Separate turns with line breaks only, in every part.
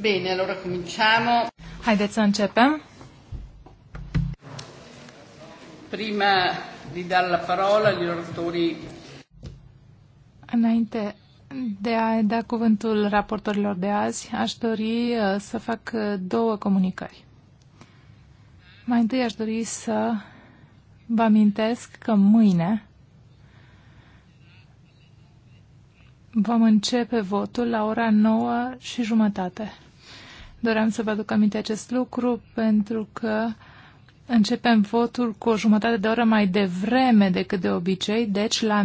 Bine, allora cominciamo. Haideți să începem. Prima di dar la parola agli oratori.
Înainte de a da cuvântul raportorilor de azi, aș dori uh, să fac uh, două comunicări. Mai întâi aș dori să vă amintesc că mâine Vom începe votul la ora 9 și jumătate. Doream să vă aduc aminte acest lucru pentru că începem votul cu o jumătate de oră mai devreme decât de obicei, deci la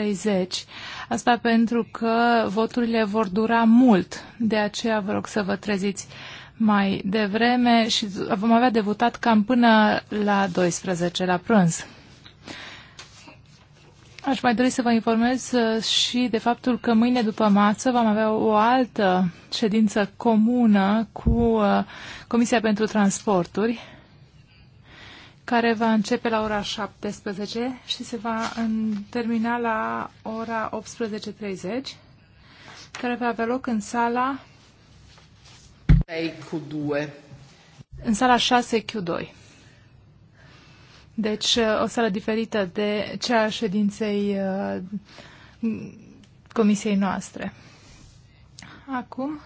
9.30. Asta pentru că voturile vor dura mult, de aceea vă rog să vă treziți mai devreme și vom avea de votat cam până la 12, la prânz. Aș mai dori să vă informez uh, și de faptul că mâine după masă vom avea o altă ședință comună cu uh, Comisia pentru Transporturi, care va începe la ora 17 și se va termina la ora 18.30, care va avea loc în sala
6 2.
În sala 6 Q2. Deci, uh, o sală diferită de cea a ședinței uh, comisiei noastre. Acum,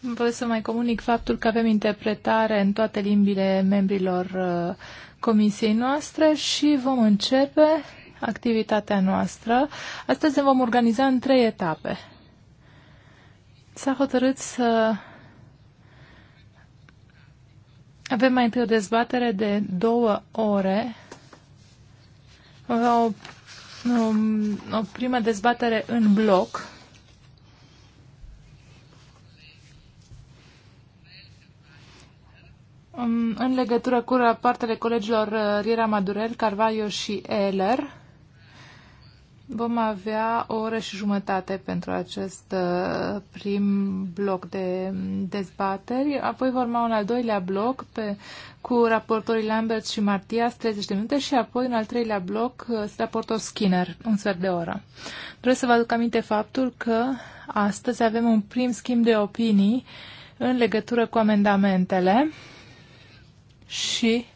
vă să mai comunic faptul că avem interpretare în toate limbile membrilor uh, comisiei noastre și vom începe activitatea noastră. Astăzi ne vom organiza în trei etape. S-a hotărât să avem mai întâi o dezbatere de două ore. O, o, um, o primă dezbatere în bloc. Um, în legătură cu rapoartele colegilor uh, Riera Madurel, Carvalho și Eller Vom avea o oră și jumătate pentru acest uh, prim bloc de dezbateri, apoi vor urma un al doilea bloc pe, cu raportorii Lambert și Martias, 30 de minute, și apoi un al treilea bloc, uh, raportor Skinner, un sfert de oră. Vreau să vă aduc aminte faptul că astăzi avem un prim schimb de opinii în legătură cu amendamentele și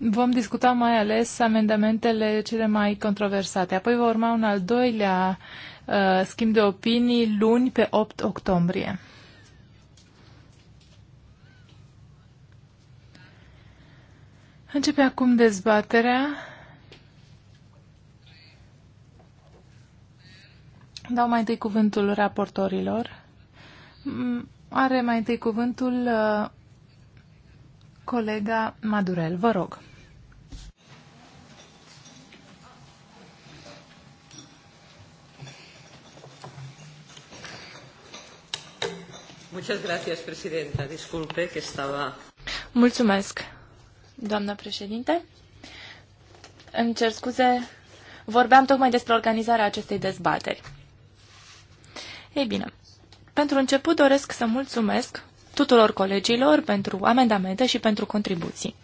Vom discuta mai ales amendamentele cele mai controversate. Apoi va urma un al doilea uh, schimb de opinii luni pe 8 octombrie. Începe acum dezbaterea. Dau mai întâi cuvântul raportorilor. Are mai întâi cuvântul uh, Colega Madurel, vă rog.
Muchas gracias, presidenta. Disculpe que estaba...
Mulțumesc, doamnă președinte. Îmi cer scuze, vorbeam tocmai despre organizarea acestei dezbateri. Ei bine, pentru început doresc să mulțumesc tuturor colegilor pentru amendamente și pentru contribuții.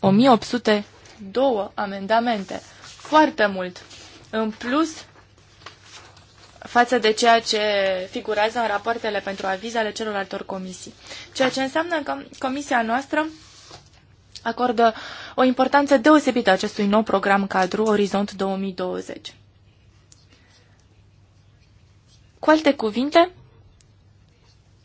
1802 amendamente. Foarte mult. În plus, față de ceea ce figurează în rapoartele pentru aviz ale celorlaltor comisii. Ceea ce înseamnă că comisia noastră acordă o importanță deosebită acestui nou program cadru Orizont 2020. Cu alte cuvinte,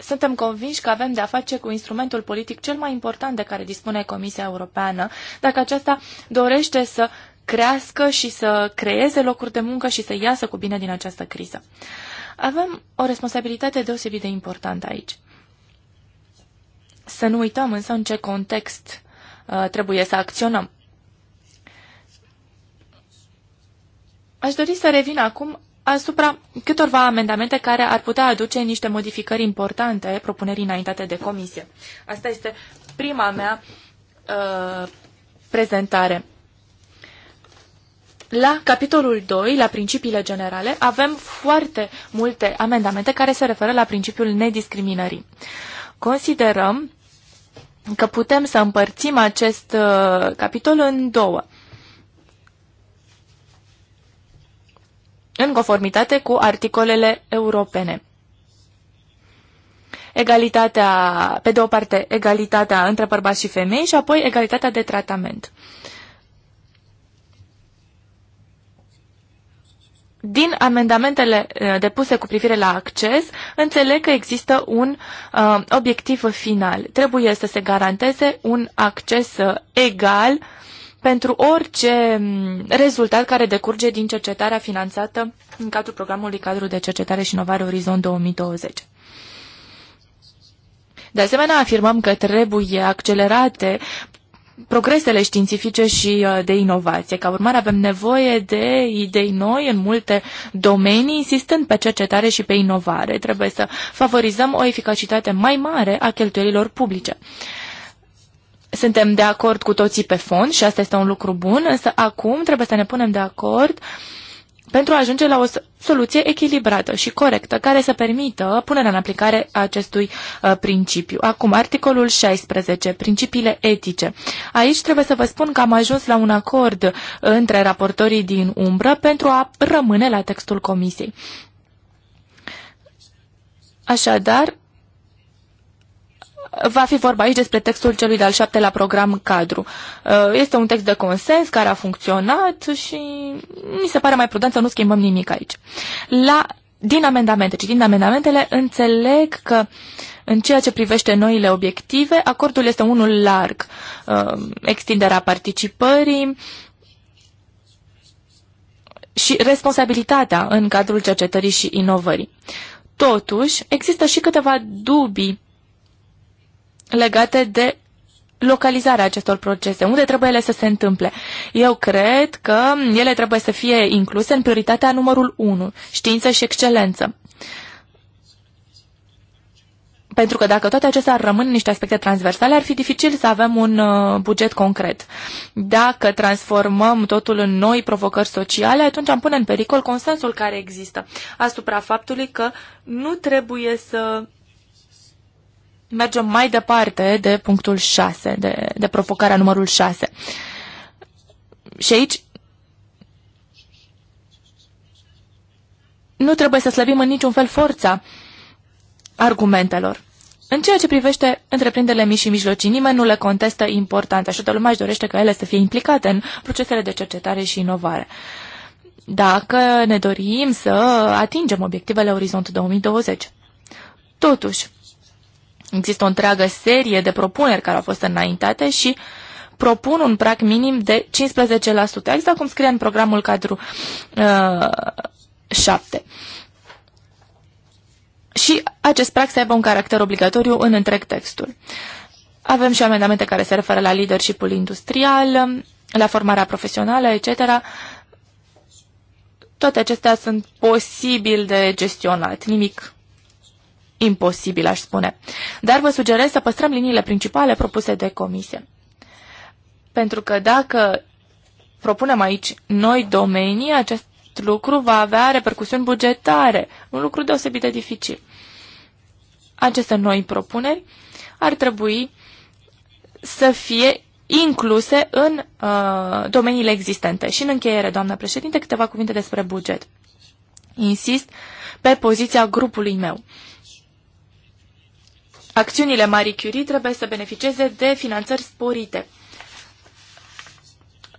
suntem convinși că avem de a face cu instrumentul politic cel mai important de care dispune Comisia Europeană, dacă aceasta dorește să crească și să creeze locuri de muncă și să iasă cu bine din această criză. Avem o responsabilitate deosebit de importantă aici. Să nu uităm însă în ce context uh, trebuie să acționăm. Aș dori să revin acum asupra câtorva amendamente care ar putea aduce niște modificări importante propunerii înaintate de comisie. Asta este prima mea uh, prezentare. La capitolul 2, la principiile generale, avem foarte multe amendamente care se referă la principiul nediscriminării. Considerăm că putem să împărțim acest uh, capitol în două. în conformitate cu articolele europene. Egalitatea, pe de o parte, egalitatea între bărbați și femei și apoi egalitatea de tratament. Din amendamentele eh, depuse cu privire la acces, înțeleg că există un uh, obiectiv final. Trebuie să se garanteze un acces eh, egal uh, pentru orice mm, rezultat care decurge din cercetarea finanțată în cadrul programului cadru de cercetare și inovare Orizont 2020. De asemenea, afirmăm că trebuie accelerate progresele științifice și uh, de inovație. Ca urmare, avem nevoie de idei noi în multe domenii, insistând pe cercetare și pe inovare. Trebuie să favorizăm o eficacitate mai mare a cheltuielilor publice suntem de acord cu toții pe fond și asta este un lucru bun, însă acum trebuie să ne punem de acord pentru a ajunge la o soluție echilibrată și corectă, care să permită punerea în aplicare a acestui uh, principiu. Acum, articolul 16, principiile etice. Aici trebuie să vă spun că am ajuns la un acord între raportorii din umbră pentru a rămâne la textul comisiei. Așadar, va fi vorba aici despre textul celui de-al șaptelea program cadru. Uh, este un text de consens care a funcționat și mi se pare mai prudent să nu schimbăm nimic aici. La, din amendamente, citind amendamentele, înțeleg că în ceea ce privește noile obiective, acordul este unul larg. Uh, extinderea participării, și responsabilitatea în cadrul cercetării și inovării. Totuși, există și câteva dubii legate de localizarea acestor procese, unde trebuie ele să se întâmple. Eu cred că ele trebuie să fie incluse în prioritatea numărul 1, știință și excelență. Pentru că dacă toate acestea ar rămân niște aspecte transversale, ar fi dificil să avem un uh, buget concret. Dacă transformăm totul în noi provocări sociale, atunci am pune în pericol consensul care există asupra faptului că nu trebuie să mergem mai departe de punctul 6, de, de provocarea numărul 6. Și aici nu trebuie să slăbim în niciun fel forța argumentelor. În ceea ce privește întreprinderile mici și mijlocii, nimeni nu le contestă importanța și toată lumea își dorește ca ele să fie implicate în procesele de cercetare și inovare. Dacă ne dorim să atingem obiectivele Orizont 2020. Totuși, Există o întreagă serie de propuneri care au fost înaintate și propun un prag minim de 15%, exact cum scrie în programul cadru uh, 7. Și acest prag să aibă un caracter obligatoriu în întreg textul. Avem și amendamente care se referă la leadership-ul industrial, la formarea profesională, etc. Toate acestea sunt posibil de gestionat, nimic imposibil, aș spune. Dar vă sugerez să păstrăm liniile principale propuse de comisie. Pentru că dacă propunem aici noi domenii, acest lucru va avea repercusiuni bugetare, un lucru deosebit de dificil. Aceste noi propuneri ar trebui să fie incluse în uh, domeniile existente. Și în încheiere, doamnă președinte, câteva cuvinte despre buget. Insist pe poziția grupului meu acțiunile Marie Curie trebuie să beneficieze de finanțări sporite.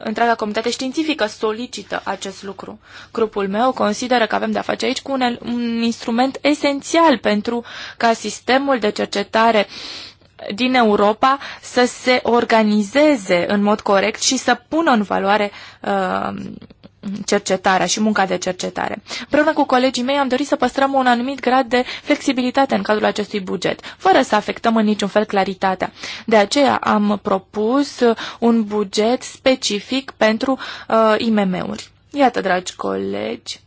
Întreaga comunitate științifică solicită acest lucru. Grupul meu consideră că avem de-a face aici cu un, un instrument esențial pentru ca sistemul de cercetare din Europa să se organizeze în mod corect și să pună în valoare uh, cercetarea și munca de cercetare. Împreună cu colegii mei am dorit să păstrăm un anumit grad de flexibilitate în cadrul acestui buget, fără să afectăm în niciun fel claritatea. De aceea am propus un buget specific pentru uh, IMM-uri. Iată, dragi colegi,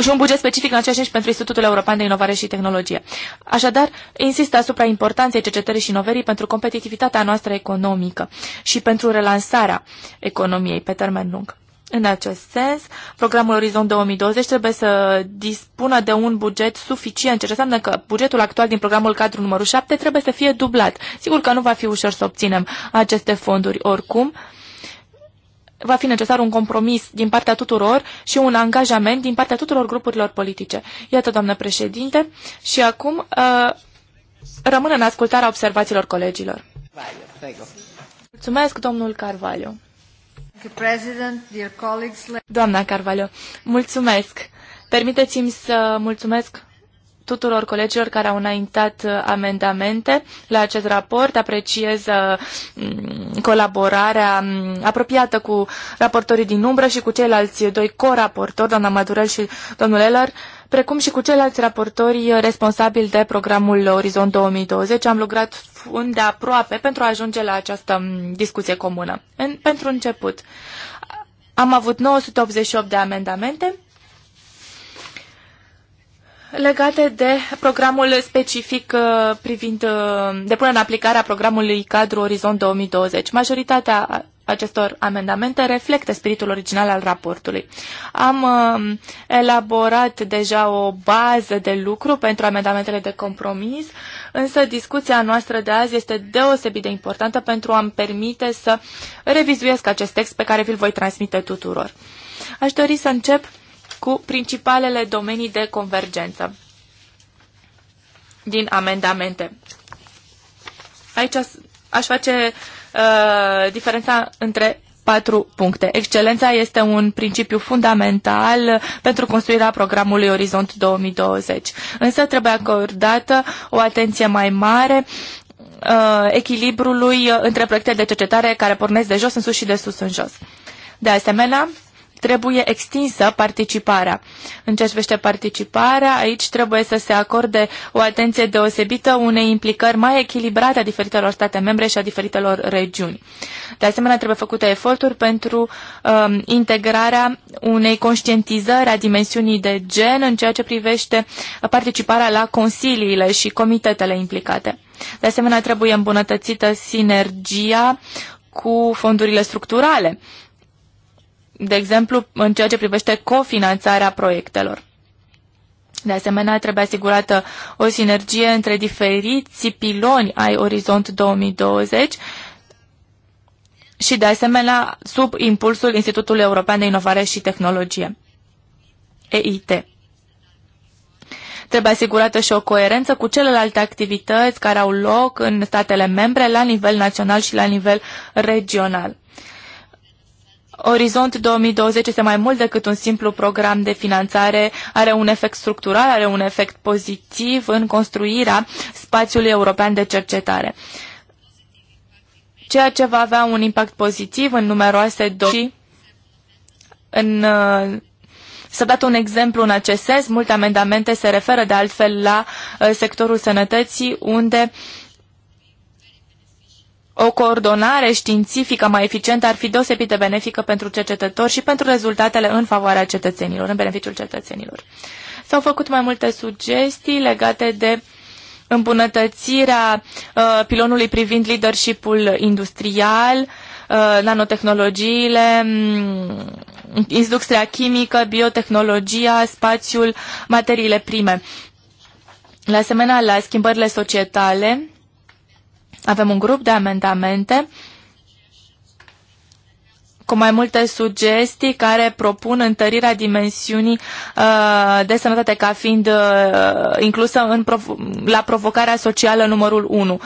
și un buget specific în același și pentru Institutul European de Inovare și Tehnologie. Așadar, insist asupra importanței cercetării și inovării pentru competitivitatea noastră economică și pentru relansarea economiei pe termen lung. În acest sens, programul Orizont 2020 trebuie să dispună de un buget suficient, ceea ce înseamnă că bugetul actual din programul cadru numărul 7 trebuie să fie dublat. Sigur că nu va fi ușor să obținem aceste fonduri oricum, uh, va fi necesar un compromis din partea tuturor și un angajament din partea tuturor grupurilor politice. Iată, doamnă președinte, și acum uh, rămân în ascultarea observațiilor colegilor. Mulțumesc, domnul Carvalho. Doamna Carvalho, mulțumesc. Permiteți-mi să mulțumesc tuturor colegilor care au înaintat uh, amendamente la acest raport. Apreciez uh, mm, colaborarea mm, apropiată cu raportorii din umbră și cu ceilalți doi coraportori, doamna Madurel și domnul Eller, precum și cu ceilalți raportori uh, responsabili de programul Orizont 2020. Am lucrat aproape pentru a ajunge la această mm, discuție comună. În, pentru început, am avut 988 de amendamente legate de programul specific uh, privind uh, depunerea în aplicare a programului Cadru Orizont 2020. Majoritatea acestor amendamente reflectă spiritul original al raportului. Am uh, elaborat deja o bază de lucru pentru amendamentele de compromis, însă discuția noastră de azi este deosebit de importantă pentru a-mi permite să revizuiesc acest text pe care vi-l voi transmite tuturor. Aș dori să încep cu principalele domenii de convergență din amendamente. Aici aș face uh, diferența între patru puncte. Excelența este un principiu fundamental pentru construirea programului Orizont 2020, însă trebuie acordată o atenție mai mare uh, echilibrului între proiecte de cercetare care pornesc de jos în sus și de sus în jos. De asemenea, trebuie extinsă participarea. În ce privește participarea, aici trebuie să se acorde o atenție deosebită unei implicări mai echilibrate a diferitelor state membre și a diferitelor regiuni. De asemenea, trebuie făcute eforturi pentru um, integrarea unei conștientizări a dimensiunii de gen în ceea ce privește participarea la consiliile și comitetele implicate. De asemenea, trebuie îmbunătățită sinergia cu fondurile structurale de exemplu, în ceea ce privește cofinanțarea proiectelor. De asemenea, trebuie asigurată o sinergie între diferiți piloni ai Orizont 2020 și, de asemenea, sub impulsul Institutului European de Inovare și Tehnologie, EIT. Trebuie asigurată și o coerență cu celelalte activități care au loc în statele membre la nivel național și la nivel regional. Orizont 2020 este mai mult decât un simplu program de finanțare, are un efect structural, are un efect pozitiv în construirea spațiului european de cercetare, ceea ce va avea un impact pozitiv în numeroase domenii. În, uh, s-a dat un exemplu în acest sens, multe amendamente se referă de altfel la uh, sectorul sănătății, unde uh, o coordonare științifică mai eficientă ar fi deosebit de benefică pentru cercetători și pentru rezultatele în favoarea cetățenilor, în beneficiul cetățenilor. S-au făcut mai multe sugestii legate de îmbunătățirea uh, pilonului privind leadership-ul industrial, uh, nanotehnologiile, mm, industria chimică, biotehnologia, spațiul, materiile prime. La asemenea, la schimbările societale, avem un grup de amendamente cu mai multe sugestii care propun întărirea dimensiunii uh, de sănătate ca fiind uh, inclusă în prov- la provocarea socială numărul 1.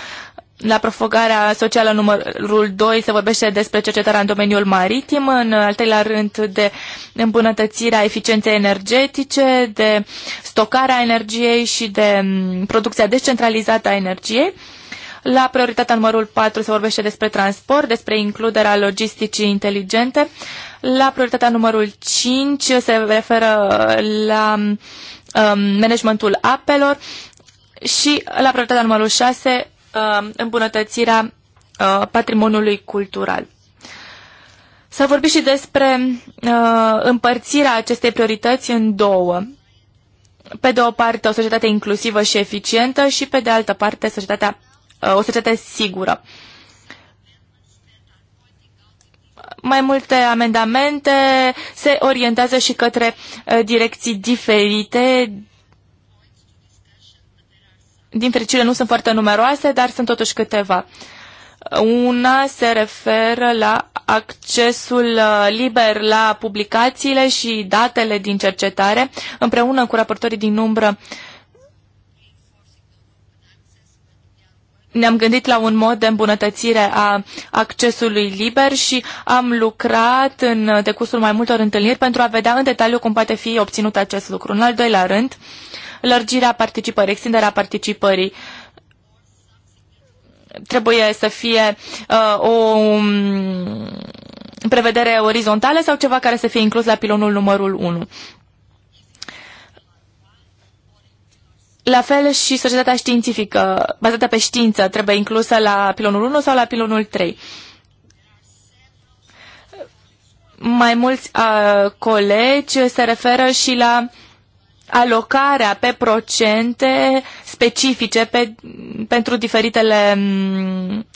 La provocarea socială numărul 2 se vorbește despre cercetarea în domeniul maritim, în al treilea rând de îmbunătățirea eficienței energetice, de stocarea energiei și de mm, producția descentralizată a energiei. Uh, la prioritatea numărul 4 se vorbește despre transport, despre includerea logisticii inteligente. La prioritatea numărul 5 se referă la um, managementul apelor și la prioritatea numărul 6 um, îmbunătățirea uh, patrimoniului cultural. S-a vorbit și despre uh, împărțirea acestei priorități în două. Pe de o parte, o societate inclusivă și eficientă și pe de altă parte, societatea Uh, o societate sigură. Mai multe amendamente se orientează și către uh, direcții diferite. Din fericire nu sunt foarte numeroase, dar sunt totuși câteva. Una se referă la accesul uh, liber la publicațiile și datele din cercetare, împreună cu raportorii din umbră uh, ne-am gândit la un mod de îmbunătățire a accesului liber și am lucrat în decursul mai multor întâlniri pentru a vedea în detaliu cum poate fi obținut acest lucru. În al doilea rând, lărgirea participării, extinderea participării trebuie să fie uh, o um, prevedere orizontală sau ceva care să fie inclus la pilonul numărul 1. La fel și societatea științifică, bazată pe știință, trebuie inclusă la pilonul 1 sau la pilonul 3. Mai mulți uh, colegi se referă și la alocarea pe procente specifice pe, pentru diferitele,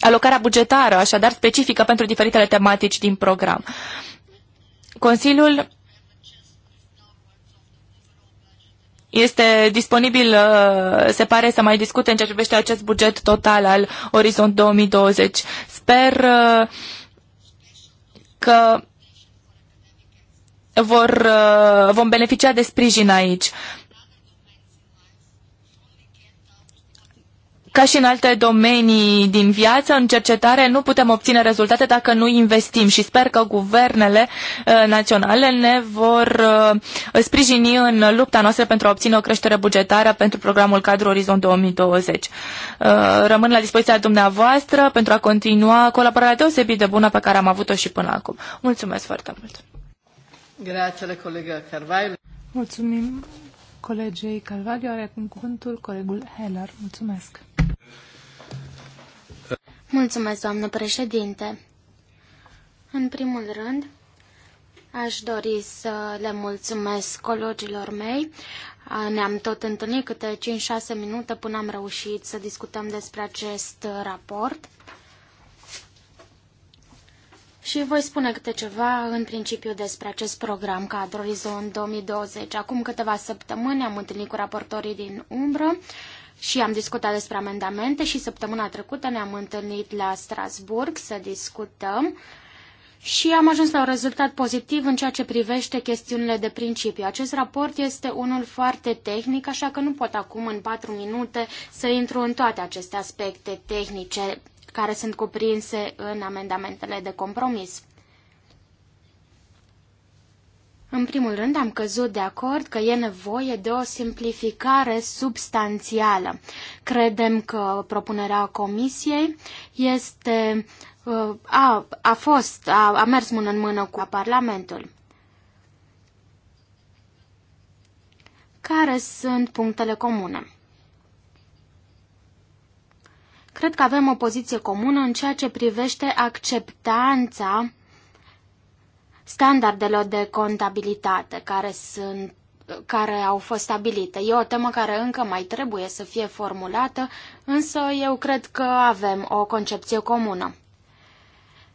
alocarea bugetară, așadar specifică pentru diferitele tematici din program. Consiliul este disponibil, uh, se pare, să mai discute în ce privește acest buget total al Orizont 2020. Sper uh, că vor, uh, vom beneficia de sprijin aici. ca și în alte domenii din viață, în cercetare nu putem obține rezultate dacă nu investim și sper că guvernele uh, naționale ne vor uh, sprijini în lupta noastră pentru a obține o creștere bugetară pentru programul cadru Orizont 2020. Uh, rămân la dispoziția dumneavoastră pentru a continua colaborarea deosebit de bună pe care am avut-o și până acum. Mulțumesc foarte mult!
Grazie, colega Carvalho. Mulțumim,
colegei Calvadio. Are cuvântul colegul Heller. Mulțumesc. Mulțumesc, doamnă președinte. În primul rând, aș dori să le mulțumesc colegilor mei. Ne-am tot întâlnit câte 5-6 minute până am reușit să discutăm despre acest raport și voi spune câte ceva în principiu despre acest program cadru Orizont 2020. Acum câteva săptămâni am întâlnit cu raportorii din umbră și am discutat despre amendamente și săptămâna trecută ne-am întâlnit la Strasburg să discutăm și am ajuns la un rezultat pozitiv în ceea ce privește chestiunile de principiu. Acest raport este unul foarte tehnic, așa că nu pot acum în patru minute să intru în toate aceste aspecte tehnice care sunt cuprinse în amendamentele de compromis. În primul rând, am căzut de acord că e nevoie de o simplificare substanțială. Credem că propunerea Comisiei este, uh, a, a fost, a, a mers mână în mână cu Parlamentul. Care sunt punctele comune? Cred că avem o poziție comună în ceea ce privește acceptanța standardelor de contabilitate care sunt care au fost stabilite. E o temă care încă mai trebuie să fie formulată, însă eu cred că avem o concepție comună.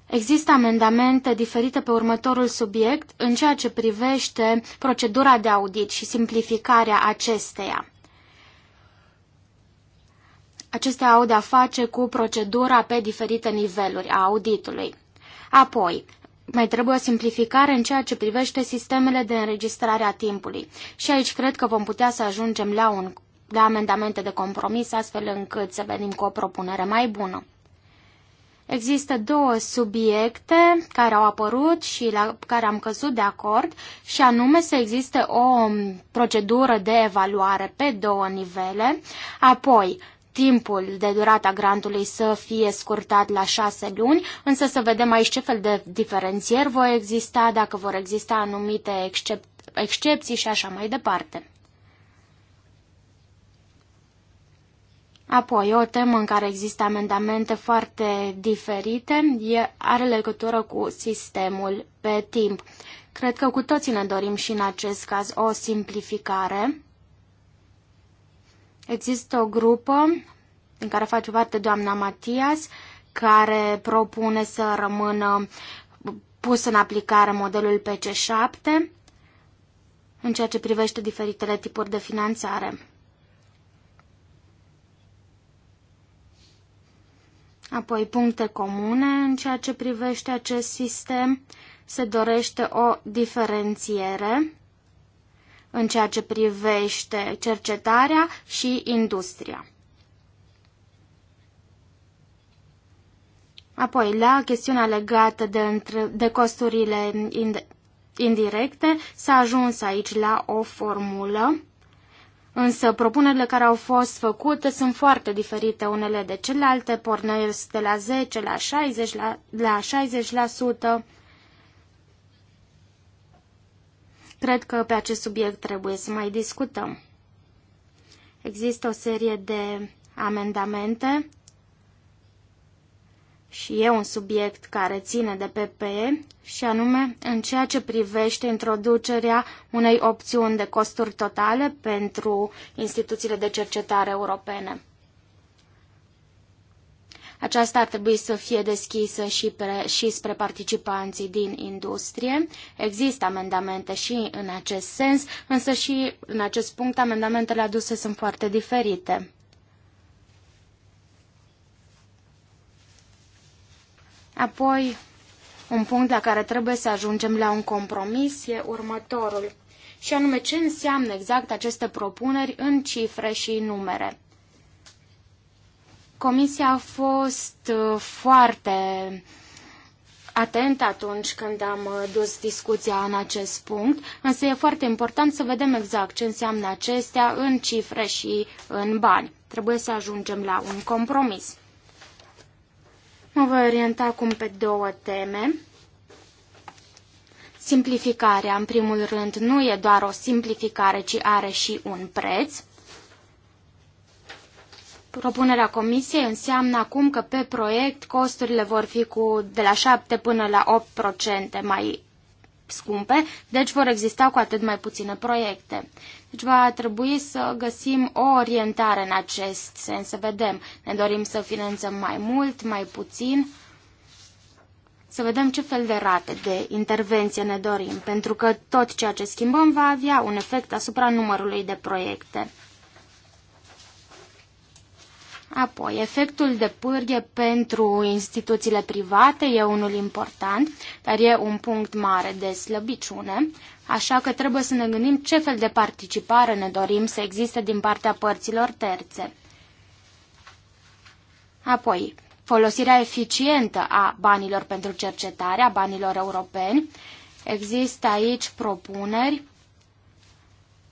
Există amendamente diferite pe următorul subiect în ceea ce privește procedura de audit și simplificarea acesteia. Acestea au de-a face cu procedura pe diferite niveluri a auditului. Apoi, mai trebuie o simplificare în ceea ce privește sistemele de înregistrare a timpului. Și aici cred că vom putea să ajungem la, un, la amendamente de compromis, astfel încât să venim cu o propunere mai bună. Există două subiecte care au apărut și la care am căzut de acord, și anume să existe o procedură de evaluare pe două nivele, apoi timpul de durata grantului să fie scurtat la șase luni, însă să vedem aici ce fel de diferențieri vor exista, dacă vor exista anumite excep excepții și așa mai departe. Apoi, o temă în care există amendamente foarte diferite e, are legătură cu sistemul pe timp. Cred că cu toții ne dorim și în acest caz o simplificare. Există o grupă în care face parte doamna Matias, care propune să rămână pus în aplicare modelul PC7 în ceea ce privește diferitele tipuri de finanțare. Apoi puncte comune în ceea ce privește acest sistem. Se dorește o diferențiere în ceea ce privește cercetarea și industria. Apoi, la chestiunea legată de, între, de costurile indirecte, s-a ajuns aici la o formulă, însă propunerile care au fost făcute sunt foarte diferite unele de celelalte, pornesc de la 10 la 60%, la, la 60%, Cred că pe acest subiect trebuie să mai discutăm. Există o serie de amendamente și e un subiect care ține de PPE și anume în ceea ce privește introducerea unei opțiuni de costuri totale pentru instituțiile de cercetare europene. Aceasta ar trebui să fie deschisă și, pre, și spre participanții din industrie. Există amendamente și în acest sens, însă și în acest punct amendamentele aduse sunt foarte diferite. Apoi, un punct la care trebuie să ajungem la un compromis e următorul, și anume ce înseamnă exact aceste propuneri în cifre și numere. Comisia a fost uh, foarte atent atunci când am uh, dus discuția în acest punct, însă e foarte important să vedem exact ce înseamnă acestea în cifre și în bani. Trebuie să ajungem la un compromis. Mă voi orienta acum pe două teme. Simplificarea, în primul rând, nu e doar o simplificare, ci are și un preț. Propunerea comisiei înseamnă acum că pe proiect costurile vor fi cu de la 7 până la 8% mai scumpe, deci vor exista cu atât mai puține proiecte. Deci va trebui să găsim o orientare în acest sens, să vedem. Ne dorim să finanțăm mai mult, mai puțin, să vedem ce fel de rate de intervenție ne dorim, pentru că tot ceea ce schimbăm va avea un efect asupra numărului de proiecte. Apoi, efectul de pârghie pentru instituțiile private e unul important, dar e un punct mare de slăbiciune, așa că trebuie să ne gândim ce fel de participare ne dorim să existe din partea părților terțe. Apoi, folosirea eficientă a banilor pentru cercetare, a banilor europeni. Există aici propuneri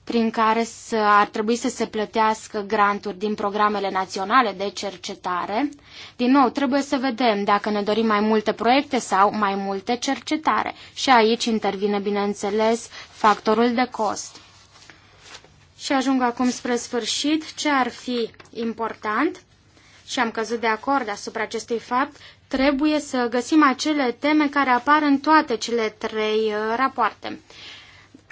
prin care să, ar trebui să se plătească granturi din programele naționale de cercetare. Din nou, trebuie să vedem dacă ne dorim mai multe proiecte sau mai multe cercetare. Și aici intervine, bineînțeles, factorul de cost. Și ajung acum spre sfârșit ce ar fi important și am căzut de acord asupra acestui fapt, trebuie să găsim acele teme care apar în toate cele trei uh, rapoarte.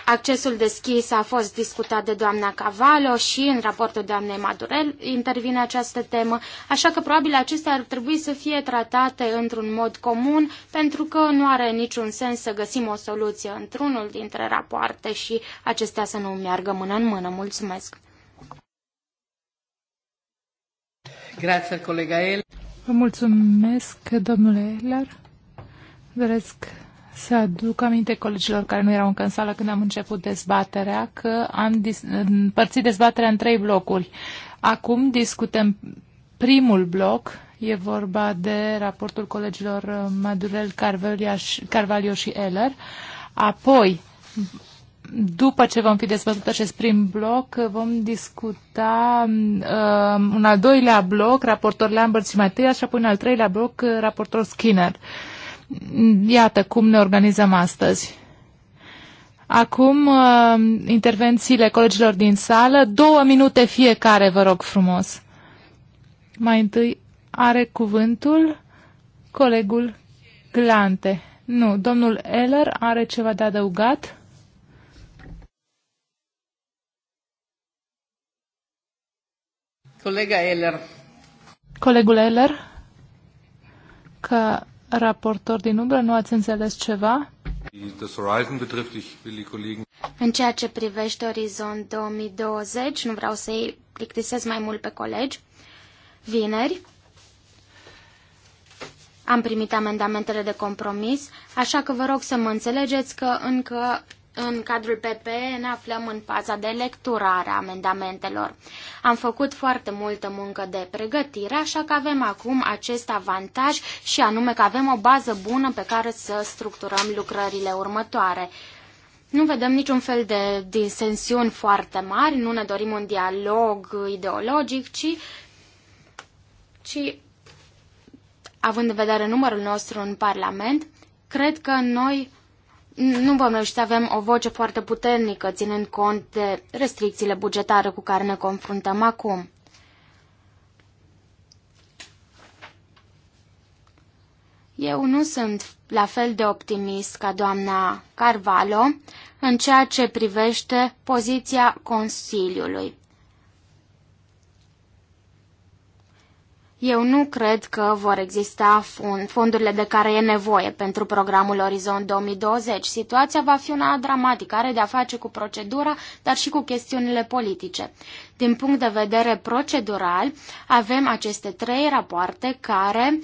Accesul deschis a fost discutat de doamna Cavallo și în raportul doamnei Madurel intervine această temă, așa că probabil acestea ar trebui să fie tratate într-un mod comun, pentru că nu are niciun sens să găsim o soluție într-unul dintre rapoarte și acestea să nu meargă mână în mână. Mulțumesc!
Grazie, colega El. Vă
mulțumesc, domnule Eller. Doresc să aduc aminte colegilor care nu erau încă în sală când am început dezbaterea că am dis- împărțit dezbaterea în trei blocuri. Acum discutăm primul bloc, e vorba de raportul colegilor Madurel, Carvalho și Eller. Apoi, după ce vom fi dezbătut acest prim bloc, vom discuta uh, un al doilea bloc, raportor Lambert și Matea, și apoi un al treilea bloc, raportor Skinner. Uh, iată cum ne organizăm astăzi. Acum, uh, intervențiile colegilor din sală, două minute fiecare, vă rog frumos. Mai întâi are cuvântul colegul Glante. Nu, domnul Eller are ceva de adăugat?
Colega Eller.
Colegul Eller,
că raportor din umbră, nu ați înțeles ceva? În ceea ce privește Orizont 2020, nu vreau să-i plictisesc mai mult pe colegi, vineri am primit amendamentele de compromis, așa că vă rog să mă înțelegeți că încă în cadrul PP ne aflăm în faza de lecturare a amendamentelor. Am făcut foarte multă muncă de pregătire, așa că avem acum acest avantaj și anume că avem o bază bună pe care să structurăm lucrările următoare. Nu vedem niciun fel de disensiuni foarte mari, nu ne dorim un dialog ideologic, ci, ci având în vedere numărul nostru în Parlament, cred că noi nu vom reuși să avem o voce foarte puternică, ținând cont de restricțiile bugetare cu care ne confruntăm acum. Eu nu sunt la fel de optimist ca doamna Carvalho în ceea ce privește poziția Consiliului. Eu nu cred că vor exista fund, fondurile de care e nevoie pentru programul Orizont 2020. Situația va fi una dramatică, are de-a face cu procedura, dar și cu chestiunile politice. Din punct de vedere procedural, avem aceste trei rapoarte care uh,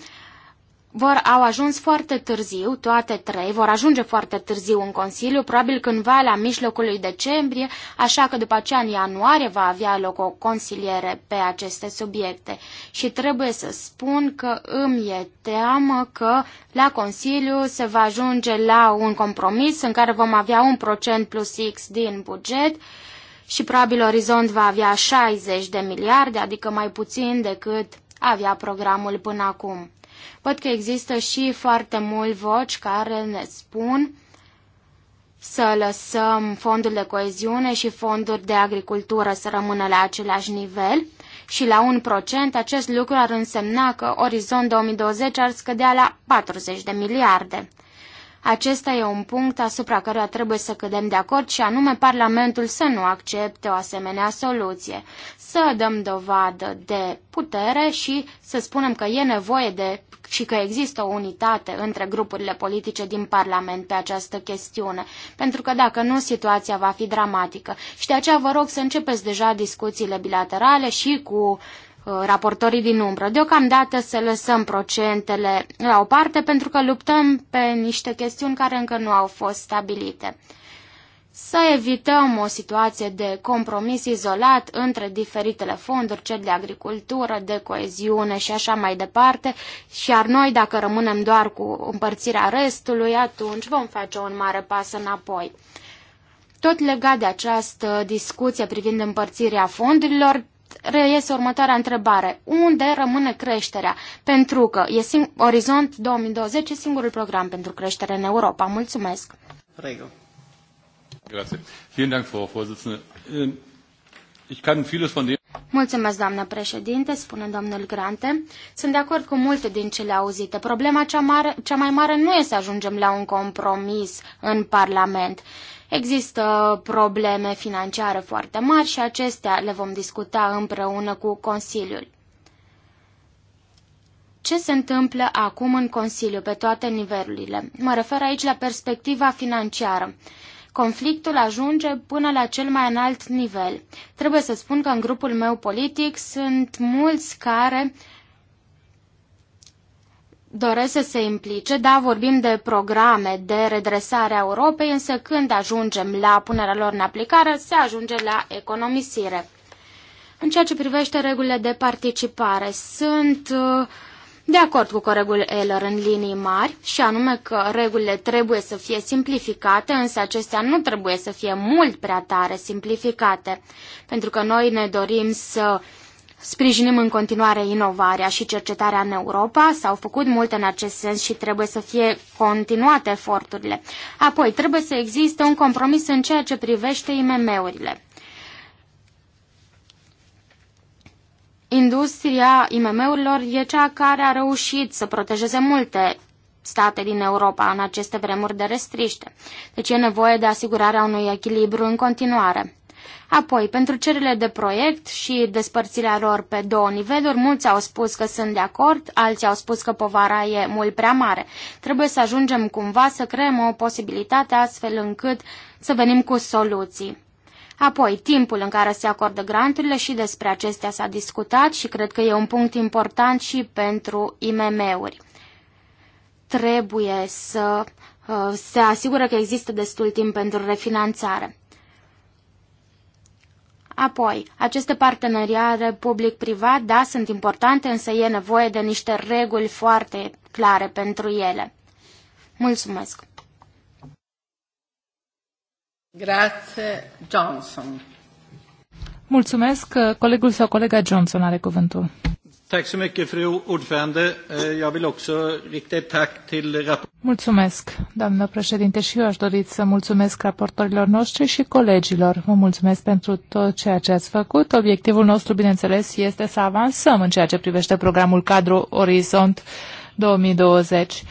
vor, au ajuns foarte târziu, toate trei, vor ajunge foarte târziu în Consiliu, probabil cândva la mijlocul lui decembrie, așa că după aceea în ianuarie va avea loc o consiliere pe aceste subiecte. Și trebuie să spun că îmi e teamă că la Consiliu se va ajunge la un compromis în care vom avea un procent plus X din buget, și probabil Orizont va avea 60 de miliarde, adică mai puțin decât avea programul până acum. Văd că există și foarte mulți voci care ne spun să lăsăm fondul de coeziune și fonduri de agricultură să rămână la același nivel și la 1% acest lucru ar însemna că Orizont 2020 ar scădea la 40 de miliarde. Acesta e un punct asupra căruia trebuie să cădem de acord și anume Parlamentul să nu accepte o asemenea soluție, să dăm dovadă de putere și să spunem că e nevoie de și că există o unitate între grupurile politice din Parlament pe această chestiune, pentru că dacă nu, situația va fi dramatică. Și de aceea vă rog să începeți deja discuțiile bilaterale și cu uh, Uh, raportorii din umbră. Deocamdată să lăsăm procentele la o parte pentru că luptăm pe niște chestiuni care încă nu au fost stabilite. Să evităm o situație de compromis izolat între diferitele fonduri, cel de agricultură, de coeziune și așa mai departe, și ar noi, dacă rămânem doar cu împărțirea restului, atunci vom face un mare pas înapoi. Tot legat de această discuție privind împărțirea fondurilor, reiese următoarea întrebare. Unde rămâne creșterea? Pentru că e sing- Orizont 2020 e singurul program pentru creștere în Europa. Mulțumesc!
Prego. Grazie. Vielen Dank, Frau Vorsitzende. Ähm, ich kann vieles von dem
Mulțumesc, doamnă președinte, spune domnul Grante. Sunt de acord cu multe din cele auzite. Problema cea, mare, cea mai mare nu e să ajungem la un compromis în Parlament. Există probleme financiare foarte mari și acestea le vom discuta împreună cu Consiliul. Ce se întâmplă acum în Consiliu pe toate nivelurile? Mă refer aici la perspectiva financiară. Conflictul ajunge până la cel mai înalt nivel. Trebuie să spun că în grupul meu politic sunt mulți care uh, doresc să se implice. Da, vorbim de programe de redresare a Europei, însă când ajungem la punerea lor în aplicare, se ajunge la economisire. În ceea ce privește regulile de participare, sunt uh, de acord cu colegul Eller în linii mari și anume că regulile trebuie să fie simplificate, însă acestea nu trebuie să fie mult prea tare simplificate, pentru că noi ne dorim să Sprijinim în continuare inovarea și cercetarea în Europa. S-au făcut multe în acest sens și trebuie să fie continuate eforturile. Apoi, trebuie să existe un compromis în ceea ce privește IMM-urile. Industria IMM-urilor e cea care a reușit să protejeze multe state din Europa în aceste vremuri de restriște. Deci e nevoie de asigurarea unui echilibru în continuare. Apoi, pentru cererile de proiect și despărțirea lor pe două niveluri, mulți au spus că sunt de acord, alții au spus că povara e mult prea mare. Trebuie să ajungem cumva să creăm o posibilitate astfel încât să venim cu soluții. Apoi, timpul în care se acordă granturile și despre acestea s-a discutat și cred că e un punct important și pentru IMM-uri. Trebuie să uh, se asigură că există destul timp pentru refinanțare. Apoi, aceste parteneriare public-privat, da, sunt importante, însă e nevoie de niște reguli foarte clare pentru ele. Mulțumesc!
Grazie, Johnson.
Mulțumesc.
Colegul sau colega Johnson are cuvântul.
Tack så mycket, fru ordförande. Eh, jag vill också rikta ett tack till
Mulțumesc, doamnă președinte, și eu aș dori să mulțumesc raportorilor noștri și colegilor. Vă mulțumesc pentru tot ceea ce ați făcut. Obiectivul nostru, bineînțeles, este să avansăm în ceea ce privește programul cadru Orizont 2020.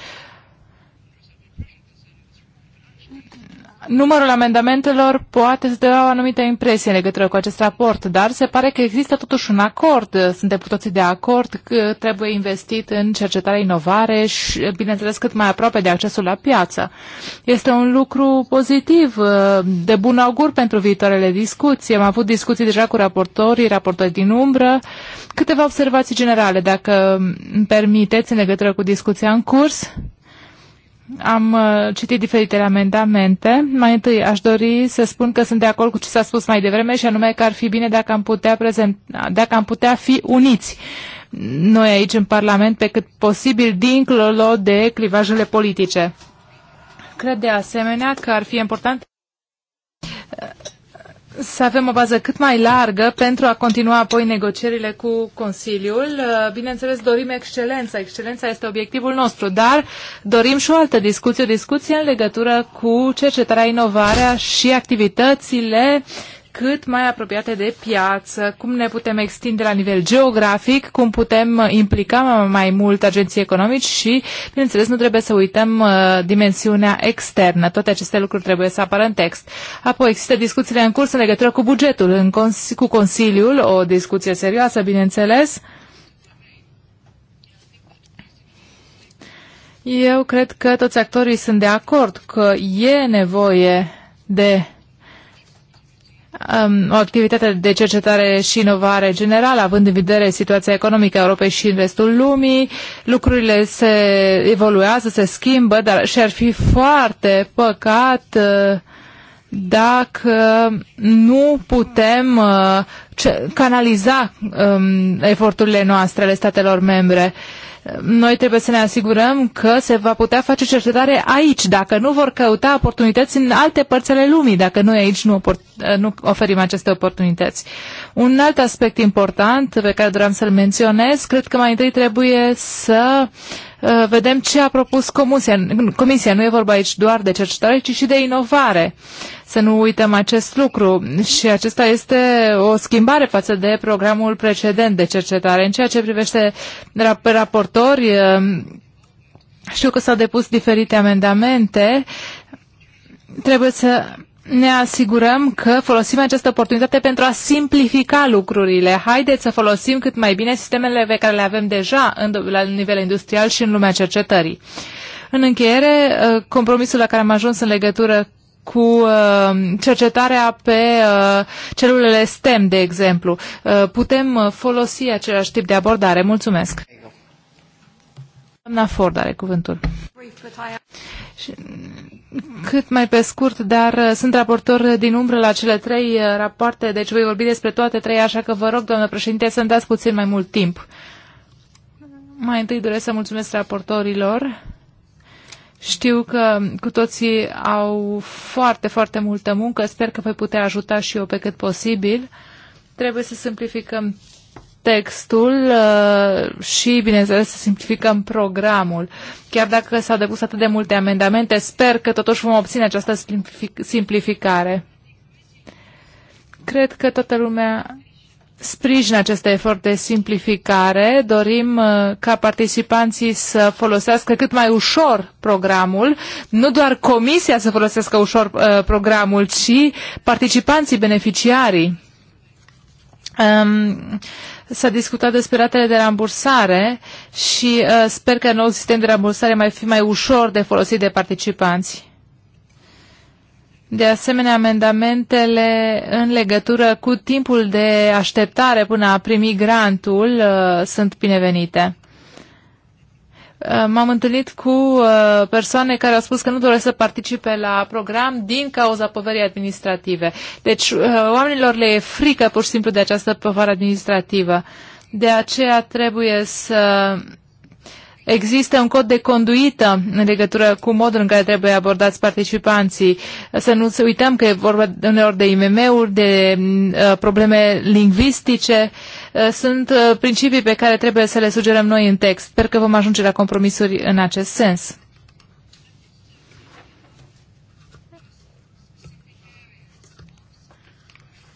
numărul amendamentelor poate să dea o anumită impresie în legătură cu acest raport, dar se pare că există totuși un acord. Suntem cu toții de acord că trebuie investit în cercetare, inovare și, bineînțeles, cât mai aproape de accesul la piață. Este un lucru pozitiv, de bun augur pentru viitoarele discuții. Am avut discuții deja cu raportorii, raportori din umbră. Câteva observații generale, dacă îmi permiteți, în legătură cu discuția în curs. Am uh, citit diferitele amendamente. Mai întâi aș dori să spun că sunt de acord cu ce s-a spus mai devreme și anume că ar fi bine dacă am putea, prezent, dacă am putea fi uniți noi aici în Parlament pe cât posibil dincolo de clivajele politice. Cred de asemenea că ar fi important să avem o bază cât mai largă pentru a continua apoi negocierile cu Consiliul. Uh, bineînțeles, dorim excelența. Excelența este obiectivul nostru, dar dorim și o altă discuție, o discuție în legătură cu cercetarea, inovarea și activitățile uh, cât mai apropiate de piață, cum ne putem extinde la nivel geografic, cum putem uh, implica mai mult agenții economici și, bineînțeles, nu trebuie să uităm uh, dimensiunea externă. Toate aceste lucruri trebuie să apară în text. Apoi există discuțiile în curs în legătură cu bugetul, în cons- cu Consiliul, o discuție serioasă, bineînțeles. Eu cred că toți actorii sunt de acord că e nevoie de Um, o activitate de cercetare și inovare generală, având în vedere situația economică a Europei și în restul lumii. Lucrurile se evoluează, se schimbă, dar și ar fi foarte păcat uh, dacă nu putem uh, canaliza um, eforturile noastre ale statelor membre. Uh, noi trebuie să ne asigurăm că se va putea face cercetare aici, dacă nu vor căuta oportunități în alte părți ale lumii, dacă noi aici nu, nu oferim aceste oportunități. Un alt aspect important pe care doream să-l menționez, cred că mai întâi trebuie să Uh, vedem ce a propus comisia. comisia. Nu e vorba aici doar de cercetare, ci și de inovare. Să nu uităm acest lucru. Și acesta este o schimbare față de programul precedent de cercetare. În ceea ce privește rap raportori, um, știu că s-au depus diferite amendamente. Trebuie să ne asigurăm că folosim această oportunitate pentru a simplifica lucrurile. Haideți să folosim cât mai bine sistemele pe care le avem deja în, la nivel industrial și în lumea cercetării. În încheiere, uh, compromisul la care am ajuns în legătură cu uh, cercetarea pe uh, celulele STEM, de exemplu. Putem folosi același tip de abordare. Mulțumesc! Doamna Ford are cuvântul cât mai pe scurt, dar uh, sunt raportor din umbră la cele trei uh, rapoarte, deci voi vorbi despre toate trei, așa că vă rog, doamnă președinte, să-mi dați puțin mai mult timp. Mai întâi doresc să mulțumesc raportorilor. Știu că cu toții au foarte, foarte multă muncă. Sper că voi putea ajuta și eu pe cât posibil. Trebuie să simplificăm textul uh, și, bineînțeles, să simplificăm programul. Chiar dacă s-au depus atât de multe amendamente, sper că totuși vom obține această simplificare. Cred că toată lumea sprijină acest efort de simplificare. Dorim uh, ca participanții să folosească cât mai ușor programul, nu doar comisia să folosească ușor uh, programul, ci participanții, beneficiarii. Um, s-a discutat despre ratele de rambursare și uh, sper că noul sistem de rambursare mai fi mai ușor de folosit de participanți. De asemenea, amendamentele în legătură cu timpul de așteptare până a primi grantul uh, sunt binevenite. Uh, m-am întâlnit cu uh, persoane care au spus că nu doresc să participe la program din cauza poverii administrative. Deci uh, oamenilor le e frică pur și simplu de această povară administrativă. De aceea trebuie să Există un cod de conduită în legătură cu modul în care trebuie abordați participanții. Să nu să uităm că e vorba uneori de IMM-uri, de uh, probleme lingvistice. Uh, Uh, sunt uh, principii pe care trebuie să le sugerăm noi în text. Sper că vom ajunge la compromisuri în acest sens.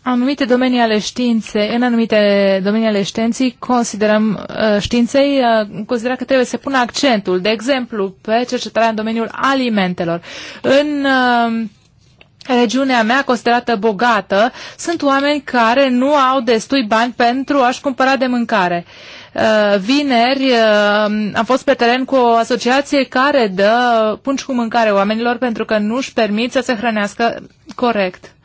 anumite domenii ale științei, în anumite domenii ale științei, considerăm uh, științei, considerăm că trebuie să pună accentul, de exemplu, pe cercetarea în domeniul alimentelor. În regiunea mea considerată bogată, sunt oameni care nu au destui bani pentru a-și cumpăra de mâncare. Uh, vineri uh, am fost pe teren cu o asociație care dă punci cu mâncare oamenilor pentru că nu își permit să se hrănească corect.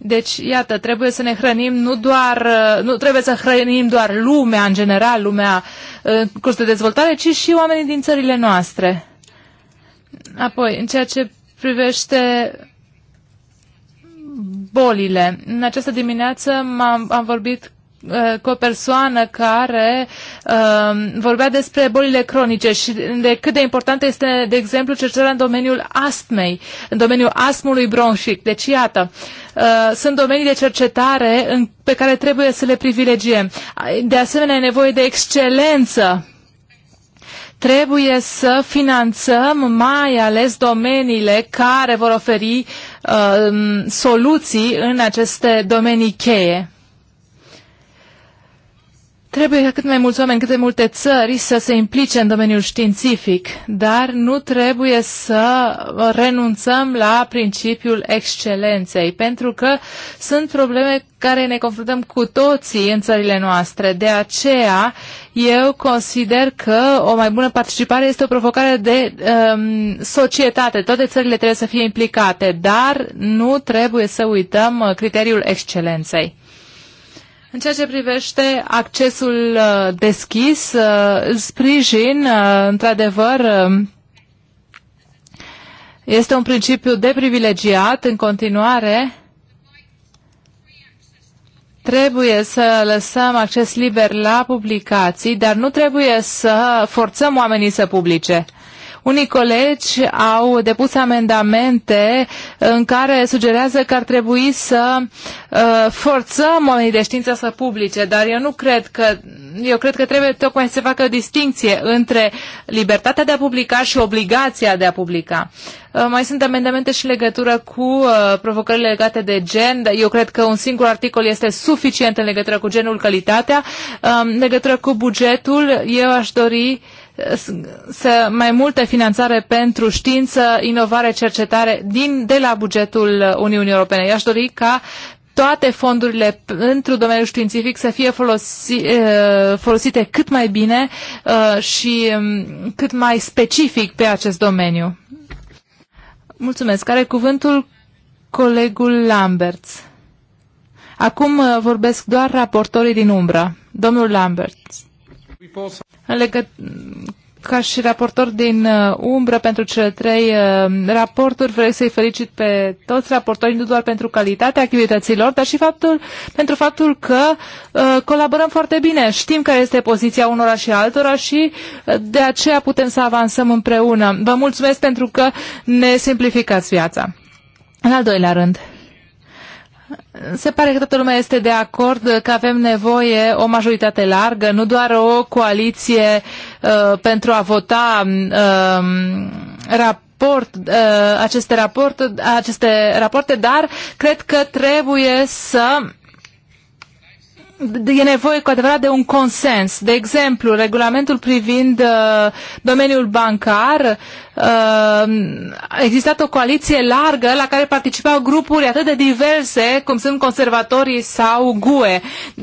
Deci, iată, trebuie să ne hrănim nu doar, uh, nu trebuie să hrănim doar lumea în general, lumea în curs de dezvoltare, ci și oamenii din țările noastre. Apoi, în ceea ce privește bolile. În această dimineață am am vorbit uh, cu o persoană care uh, vorbea despre bolile cronice și de cât de importantă este, de exemplu, cercetarea în domeniul astmei, în domeniul astmului bronșic. Deci, iată, uh, sunt domenii de cercetare în, pe care trebuie să le privilegiem. De asemenea, e nevoie de excelență trebuie să finanțăm mai ales domeniile care vor oferi Uh, soluții în aceste domenii cheie. Trebuie ca cât mai mulți oameni, cât de multe țări să se implice în domeniul științific, dar nu trebuie să renunțăm la principiul excelenței, pentru că sunt probleme care ne confruntăm cu toții în țările noastre. De aceea, eu consider că o mai bună participare este o provocare de um, societate. Toate țările trebuie să fie implicate, dar nu trebuie să uităm uh, criteriul excelenței. În ceea ce privește accesul uh, deschis, uh, îl sprijin, uh, într-adevăr, um, este un principiu de privilegiat. în continuare. Trebuie să lăsăm acces liber la publicații, dar nu trebuie să forțăm oamenii să publice. Unii colegi au depus amendamente în care sugerează că ar trebui să uh, forțăm oamenii de știință să publice, dar eu nu cred că, eu cred că trebuie tocmai să se facă o distinție între libertatea de a publica și obligația de a publica. Uh, mai sunt amendamente și legătură cu uh, provocările legate de gen. Eu cred că un singur articol este suficient în legătură cu genul, calitatea. Uh, în legătură cu bugetul, eu aș dori uh, să mai multă finanțare pentru știință, inovare, cercetare din, de la bugetul Uniunii Europene. I-aș dori ca toate fondurile pentru domeniul științific să fie folosi, folosite cât mai bine și cât mai specific pe acest domeniu. Mulțumesc. Care cuvântul colegul Lamberts? Acum vorbesc doar raportorii din umbră. Domnul Lamberts în legătură ca și raportor din uh, umbră pentru cele trei uh, raporturi. Vreau să-i felicit pe toți raportorii, nu doar pentru calitatea activităților, dar și faptul, pentru faptul că uh, colaborăm foarte bine. Știm care este poziția unora și altora și uh, de aceea putem să avansăm împreună. Vă mulțumesc pentru că ne simplificați viața. În al doilea rând. Uh, se pare că toată lumea este de acord că avem nevoie o majoritate largă, nu doar o coaliție uh, pentru a vota um, uh, rap raport, aceste, raport, aceste rapoarte, dar cred că trebuie să e nevoie cu adevărat de un consens. De exemplu, regulamentul privind uh, domeniul bancar, uh, a existat o coaliție largă la care participau grupuri atât de diverse cum sunt conservatorii sau GUE.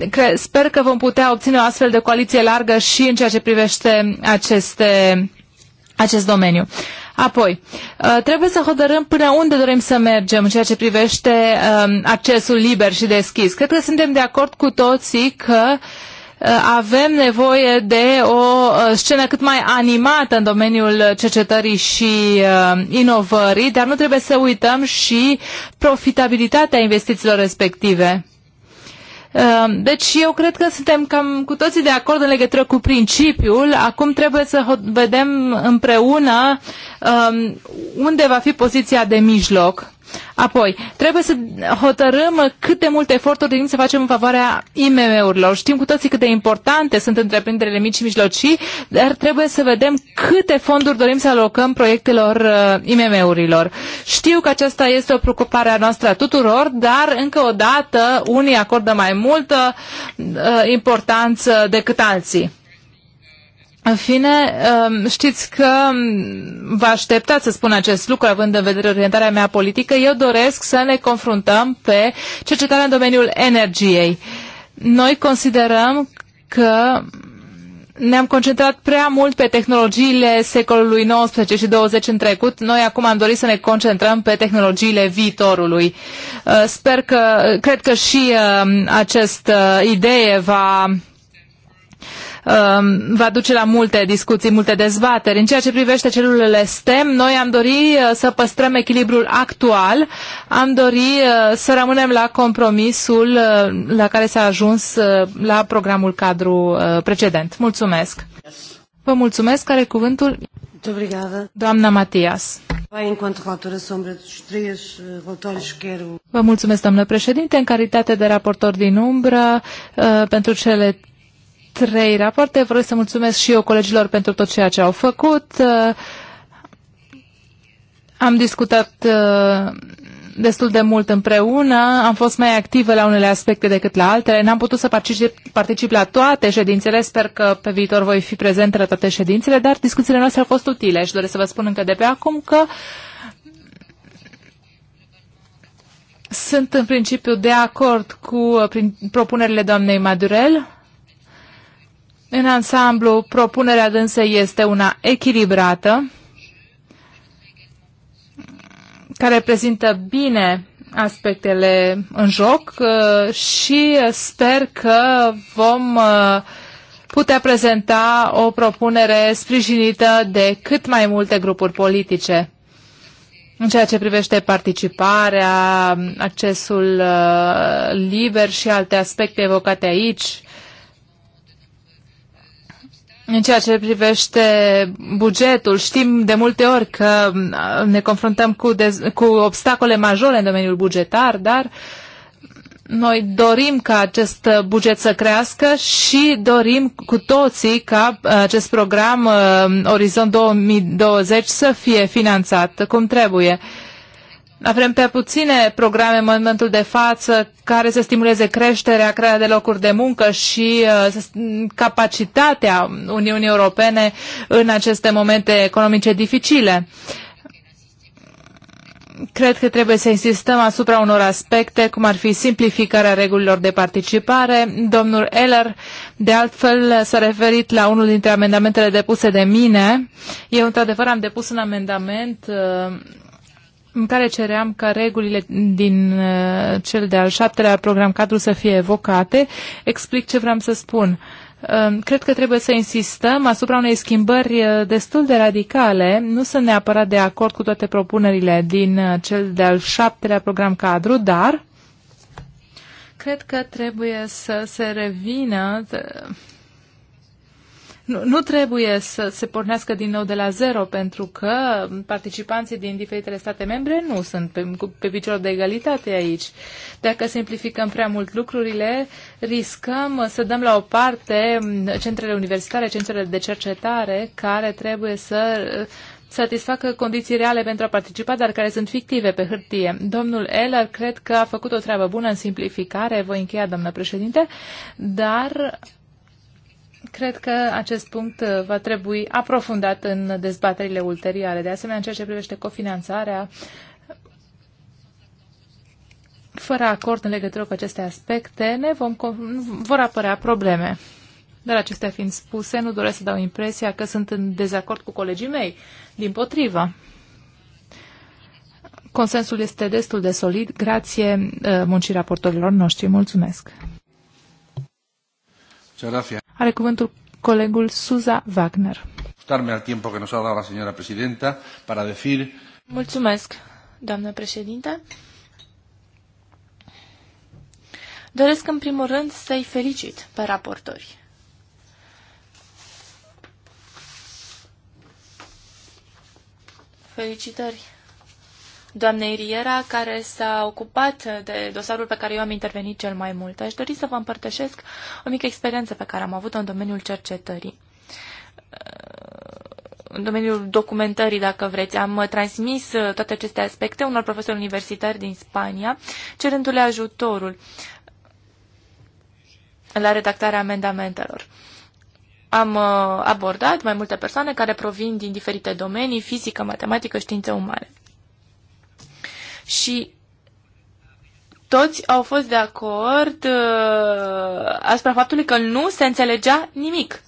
Cre- sper că vom putea obține o astfel de coaliție largă și în ceea ce privește aceste, acest domeniu. Uh, Apoi, uh, trebuie să hotărâm până unde dorim să mergem în ceea ce privește um, accesul liber și deschis. Cred că suntem de acord cu toții că uh, avem nevoie de o uh, scenă cât mai animată în domeniul cercetării și inovării, dar nu trebuie să uităm și profitabilitatea investițiilor respective. Ehm, deci eu cred că suntem cam cu toții de acord în legătură cu principiul. Acum trebuie să vedem împreună ehm, unde va fi poziția de mijloc Apoi, trebuie să hotărâm cât de multe eforturi din să facem în favoarea IMM-urilor. Știm cu toții cât de importante sunt întreprinderile mici și mijlocii, dar trebuie să vedem câte fonduri dorim să alocăm proiectelor uh, IMM-urilor. Știu că aceasta este o preocupare a noastră a tuturor, dar încă o dată unii acordă mai multă uh, importanță decât alții. În fine, um, știți că um, vă așteptați să spun acest lucru, având în vedere orientarea mea politică. Eu doresc să ne confruntăm pe cercetarea în domeniul energiei. Noi considerăm că ne-am concentrat prea mult pe tehnologiile secolului 19 și 20 în trecut. Noi acum am dorit să ne concentrăm pe tehnologiile viitorului. Uh, sper că, cred că și um, această idee va Um, va duce la multe discuții, multe dezbateri. În ceea ce privește celulele STEM, noi am dori uh, să păstrăm echilibrul actual, am dori uh, să rămânem la compromisul uh, la care s-a ajuns la programul cadru precedent. Mulțumesc! Vă mulțumesc, care cuvântul? Doamna Matias. Eh, Vă mulțumesc, doamnă președinte, în calitate de raportor din umbră eh, pentru cele trei rapoarte. Vreau să mulțumesc și eu colegilor pentru tot ceea ce au făcut. Uh, am discutat uh, destul de mult împreună, am fost mai activă la unele aspecte decât la altele, n-am putut să particip, particip la toate ședințele, sper că pe viitor voi fi prezentă la toate ședințele, dar discuțiile noastre au fost utile și doresc să vă spun încă de pe acum că sunt în principiu de acord cu uh, propunerile doamnei Madurel în ansamblu, propunerea dânsă este una echilibrată, care prezintă bine aspectele în joc uh, și sper că vom uh, putea prezenta o propunere sprijinită de cât mai multe grupuri politice. În ceea ce privește participarea, accesul uh, liber și alte aspecte evocate aici, în ceea ce privește bugetul, știm de multe ori că uh, ne confruntăm cu, dez, cu obstacole majore în domeniul bugetar, dar noi dorim ca acest buget să crească și dorim cu toții ca uh, acest program uh, Orizont 2020 să fie finanțat cum trebuie. Avem prea puține programe în momentul de față care să stimuleze creșterea, crearea de locuri de muncă și uh, capacitatea Uniunii Europene în aceste momente economice dificile. Cred că trebuie să insistăm asupra unor aspecte, cum ar fi simplificarea regulilor de participare. Domnul Eller, de altfel, s-a referit la unul dintre amendamentele depuse de mine. Eu, într-adevăr, am depus un amendament uh, în care ceream ca regulile din uh, cel de-al șaptelea program cadru să fie evocate. Explic ce vreau să spun. Um, cred că trebuie să insistăm asupra unei schimbări uh, destul de radicale. Nu sunt neapărat de acord cu toate propunerile din uh, cel de-al șaptelea program cadru, dar cred că trebuie să se revină nu, nu trebuie să se pornească din nou de la zero, pentru că participanții din diferitele state membre nu sunt pe, pe picior de egalitate aici. Dacă simplificăm prea mult lucrurile, riscăm să dăm la o parte centrele universitare, centrele de cercetare, care trebuie să satisfacă condiții reale pentru a participa, dar care sunt fictive pe hârtie. Domnul Eller cred că a făcut o treabă bună în simplificare, voi încheia, doamnă președinte, dar Cred că acest punct uh, va trebui aprofundat în dezbaterile ulterioare. De asemenea, în ceea ce privește cofinanțarea, fără acord în legătură cu aceste aspecte, ne vom, vor apărea probleme. Dar acestea fiind spuse, nu doresc să dau impresia că sunt în dezacord cu colegii mei. Din potrivă. Consensul este destul de solid, grație uh, muncii raportorilor noștri. Mulțumesc!
Are cuvântul colegul Suza Wagner.
Darme al tiempo que nos ha dado la señora presidenta para decir...
Mulțumesc, doamnă președinte. Doresc în primul rând să-i felicit pe raportori. Felicitări doamnei Riera, care s-a ocupat de dosarul pe care eu am intervenit cel mai mult. Aș dori să vă împărtășesc o mică experiență pe care am avut-o în domeniul cercetării în domeniul documentării, dacă vreți. Am transmis toate aceste aspecte unor profesori universitari din Spania, cerându-le ajutorul la redactarea amendamentelor. Am uh, abordat mai multe persoane care provin din diferite domenii, fizică, matematică, științe umane și toți au fost de acord uh, asupra faptului că nu se înțelegea nimic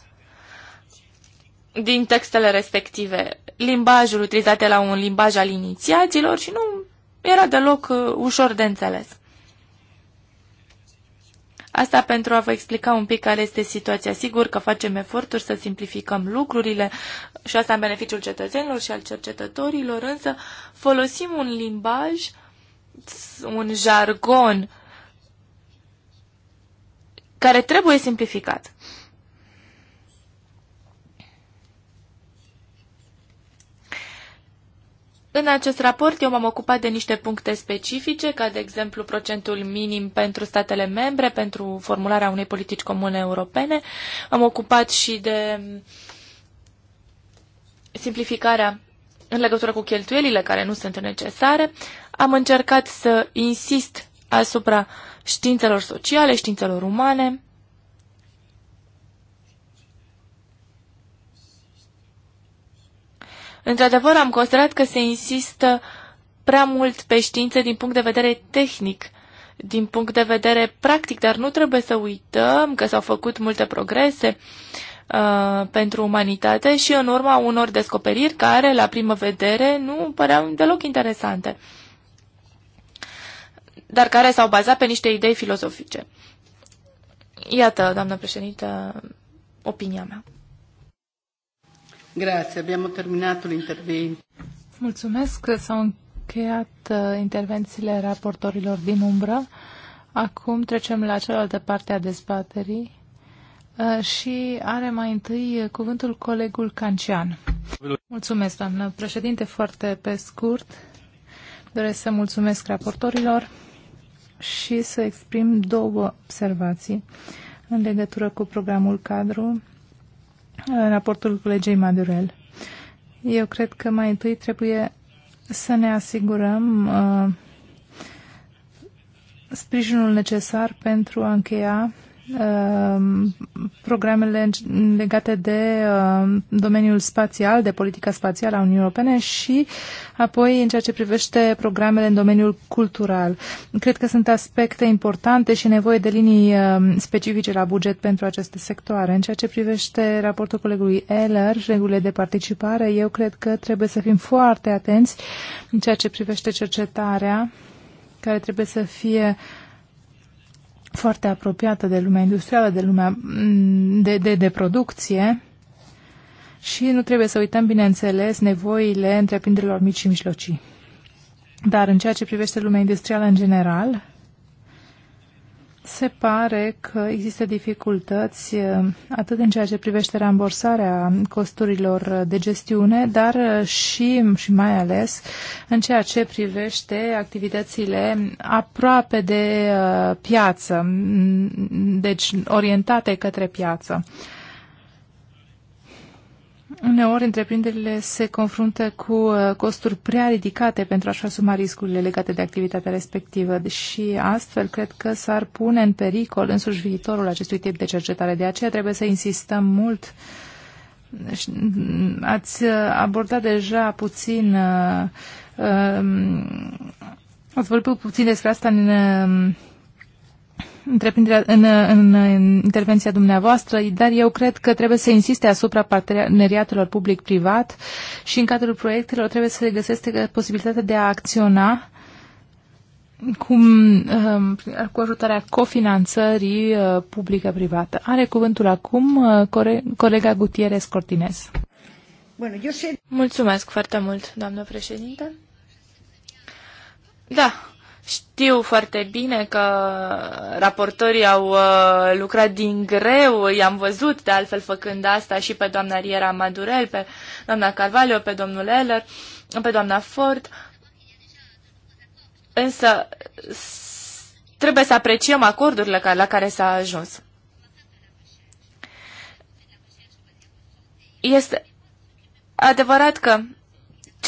din textele respective. Limbajul utilizat la un limbaj al inițiaților și nu era deloc uh, ușor de înțeles. Asta pentru a vă explica un pic care este situația. Sigur că facem eforturi să simplificăm lucrurile și asta în beneficiul cetățenilor și al cercetătorilor, însă folosim un limbaj, un jargon care trebuie simplificat. În acest raport eu m-am ocupat de niște puncte specifice, ca de exemplu procentul minim pentru statele membre, pentru formularea unei politici comune europene. Am ocupat și de simplificarea în legătură cu cheltuielile care nu sunt necesare. Am încercat să insist asupra științelor sociale, științelor umane, Într-adevăr, am considerat că se insistă prea mult pe știință din punct de vedere tehnic, din punct de vedere practic, dar nu trebuie să uităm că s-au făcut multe progrese uh, pentru umanitate și în urma unor descoperiri care, la primă vedere, nu păreau deloc interesante, dar care s-au bazat pe niște idei filozofice. Iată, doamnă președintă, opinia mea.
Grazie, abbiamo terminato l'intervento.
Mulțumesc, s-au încheiat uh, intervențiile raportorilor din umbră. Acum trecem la cealaltă parte a dezbaterii uh, și are mai întâi cuvântul colegul Cancian. Mulțumesc, doamnă președinte, foarte pe scurt. Doresc să mulțumesc raportorilor și să exprim două observații în legătură cu programul cadru raportul cu legei Madurel. Eu cred că mai întâi trebuie să ne asigurăm uh, sprijinul necesar pentru a încheia Um, programele legate de um, domeniul spațial, de politica spațială a Uniunii Europene și apoi în ceea ce privește programele în domeniul cultural. Cred că sunt aspecte importante și nevoie de linii um, specifice la buget pentru aceste sectoare. În ceea ce privește raportul colegului Eller, regulile de participare, eu cred că trebuie să fim foarte atenți în ceea ce privește cercetarea care trebuie să fie uh, foarte apropiată de lumea industrială, de lumea mm, de, de, de producție și nu trebuie să uităm, bineînțeles, nevoile întreprinderilor mici și mijlocii. Dar în ceea ce privește lumea industrială în general, se pare că există dificultăți uh, atât în ceea ce privește rambursarea costurilor de gestiune, dar uh, și și mai ales în ceea ce privește activitățile aproape de uh, piață, mm, deci orientate către piață. Uneori, întreprinderile se confruntă cu uh, costuri prea ridicate pentru a-și asuma riscurile legate de activitatea respectivă și astfel cred că s-ar pune în pericol însuși viitorul acestui tip de cercetare. De aceea trebuie să insistăm mult. Deci, mm, ați uh, abordat deja puțin, uh, um, ați vorbit puțin despre asta în um, în, în intervenția dumneavoastră, dar eu cred că trebuie să insiste asupra parteneriatelor public-privat și în cadrul proiectelor trebuie să se găsească posibilitatea de a acționa um, cu, cu ajutarea cofinanțării uh, publică-privată. Are cuvântul acum uh, colega Gutierrez Cortinez.
Mulțumesc foarte mult, doamnă președinte. Da, știu foarte bine că raportorii au uh, lucrat din greu, i-am văzut de altfel făcând asta și pe doamna Riera Madurel, pe doamna Carvalho, pe domnul Eller, pe doamna Ford. Însă trebuie să apreciem acordurile la care s-a ajuns. Este adevărat că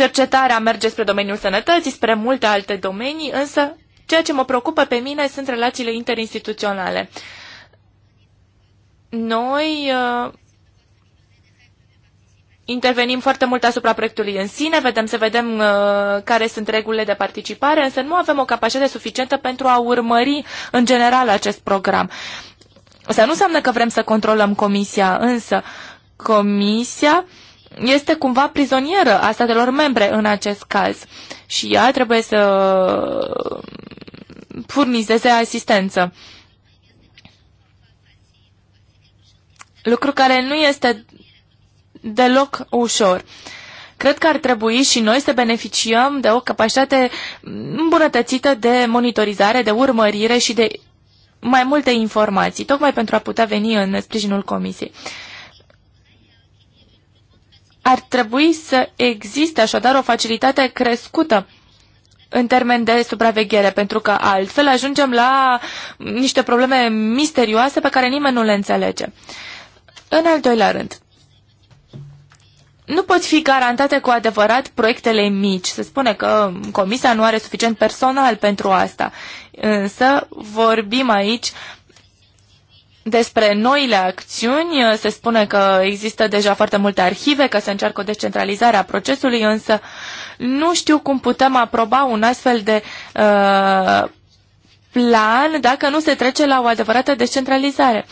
cercetarea merge spre domeniul sănătății, spre multe alte domenii, însă ceea ce mă preocupă pe mine sunt relațiile interinstituționale. Noi uh, intervenim foarte mult asupra proiectului în sine, vedem să vedem uh, care sunt regulile de participare, însă nu avem o capacitate suficientă pentru a urmări în general acest program. Asta nu înseamnă că vrem să controlăm comisia, însă comisia uh, este cumva prizonieră a statelor membre în acest caz și ea trebuie să furnizeze asistență. Lucru care nu este deloc ușor. Cred că ar trebui și noi să beneficiem de o capacitate îmbunătățită de monitorizare, de urmărire și de mai multe informații, tocmai pentru a putea veni în sprijinul Comisiei. Ar trebui să existe așadar o facilitate crescută în termen de supraveghere, pentru că altfel ajungem la niște probleme misterioase pe care nimeni nu le înțelege. În al doilea rând, nu pot fi garantate cu adevărat proiectele mici. Se spune că comisia nu are suficient personal pentru asta. Însă vorbim aici despre noile acțiuni uh, se spune că există deja foarte multe arhive, că se încearcă o descentralizare a procesului, însă nu știu cum putem aproba un astfel de uh, plan dacă nu se trece la o adevărată descentralizare.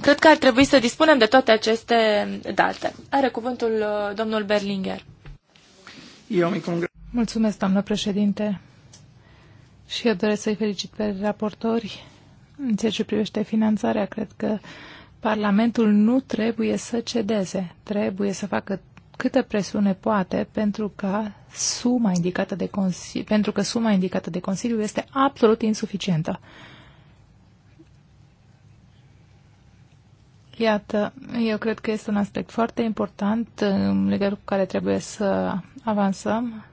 Cred că ar trebui să dispunem de toate aceste date. Are cuvântul uh, domnul Berlinger.
Eu mi
Mulțumesc, doamnă președinte. Și eu doresc să-i felicit pe raportori în ceea ce privește finanțarea, cred că Parlamentul nu trebuie să cedeze, trebuie să facă câtă presiune poate pentru ca suma indicată de consiliu, pentru că suma indicată de Consiliu este absolut insuficientă. Iată, eu cred că este un aspect foarte important în legătură cu care trebuie să avansăm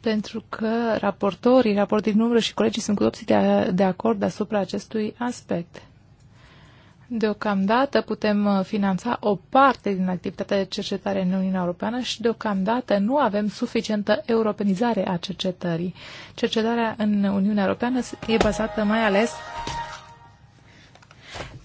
pentru că raportorii, raportorii din umbră și colegii sunt cu toții de, de acord asupra acestui aspect. Deocamdată putem uh, finanța o parte din activitatea de cercetare în Uniunea Europeană și deocamdată nu avem suficientă europenizare a cercetării. Cercetarea în Uniunea Europeană e bazată mai ales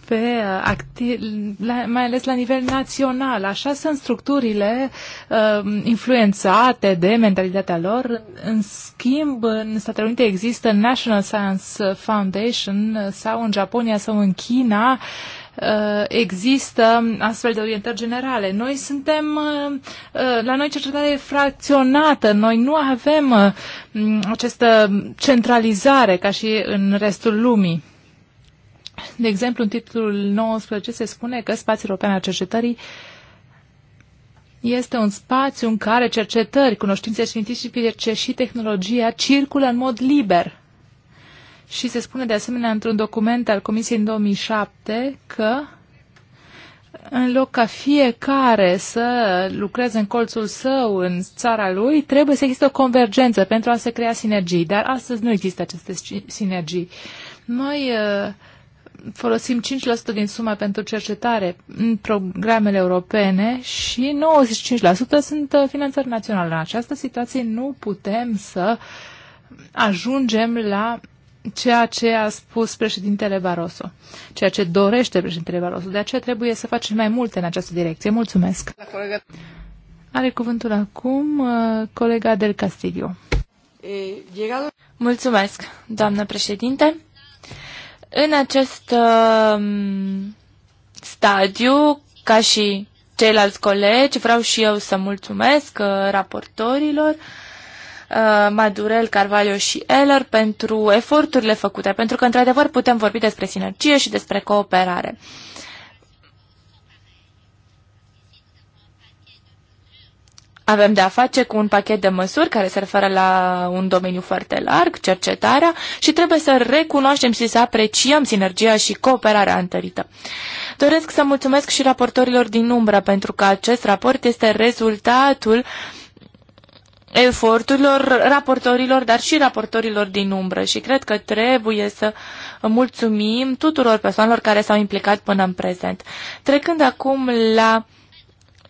pe uh, acti- la, mai ales la nivel național. Așa sunt structurile uh, influențate de mentalitatea lor. În schimb, în Statele Unite există National Science Foundation sau în Japonia sau în China uh, există astfel de orientări generale. Noi suntem, uh, uh, la noi cercetarea e fracționată, noi nu avem această centralizare ca și în restul lumii. De exemplu, în titlul 19 se spune că spațiul european al cercetării este un spațiu în care cercetări, cunoștințe științifice și tehnologia circulă în mod liber. Și se spune de asemenea într-un document al Comisiei în 2007 că în loc ca fiecare să lucreze în colțul său, în țara lui, trebuie să existe o convergență pentru a se crea sinergii. Dar astăzi nu există aceste sinergii. Noi uh, folosim 5% din suma pentru cercetare în programele europene și 95% sunt uh, finanțări naționale. În această situație nu putem să ajungem la ceea ce a spus președintele Barroso, ceea ce dorește președintele Barroso. De aceea trebuie să facem mai multe în această direcție. Mulțumesc! Are cuvântul acum uh, colega del Castillo.
Mulțumesc, doamnă președinte. În acest uh, stadiu, ca și ceilalți colegi, vreau și eu să mulțumesc uh, raportorilor uh, Madurel, Carvalho și Eller pentru eforturile făcute, pentru că într-adevăr putem vorbi despre sinergie și despre cooperare. Uh, Avem de a face cu un pachet de măsuri care se referă la un domeniu foarte larg, cercetarea, și trebuie să recunoaștem și să apreciem sinergia și cooperarea întărită. Doresc să mulțumesc și raportorilor din umbră pentru că acest raport este rezultatul eforturilor raportorilor, dar și raportorilor din umbră și cred că trebuie să mulțumim tuturor persoanelor care s-au implicat până în prezent. Trecând acum la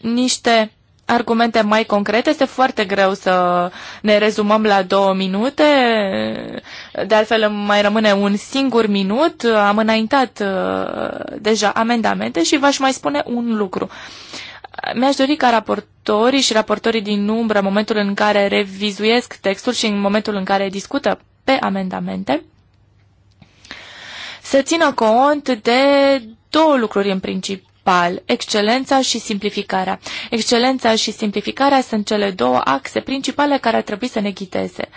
niște argumente mai concrete. Este foarte greu să ne rezumăm la două minute. De altfel, mai rămâne un singur minut. Am înaintat uh, deja amendamente și v-aș mai spune un lucru. Mi-aș dori ca raportorii și raportorii din umbră, în momentul în care revizuiesc textul și în momentul în care discută pe amendamente, să țină cont de două lucruri în principiu principal, excelența și simplificarea. Excelența și simplificarea sunt cele două axe principale care ar trebui să ne ghideze.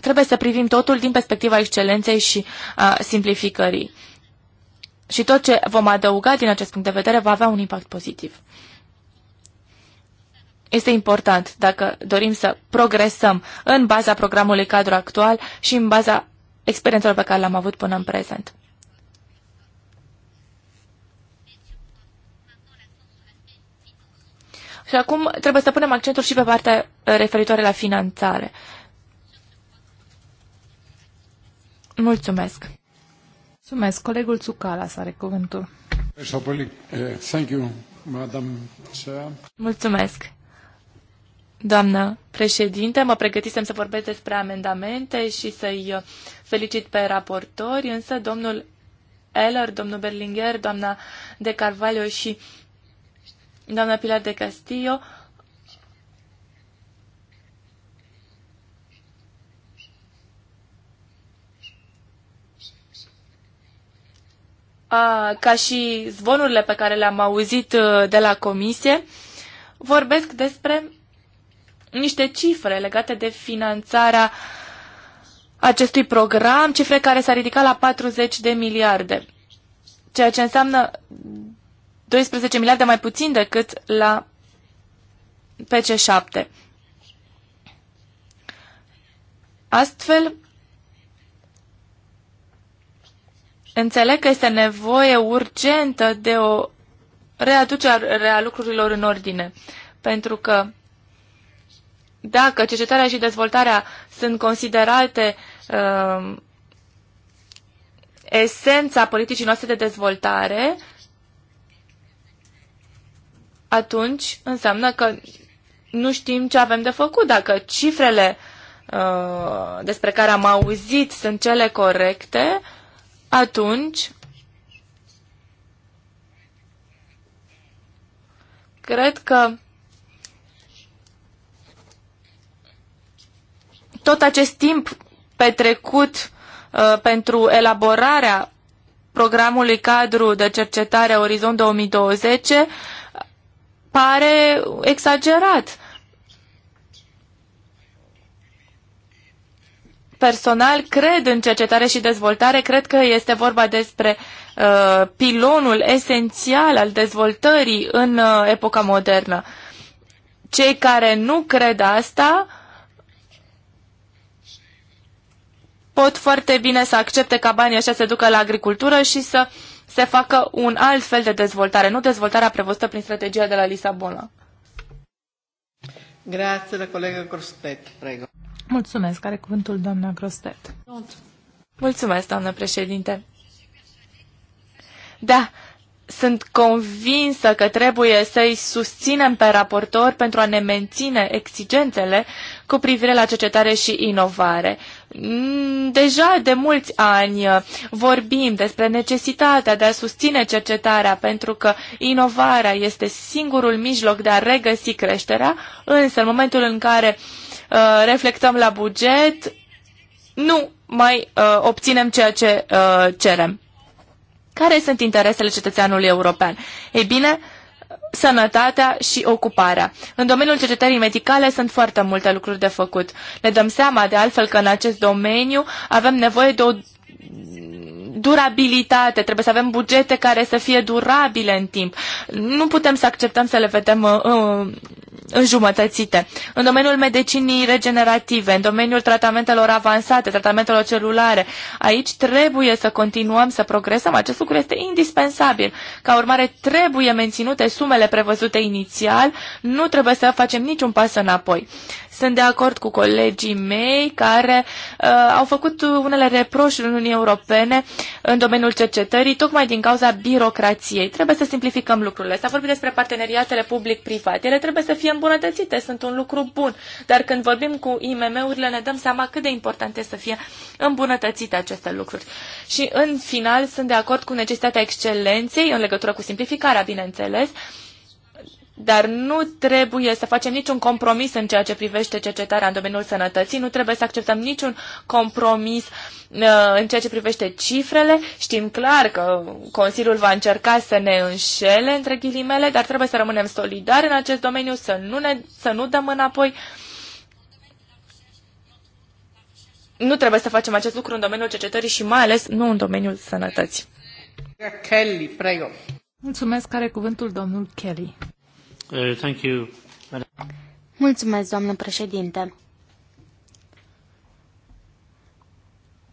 Trebuie să privim totul din perspectiva excelenței și a simplificării. Și tot ce vom adăuga din acest punct de vedere va avea un impact pozitiv este important dacă dorim să progresăm în baza programului cadru actual și în baza experiențelor pe care le-am avut până în prezent. Și acum trebuie să punem accentul și pe partea eh, referitoare la finanțare.
Mulțumesc. Mulțumesc. Colegul Țucala are cuvântul.
Eh,
thank you, Madam Mulțumesc. Doamnă președinte, mă pregătisem să vorbesc despre amendamente și să-i eh, felicit pe raportori, însă domnul Eller, domnul Berlinger, doamna de Carvalho și doamna Pilar de Castillo, a, ca și zvonurile pe care le-am auzit uh, de la comisie, vorbesc despre niște cifre legate de finanțarea acestui program, cifre care s-a ridicat la 40 de miliarde, ceea ce înseamnă 12 miliarde mai puțin decât la PC7. Astfel, înțeleg că este nevoie urgentă de o readucere a lucrurilor în ordine, pentru că dacă cercetarea și dezvoltarea sunt considerate uh, esența politicii noastre de dezvoltare, uh, atunci înseamnă că nu știm ce avem de făcut. Dacă cifrele uh, despre care am auzit sunt cele corecte, atunci cred că tot acest timp petrecut uh, pentru elaborarea programului cadru de cercetare Orizont 2020 pare exagerat. Personal, cred în cercetare și dezvoltare, cred că este vorba despre uh, pilonul esențial al dezvoltării în uh, epoca modernă. Cei care nu cred asta pot foarte bine să accepte ca banii așa se ducă la agricultură și să uh, se facă un alt fel de dezvoltare, nu dezvoltarea prevăzută prin strategia de la Lisabona.
Grazie, la colegă Grostet, prego.
Mulțumesc, are cuvântul doamna Grostet. Mulțumesc, doamnă președinte. Da, sunt convinsă că trebuie să-i susținem pe raportor pentru a ne menține exigențele cu privire la cercetare și inovare. Mm, Deja de mulți ani uh, vorbim despre necesitatea de a susține cercetarea pentru că inovarea este singurul mijloc de a regăsi creșterea, însă în momentul în care uh, reflectăm la buget, nu mai uh, obținem ceea ce uh, cerem. Care sunt interesele cetățeanului european? Ei bine, sănătatea și ocuparea. În domeniul cercetării medicale sunt foarte multe lucruri de făcut. Ne dăm seama, de altfel, că în acest domeniu avem nevoie de o durabilitate, trebuie să avem bugete care să fie durabile în timp. Nu putem să acceptăm să le vedem uh, uh înjumătățite. În domeniul medicinii regenerative, în domeniul tratamentelor avansate, tratamentelor celulare, aici trebuie să continuăm să progresăm. Acest lucru este indispensabil. Ca urmare, trebuie menținute sumele prevăzute inițial, nu trebuie să facem niciun pas înapoi. Sunt de acord cu colegii mei care uh, au făcut unele reproșuri în Uniunii Europene în domeniul cercetării, tocmai din cauza birocrației. Trebuie să simplificăm lucrurile. S-a vorbit despre parteneriatele public-privat. Ele trebuie să fie îmbunătățite, sunt un lucru bun, dar când vorbim cu IMM-urile ne dăm seama cât de important este să fie îmbunătățite aceste lucruri. Și în final sunt de acord cu necesitatea excelenței în legătură cu simplificarea, bineînțeles, dar nu trebuie să facem niciun compromis în ceea ce privește cercetarea în domeniul sănătății, nu trebuie să acceptăm niciun compromis uh, în ceea ce privește cifrele. Știm clar că Consiliul va încerca să ne înșele, între ghilimele, dar trebuie să rămânem solidari în acest domeniu, să nu, ne, să nu dăm înapoi. Nu trebuie să facem acest lucru în domeniul cercetării și mai ales nu în domeniul sănătății. Kelly, prego. Mulțumesc, are cuvântul
domnul Kelly. Uh, Mulțumesc, doamnă președinte.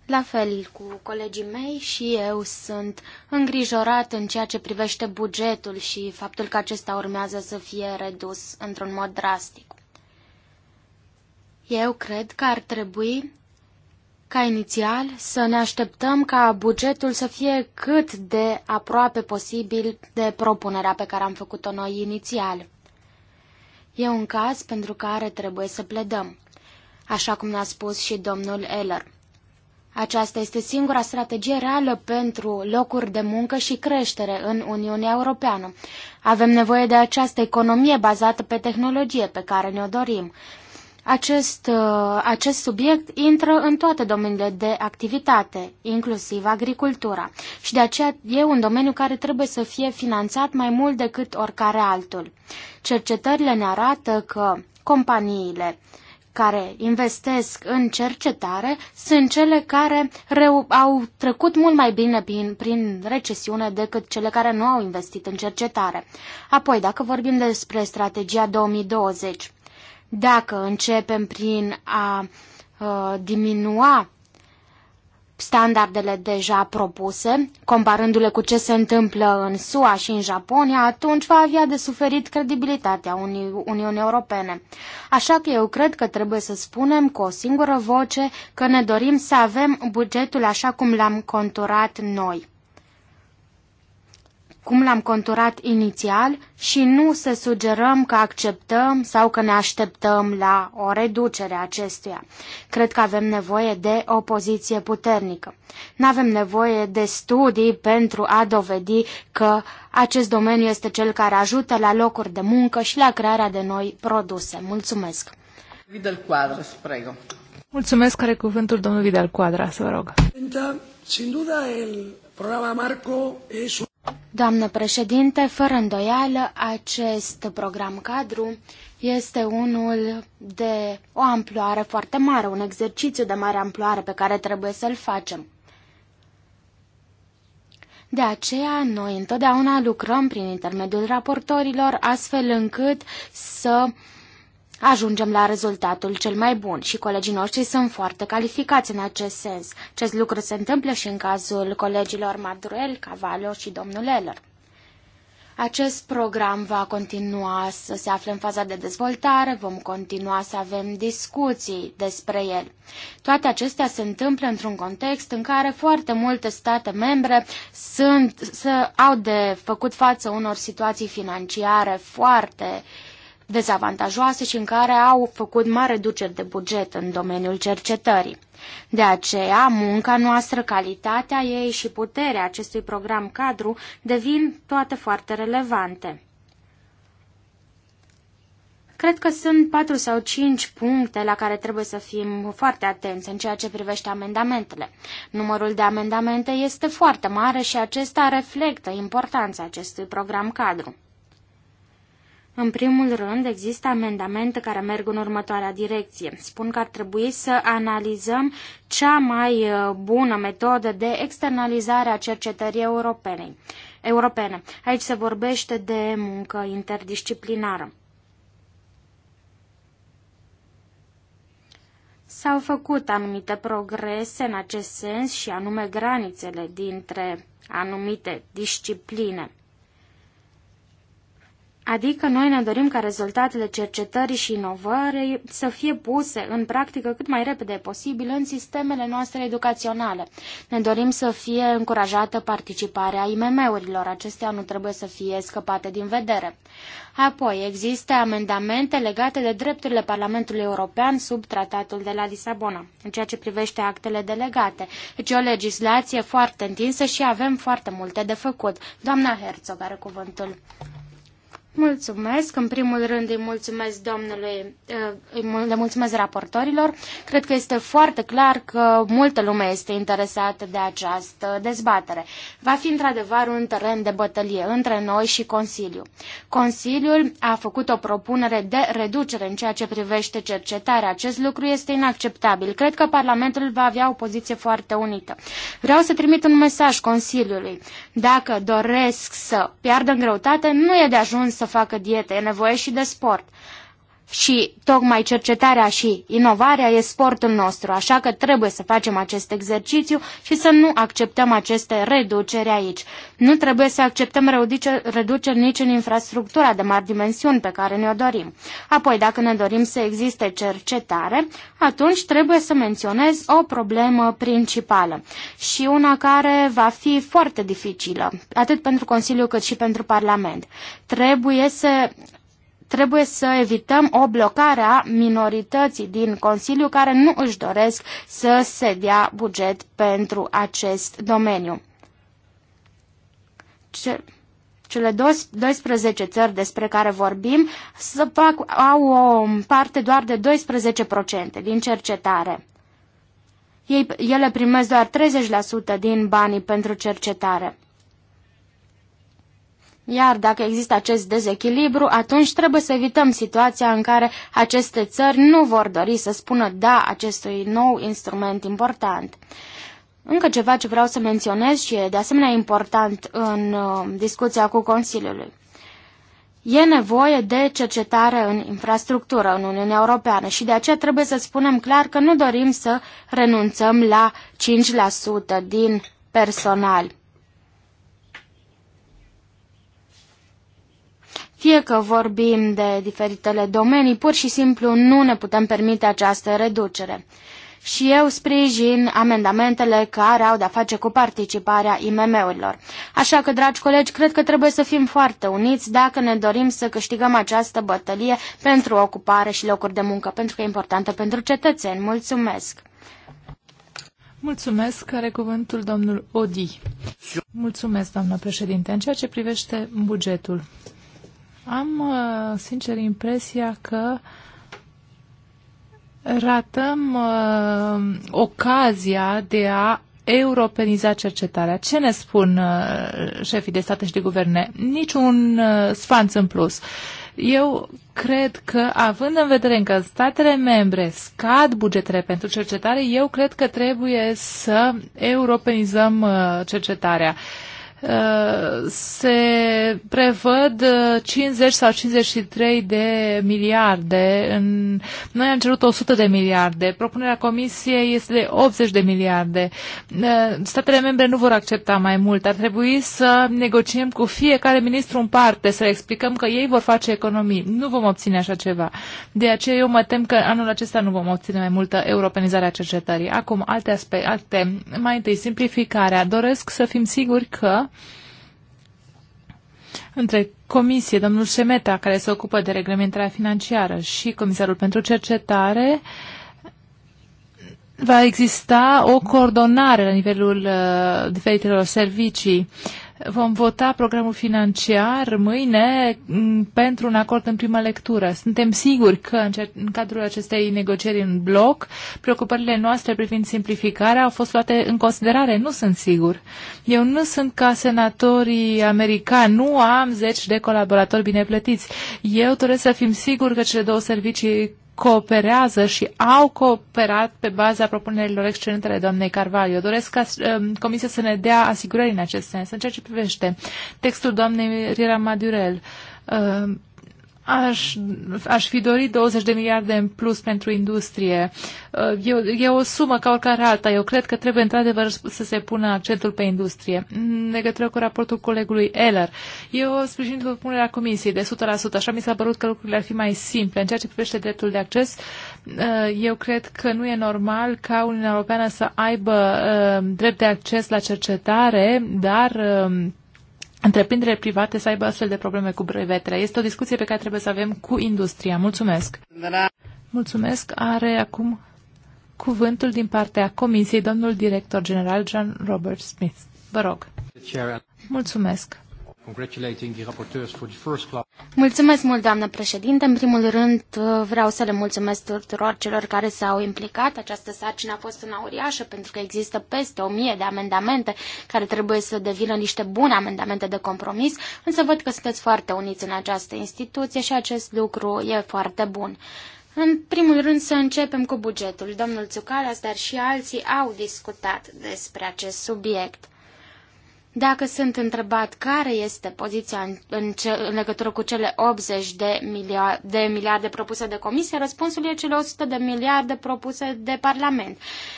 La fel cu colegii mei și eu sunt îngrijorat în ceea ce privește bugetul și faptul că acesta urmează să fie redus într-un mod drastic. Eu cred că ar trebui ca inițial să ne așteptăm ca bugetul să fie cât de aproape posibil de propunerea pe care am făcut-o noi inițial. E un caz pentru care trebuie să pledăm, așa cum ne-a spus și domnul Eller. Aceasta este singura strategie reală pentru locuri de muncă și creștere în Uniunea Europeană. Avem nevoie de această economie bazată pe tehnologie pe care ne-o dorim. Acest, uh, acest subiect intră în toate domeniile de activitate, inclusiv agricultura, și de aceea e un domeniu care trebuie să fie finanțat mai mult decât oricare altul. Cercetările ne arată că companiile care investesc în cercetare sunt cele care au trecut mult mai bine prin, prin recesiune decât cele care nu au investit în cercetare. Apoi, dacă vorbim despre strategia 2020, dacă începem prin a uh, diminua standardele deja propuse, comparându-le cu ce se întâmplă în SUA și în Japonia, atunci va avea de suferit credibilitatea Uni Uniunii Europene. Așa că eu cred că trebuie să spunem cu o singură voce că ne dorim să avem bugetul așa cum l-am conturat noi cum l-am conturat inițial și nu să sugerăm că acceptăm sau că ne așteptăm la o reducere acestuia. Cred că avem nevoie de o poziție puternică. Nu avem nevoie de studii pentru a dovedi că acest domeniu este cel care ajută la locuri de muncă și la crearea de noi produse. Mulțumesc!
Vidal Quadras, prego.
Mulțumesc, care cuvântul domnul Vidal Quadras, vă rog.
Sin duda, el programa Marco es
Doamnă președinte, fără îndoială, acest program cadru este unul de o amploare foarte mare, un exercițiu de mare amploare pe care trebuie să-l facem. De aceea, noi întotdeauna lucrăm prin intermediul raportorilor, astfel încât să uh, ajungem la rezultatul cel mai bun și colegii noștri sunt foarte calificați în acest sens. Acest lucru se întâmplă și în cazul colegilor Madurel, Cavallo și domnul Eller. Acest program va continua să se afle în faza de dezvoltare, vom continua să avem discuții despre el. Toate acestea se întâmplă într-un context în care foarte multe state membre sunt, să, au de făcut față unor situații financiare foarte uh, dezavantajoase și în care au făcut mari reduceri de buget în domeniul cercetării. De aceea, munca noastră, calitatea ei și puterea acestui program cadru devin toate foarte relevante. Cred că sunt patru sau cinci puncte la care trebuie să fim foarte atenți în ceea ce privește amendamentele. Numărul de amendamente este foarte mare și acesta reflectă importanța acestui program cadru. În primul rând, există amendamente care merg în următoarea direcție. Spun că ar trebui să analizăm cea mai uh, bună metodă de externalizare a cercetării europene. europene. Aici se vorbește de muncă interdisciplinară. S-au făcut anumite progrese în acest sens și anume granițele dintre anumite discipline. Adică noi ne dorim ca rezultatele cercetării și inovării să fie puse în practică cât mai repede posibil în sistemele noastre educaționale. Ne dorim să fie încurajată participarea IMM-urilor. Acestea nu trebuie să fie scăpate din vedere. Apoi, există amendamente legate de drepturile Parlamentului European sub tratatul de la Lisabona, în ceea ce privește actele delegate. Deci o legislație foarte întinsă și avem foarte multe de făcut. Doamna Herzog are cuvântul. Mulțumesc. În primul rând îi mulțumesc domnului, eh, le mulțumesc raportorilor. Cred că este foarte clar că multă lume este interesată de această dezbatere. Va fi într-adevăr un teren de bătălie între noi și Consiliu. Consiliul a făcut o propunere de reducere în ceea ce privește cercetarea. Acest lucru este inacceptabil. Cred că Parlamentul va avea o poziție foarte unită. Vreau să trimit un mesaj Consiliului. Dacă doresc să piardă în greutate, nu e de ajuns să facă diete, e nevoie și de sport și tocmai cercetarea și inovarea e sportul nostru, așa că trebuie să facem acest exercițiu și să nu acceptăm aceste reduceri aici. Nu trebuie să acceptăm reduceri nici în infrastructura de mari dimensiuni pe care ne-o dorim. Apoi, dacă ne dorim să existe cercetare, atunci trebuie să menționez o problemă principală și una care va fi foarte dificilă, atât pentru Consiliu cât și pentru Parlament. Trebuie să trebuie să evităm o blocare a minorității din Consiliu care nu își doresc să se dea buget pentru acest domeniu. Ce cele 12 țări despre care vorbim să fac, au o parte doar de 12% din cercetare. Ei, ele primesc doar 30% din banii pentru cercetare. Iar dacă există acest dezechilibru, atunci trebuie să evităm situația în care aceste țări nu vor dori să spună da acestui nou instrument important. Încă ceva ce vreau să menționez și e de asemenea important în uh, discuția cu Consiliul. E nevoie de cercetare în infrastructură în Uniunea Europeană și de aceea trebuie să spunem clar că nu dorim să renunțăm la 5% din personal. Fie că vorbim de diferitele domenii, pur și simplu nu ne putem permite această reducere. Și eu sprijin amendamentele care au de-a face cu participarea IMM-urilor. Așa că, dragi colegi, cred că trebuie să fim foarte uniți dacă ne dorim să câștigăm această bătălie pentru ocupare și locuri de muncă, pentru că e importantă pentru cetățeni. Mulțumesc!
Mulțumesc. Are cuvântul domnul Odi. Mulțumesc, doamnă președinte. În ceea ce privește bugetul, am, uh, sincer, impresia că ratăm uh, ocazia de a europeniza cercetarea. Ce ne spun uh, șefii de state și de guverne? Niciun uh, sfanț în plus. Eu cred că, având în vedere că statele membre scad bugetele pentru cercetare, eu cred că trebuie să europenizăm uh, cercetarea. Uh, Uh, se prevăd 50 uh, sau 53 de miliarde. În... Noi am cerut 100 de miliarde. Propunerea Comisiei este de 80 de miliarde. Uh, statele membre nu vor accepta mai mult. Ar trebui să negociem cu fiecare ministru în parte, să le explicăm că ei vor face economii. Nu vom obține așa ceva. De aceea eu mă tem că anul acesta nu vom obține mai multă europenizare a cercetării. Acum, alte aspecte. alte Mai întâi, simplificarea. Doresc să fim siguri că între comisie, domnul Șemeta, care se ocupă de reglementarea financiară, și comisarul pentru cercetare, va exista o coordonare la nivelul uh, diferitelor servicii uh, Vom vota programul financiar mâine mm, pentru un acord în prima lectură. Suntem siguri că în cadrul acestei negocieri în bloc, preocupările noastre privind simplificarea au fost luate în considerare. Nu sunt sigur. Eu nu sunt ca senatorii americani. Nu am zeci de colaboratori bine plătiți. Eu doresc să fim siguri că cele două servicii cooperează și au cooperat pe baza propunerilor excelente ale doamnei Carvalho. Doresc ca um, Comisia să ne dea asigurări în acest sens, în ceea ce privește textul doamnei Riera Madurel. Uh, um, Aș, aș fi dorit 20 de miliarde în plus pentru industrie. Uh, e, e o sumă ca oricare alta. Eu cred că trebuie într-adevăr să se pună accentul pe industrie. În legătură cu raportul colegului Eller, eu sprijin propunerea comisiei de 100%. Așa mi s-a părut că lucrurile ar fi mai simple. În ceea ce privește dreptul de acces, uh, eu cred că nu e normal ca Uniunea Europeană să aibă uh, drept de acces la cercetare, dar um, întreprinderile private să aibă astfel de probleme cu brevetele. Este o discuție pe care trebuie să avem cu industria. Mulțumesc! Mulțumesc! Are acum cuvântul din partea Comisiei domnul director general John Robert
Smith.
Vă rog! Mulțumesc! Mulțumesc mult, doamnă președinte. În primul rând, uh, vreau să le mulțumesc tuturor celor care s-au implicat. Această sarcină a fost una uriașă pentru că există peste o mie de amendamente care trebuie să devină niște bune amendamente de compromis, însă văd că sunteți foarte uniți în această instituție și acest lucru e foarte bun. În primul rând să începem cu bugetul. Domnul Țucalas, dar și alții au discutat despre acest subiect. Dacă sunt întrebat care este poziția în, în, ce, în legătură cu cele 80 de miliarde, de miliarde propuse de comisie, răspunsul e cele 100 de miliarde propuse de Parlament.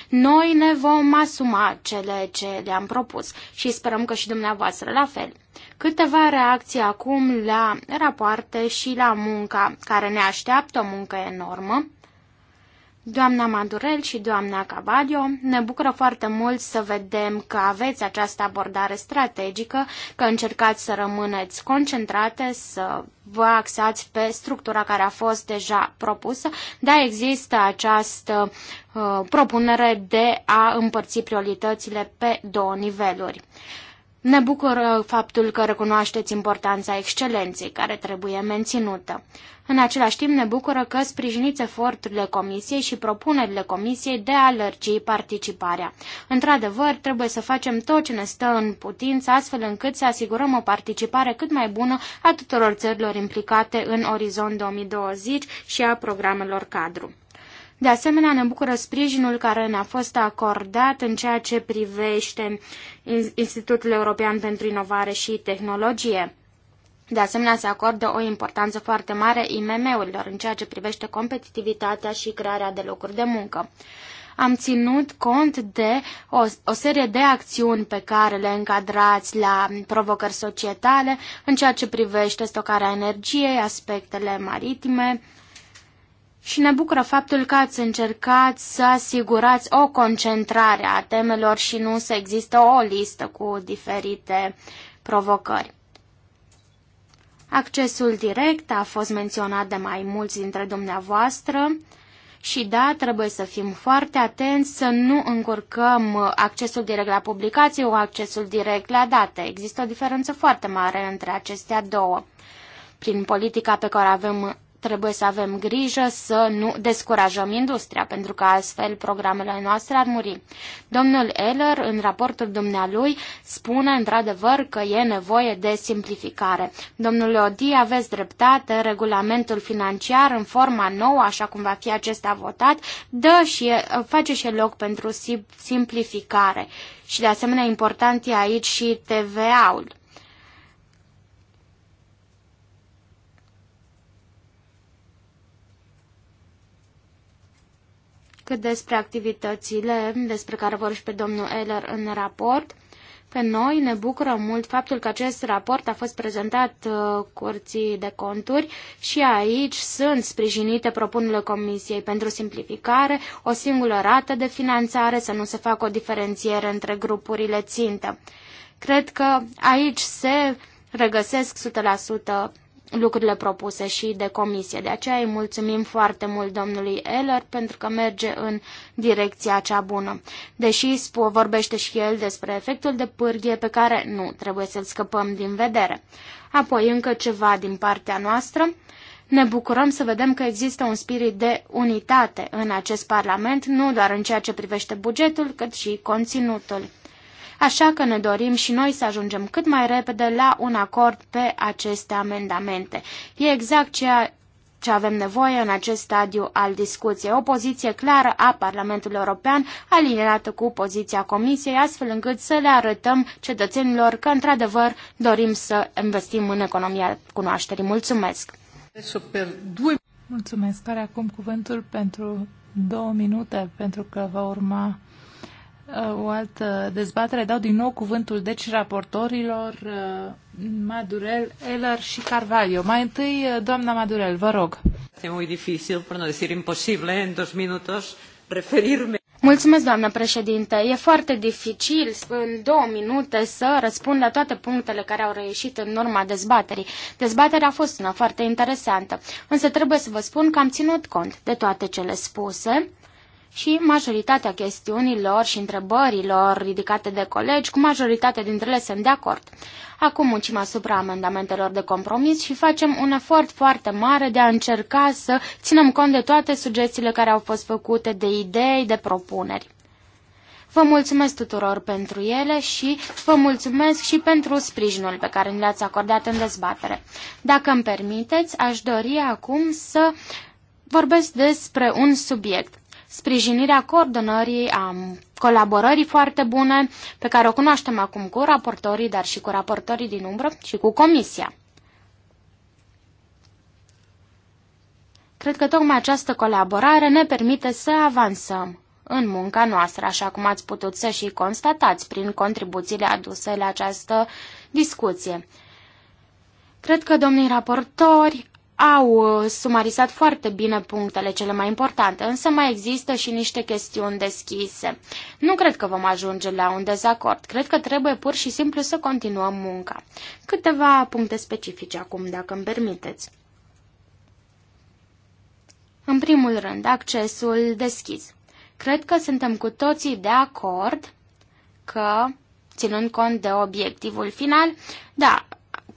Noi ne vom asuma cele ce le-am propus și sperăm că și dumneavoastră la fel. Câteva reacții acum la rapoarte și la munca care ne așteaptă, o muncă enormă. Doamna Madurel și doamna Cabadio, ne bucură foarte mult să vedem că aveți această abordare strategică, că încercați să rămâneți concentrate, să vă axați pe structura care a fost deja propusă, dar există această uh, propunere de a împărți prioritățile pe două niveluri. Uh, ne bucură faptul că recunoașteți importanța excelenței care trebuie menținută. În același timp ne bucură că sprijiniți eforturile Comisiei și propunerile Comisiei de a lărgi participarea. Într-adevăr, trebuie să facem tot ce ne stă în putință astfel încât să asigurăm o participare cât mai bună a tuturor țărilor implicate în Orizont 2020 și a programelor cadru. De asemenea, ne bucură sprijinul care ne-a fost acordat în ceea ce privește Institutul European pentru Inovare și Tehnologie. De asemenea, se acordă o importanță foarte mare IMM-urilor în ceea ce privește competitivitatea și crearea de locuri de muncă. Am ținut cont de o, o serie de acțiuni pe care le încadrați la provocări societale în ceea ce privește stocarea energiei, aspectele maritime, și ne bucură faptul că ați încercat să asigurați o concentrare a temelor și nu să există o listă cu diferite provocări. Accesul direct a fost menționat de mai mulți dintre dumneavoastră și da, trebuie să fim foarte atenți să nu încurcăm accesul direct la publicații cu accesul direct la date. Există o diferență foarte mare între acestea două. Prin politica pe care avem trebuie să avem grijă să nu descurajăm industria, pentru că astfel programele noastre ar muri. Domnul Eller, în raportul dumnealui, spune într-adevăr că e nevoie de simplificare. Domnule Odi, aveți dreptate, regulamentul financiar în forma nouă, așa cum va fi acesta votat, dă și face și loc pentru simplificare. Și de asemenea important e aici și TVA-ul. cât despre activitățile despre care vorbește pe domnul Eller în raport. Pe noi ne bucură mult faptul că acest raport a fost prezentat uh, curții de conturi și aici sunt sprijinite propunerile Comisiei pentru simplificare, o singură rată de finanțare, să nu se facă o diferențiere între grupurile țintă. Cred că aici se regăsesc 100% lucrurile propuse și de comisie. De aceea îi mulțumim foarte mult domnului Eller pentru că merge în direcția cea bună. Deși vorbește și el despre efectul de pârghie pe care nu trebuie să-l scăpăm din vedere. Apoi încă ceva din partea noastră. Ne bucurăm să vedem că există un spirit de unitate în acest Parlament, nu doar în ceea ce privește bugetul, cât și conținutul așa că ne dorim și noi să ajungem cât mai repede la un acord pe aceste amendamente. E exact ceea ce avem nevoie în acest stadiu al discuției. O poziție clară a Parlamentului European, aliniată cu poziția Comisiei, astfel încât să le arătăm cetățenilor că, într-adevăr, dorim să investim în economia cunoașterii. Mulțumesc!
Mulțumesc! Care acum cuvântul pentru două minute, pentru că va urma o altă dezbatere. Dau din nou cuvântul deci raportorilor uh, Madurel, Eller și Carvalho.
Mai întâi, uh, doamna Madurel, vă rog.
Este mult dificil, pentru a decir imposibil în dos minute, referirme.
Mulțumesc, doamnă președinte. E foarte dificil în două minute să răspund la toate punctele care au reieșit în urma dezbaterii. Dezbaterea a fost una foarte interesantă, însă trebuie să vă spun că am ținut cont de toate cele spuse și majoritatea chestiunilor și întrebărilor ridicate de colegi, cu majoritatea dintre ele sunt de acord. Acum muncim asupra amendamentelor de compromis și facem un efort foarte mare de a încerca să ținem cont de toate sugestiile care au fost făcute, de idei, de propuneri. Vă mulțumesc tuturor pentru ele și vă mulțumesc și pentru sprijinul pe care ne l-ați acordat în dezbatere. Dacă îmi permiteți, aș dori acum să vorbesc despre un subiect sprijinirea coordonării, a colaborării foarte bune pe care o cunoaștem acum cu raportorii, dar și cu raportorii din umbră și cu Comisia. Cred că tocmai această colaborare ne permite să avansăm în munca noastră, așa cum ați putut să și constatați prin contribuțiile aduse la această discuție. Cred că domnii raportori au uh, sumarizat foarte bine punctele cele mai importante, însă mai există și niște chestiuni deschise. Nu cred că vom ajunge la un dezacord, cred că trebuie pur și simplu să continuăm munca. Câteva puncte specifice acum, dacă îmi permiteți. În primul rând, accesul deschis. Cred că suntem cu toții de acord că, ținând cont de obiectivul final, da,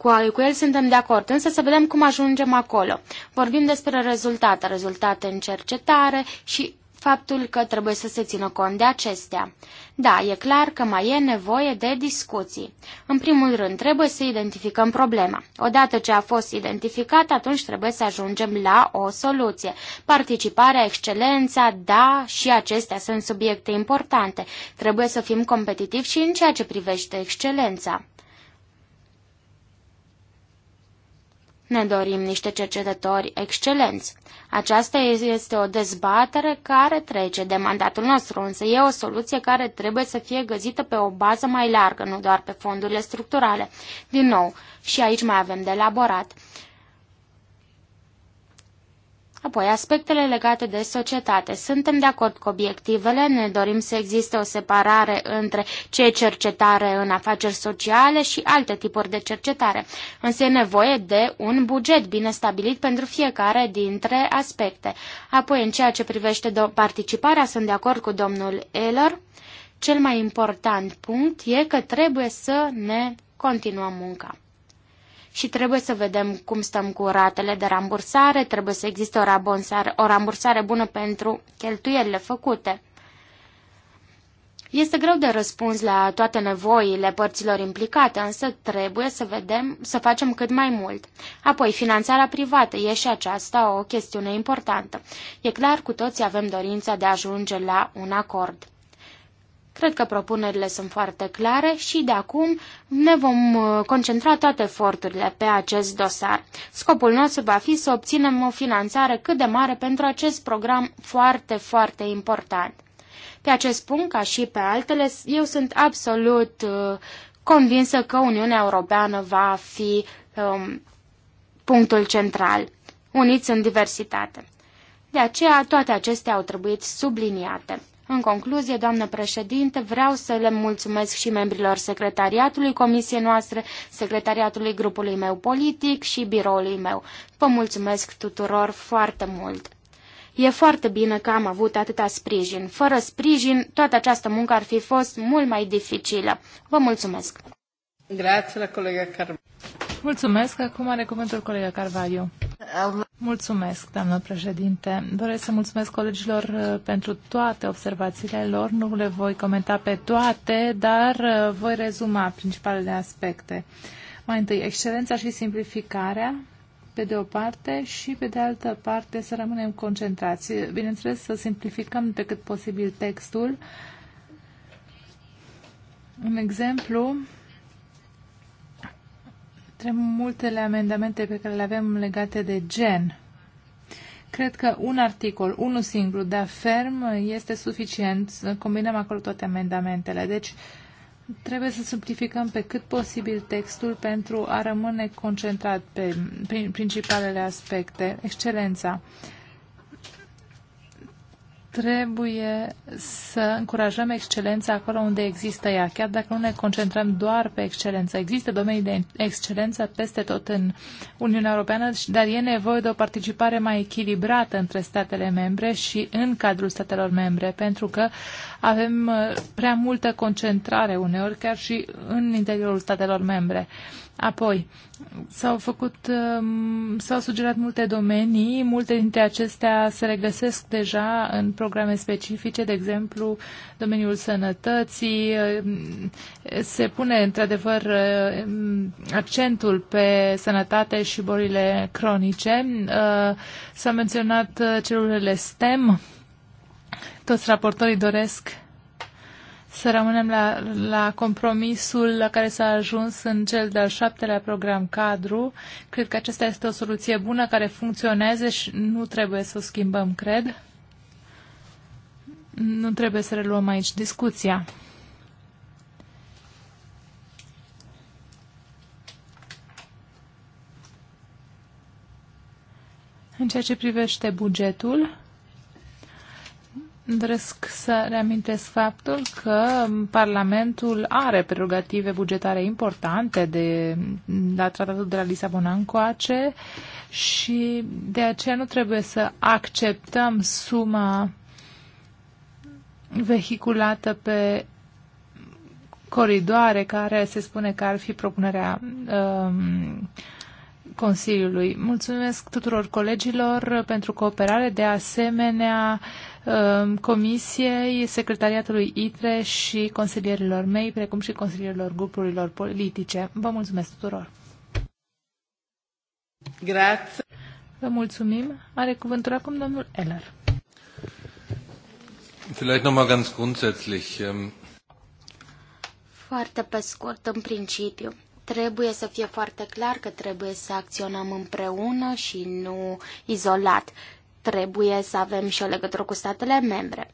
cu, cu el suntem de acord, însă să vedem cum ajungem acolo. Vorbim despre rezultate, rezultate în cercetare și faptul că trebuie să se țină cont de acestea. Da, e clar că mai e nevoie de discuții. În primul rând, trebuie să identificăm problema. Odată ce a fost identificat, atunci trebuie să ajungem la o soluție. Participarea, excelența, da, și acestea sunt subiecte importante. Trebuie să fim competitivi și în ceea ce privește excelența. Ne dorim niște cercetători excelenți. Aceasta este o dezbatere care trece de mandatul nostru, însă e o soluție care trebuie să fie găzită pe o bază mai largă, nu doar pe fondurile structurale. Din nou, și aici mai avem de elaborat. Apoi, aspectele legate de societate. Suntem de acord cu obiectivele, ne dorim să existe o separare între ce cercetare în afaceri sociale și alte tipuri de cercetare, însă e nevoie de un buget bine stabilit pentru fiecare dintre aspecte. Apoi, în ceea ce privește participarea, sunt de acord cu domnul Eller. Cel mai important punct e că trebuie să ne continuăm munca și trebuie să vedem cum stăm cu ratele de rambursare, trebuie să existe o rambursare, o rambursare bună pentru cheltuielile făcute. Este greu de răspuns la toate nevoile părților implicate, însă trebuie să vedem, să facem cât mai mult. Apoi, finanțarea privată e și aceasta o chestiune importantă. E clar, cu toții avem dorința de a ajunge la un acord. Cred că propunerile sunt foarte clare și de acum ne vom uh, concentra toate eforturile pe acest dosar. Scopul nostru va fi să obținem o finanțare cât de mare pentru acest program foarte, foarte important. Pe acest punct, ca și pe altele, eu sunt absolut uh, convinsă că Uniunea Europeană va fi um, punctul central, uniți în diversitate. De aceea, toate acestea au trebuit subliniate. În concluzie, doamnă președinte, vreau să le mulțumesc și membrilor secretariatului comisiei noastre, secretariatului grupului meu politic și biroului meu. Vă mulțumesc tuturor foarte mult! E foarte bine că am avut atâta sprijin. Fără sprijin, toată această muncă ar fi fost mult mai dificilă. Vă mulțumesc!
Grazie la colega Carmen.
Mulțumesc. Acum are cuvântul colega Carvalho. Mulțumesc, doamnă președinte. Doresc să mulțumesc colegilor uh, pentru toate observațiile lor. Nu le voi comenta pe toate, dar uh, voi rezuma principalele aspecte. Mai întâi, excelența și simplificarea, pe de o parte, și pe de altă parte să rămânem concentrați. Bineînțeles, să simplificăm pe cât posibil textul. Un exemplu, Trebuie multele amendamente pe care le avem legate de gen, cred că un articol, unul singur, dar ferm, este suficient să combinăm acolo toate amendamentele. Deci, trebuie să simplificăm pe cât posibil textul pentru a rămâne concentrat pe principalele aspecte. Excelența. Uh, trebuie să încurajăm excelența acolo unde există ea, chiar dacă nu ne concentrăm doar pe excelență. Există domenii de excelență peste tot în Uniunea Europeană, dar e nevoie de o participare mai echilibrată între statele membre și în cadrul statelor membre, pentru că avem uh, prea multă concentrare uneori, chiar și în interiorul statelor membre. Apoi, s-au făcut, um, s-au sugerat multe domenii, multe dintre acestea se regăsesc deja în programe specifice, de exemplu, domeniul sănătății, um, se pune într-adevăr um, accentul pe sănătate și bolile cronice, uh, s-a menționat uh, celulele STEM, toți raportorii doresc să rămânem la, la compromisul la care s-a ajuns în cel de-al șaptelea program cadru. Cred că acesta este o soluție bună care funcționează și nu trebuie să o schimbăm, cred. Nu trebuie să reluăm aici discuția. În ceea ce privește bugetul, Doresc să reamintesc faptul că Parlamentul are prerogative bugetare importante de la Tratatul de la Lisabona încoace și de aceea nu trebuie să acceptăm suma vehiculată pe coridoare care se spune că ar fi propunerea um, Consiliului. Mulțumesc tuturor colegilor pentru cooperare, de asemenea Um, comisiei, Secretariatului ITRE și consilierilor mei, precum și consilierilor grupurilor politice. Vă mulțumesc tuturor! Grazie. Vă mulțumim. Are cuvântul acum domnul Eller.
Vielleicht noch mal ganz grundsätzlich. Ähm,
foarte pe scurt, în principiu. Trebuie să fie foarte clar că trebuie să acționăm împreună și nu izolat trebuie să avem și o legătură cu statele membre.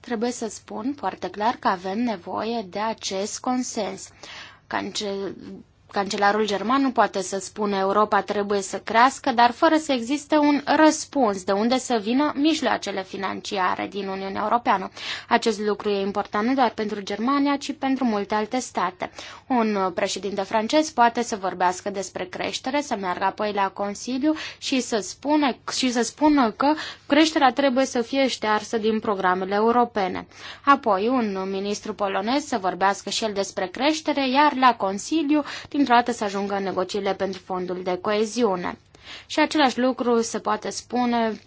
Trebuie să spun foarte clar că avem nevoie de acest consens. Cancel cancelarul german nu poate să spună Europa trebuie să crească, dar fără să existe un răspuns de unde să vină mijloacele financiare din Uniunea Europeană. Acest lucru e important nu doar pentru Germania, ci pentru multe alte state. Un președinte francez poate să vorbească despre creștere, să meargă apoi la Consiliu și să, spune, și să spună că creșterea trebuie să fie ștearsă din programele europene. Apoi un ministru polonez să vorbească și el despre creștere, iar la Consiliu, din dintr-o dată să ajungă în negocierile pentru fondul de coeziune. Și același lucru se poate spune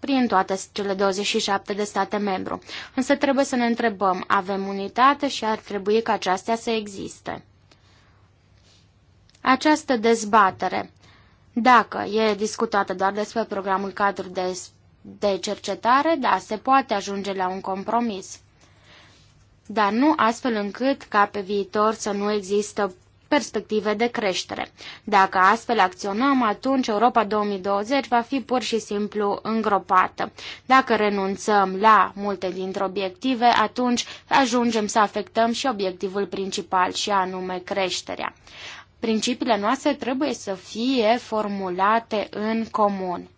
prin toate cele 27 de state membru. Însă trebuie să ne întrebăm, avem unitate și ar trebui ca aceasta să existe. Această dezbatere, dacă e discutată doar despre programul cadru de, de cercetare, da, se poate ajunge la un compromis. Dar nu astfel încât ca pe viitor să nu există perspective de creștere. Dacă astfel acționăm, atunci Europa 2020 va fi pur și simplu îngropată. Dacă renunțăm la multe dintre obiective, atunci ajungem să afectăm și obiectivul principal, și anume creșterea. Principiile noastre trebuie să fie formulate în comun,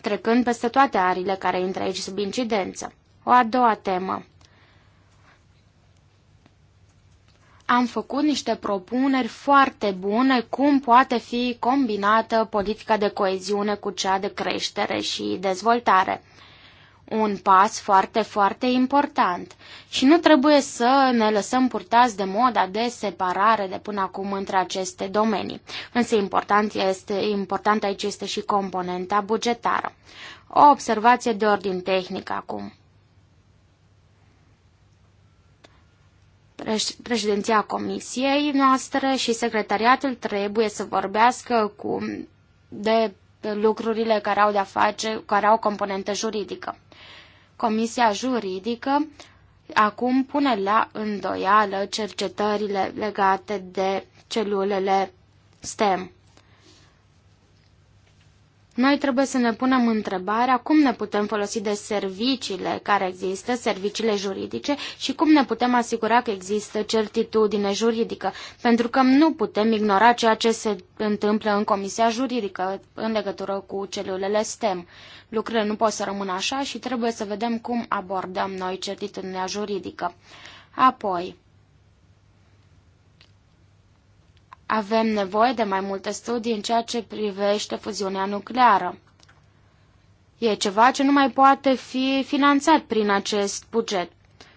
trecând peste toate arile care intră aici sub incidență. O a doua temă. am făcut niște propuneri foarte bune cum poate fi combinată politica de coeziune cu cea de creștere și dezvoltare. Un pas foarte, foarte important. Și nu trebuie să ne lăsăm purtați de moda de separare de până acum între aceste domenii. Însă important, este, important aici este și componenta bugetară. O observație de ordin tehnic acum. președinția comisiei noastre și secretariatul trebuie să vorbească cu de lucrurile care au de-a face, care au componentă juridică. Comisia juridică acum pune la îndoială cercetările legate de celulele STEM. Noi trebuie să ne punem întrebarea cum ne putem folosi de serviciile care există, serviciile juridice, și cum ne putem asigura că există certitudine juridică, pentru că nu putem ignora ceea ce se întâmplă în Comisia Juridică în legătură cu celulele STEM. Lucrurile nu pot să rămână așa și trebuie să vedem cum abordăm noi certitudinea juridică. Apoi, Avem nevoie de mai multe studii în ceea ce privește fuziunea nucleară. E ceva ce nu mai poate fi finanțat prin acest buget.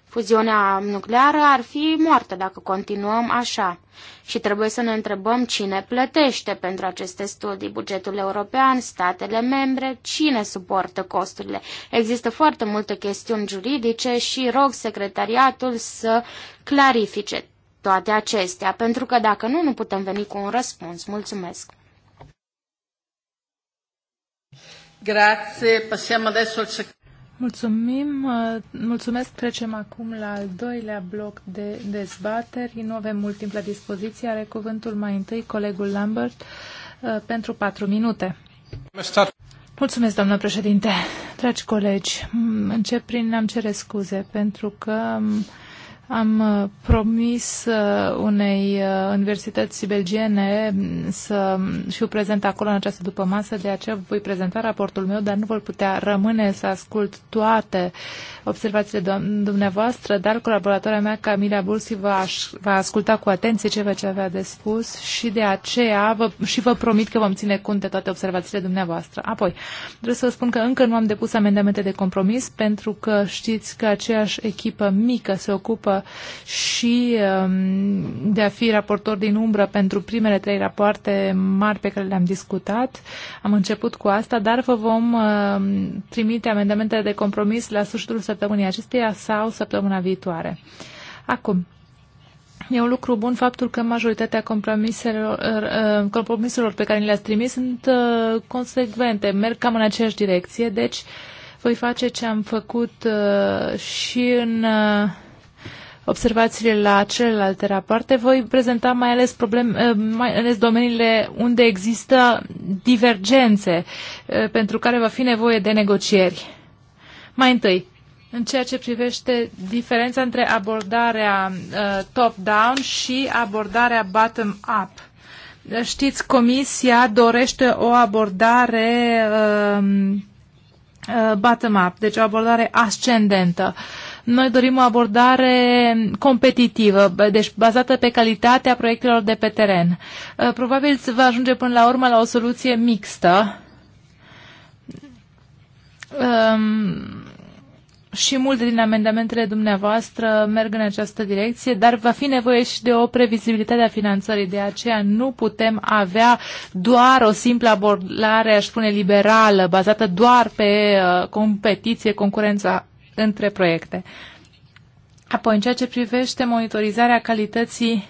Fuziunea nucleară ar fi moartă dacă continuăm așa. Și trebuie să ne întrebăm cine plătește pentru aceste studii, bugetul european, statele membre, cine suportă costurile. Există foarte multe chestiuni juridice și rog secretariatul să clarifice toate acestea, pentru că dacă nu, nu putem veni cu un răspuns. Mulțumesc!
Grazie, passiamo adesso al
Mulțumim, uh, mulțumesc. Trecem acum la al doilea bloc de dezbateri. Nu avem mult timp la dispoziție. Are cuvântul mai întâi colegul Lambert uh, pentru patru minute. Mulțumesc, doamnă președinte. Dragi colegi, încep prin am cere scuze pentru că am uh, promis uh, unei uh, universități belgiene mm, să mm, fiu prezent acolo în această după masă, de aceea voi prezenta raportul meu, dar nu voi putea rămâne să ascult toate observațiile dumneavoastră, dar colaboratoarea mea, Camila Bursi, va, va asculta cu atenție ceva ce avea de spus și de aceea vă, și vă promit că vom ține cont de toate observațiile dumneavoastră. Apoi, trebuie să vă spun că încă nu am depus amendamente de compromis pentru că știți că aceeași echipă mică se ocupă și um, de a fi raportor din umbră pentru primele trei rapoarte mari pe care le-am discutat. Am început cu asta, dar vă vom um, trimite amendamentele de compromis la sfârșitul săptămânii acesteia sau săptămâna viitoare. Acum, E un lucru bun faptul că majoritatea compromiselor, uh, uh, compromiselor pe care le-ați trimis sunt uh, consecvente, merg cam în aceeași direcție, deci voi face ce am făcut și în observațiile la celelalte rapoarte, voi prezenta mai ales, probleme, eh, mai ales domeniile unde există divergențe eh, pentru care va fi nevoie de negocieri. Mai întâi, în ceea ce privește diferența între abordarea eh, top-down și abordarea bottom-up. Știți, Comisia dorește o abordare uh, bottom-up, deci o abordare ascendentă. Uh, noi dorim o abordare competitivă, deci bazată pe calitatea proiectelor de pe teren. Ă, probabil se va ajunge până la urmă la o soluție mixtă. Um, și multe din amendamentele dumneavoastră merg în această direcție, dar va fi nevoie și de o previzibilitate a finanțării. De aceea nu putem avea doar o simplă abordare, aș spune, liberală, bazată doar pe ă, competiție, concurența între proiecte. Apoi, în ceea ce privește monitorizarea calității,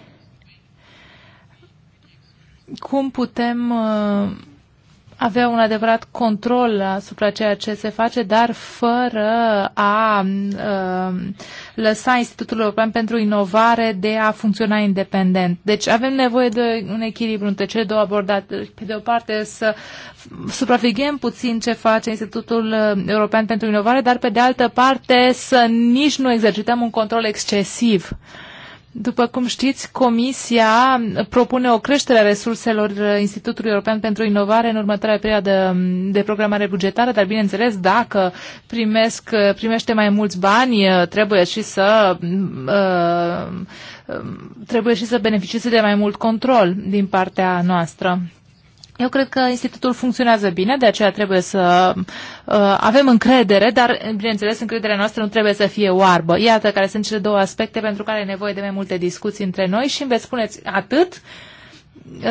cum putem uh, avea un adevărat control asupra ceea ce se face, dar fără a uh, lăsa Institutul European pentru Inovare de a funcționa independent. Deci avem nevoie de un echilibru între cele două abordate. Pe de o parte să supraveghem puțin ce face Institutul uh, European pentru Inovare, dar pe de altă parte să nici nu exercităm un control excesiv. Uh, după cum știți, Comisia propune o creștere a resurselor Institutului European pentru Inovare în următoarea perioadă de programare bugetară, dar bineînțeles, dacă primesc, primește mai mulți bani, trebuie și să uh, trebuie și să beneficieze de mai mult control din partea noastră. Eu cred că institutul funcționează bine, de aceea trebuie să uh, avem încredere, dar, bineînțeles, încrederea noastră nu trebuie să fie oarbă. Iată care sunt cele două aspecte pentru care e nevoie de mai multe discuții între noi și îmi veți spuneți atât uh,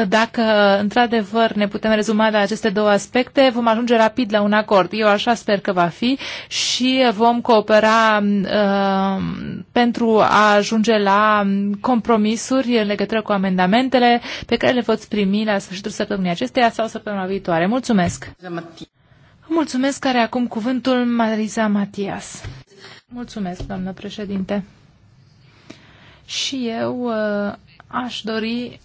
dacă într-adevăr ne putem rezuma la aceste două aspecte, vom ajunge rapid la un acord. Eu așa sper că va fi și vom coopera uh, pentru a ajunge la compromisuri în legătură cu amendamentele pe care le voți primi la sfârșitul săptămânii acesteia sau săptămâna viitoare. Mulțumesc! Mulțumesc, care acum cuvântul Marisa Matias. Mulțumesc, doamnă președinte. Și eu uh, aș dori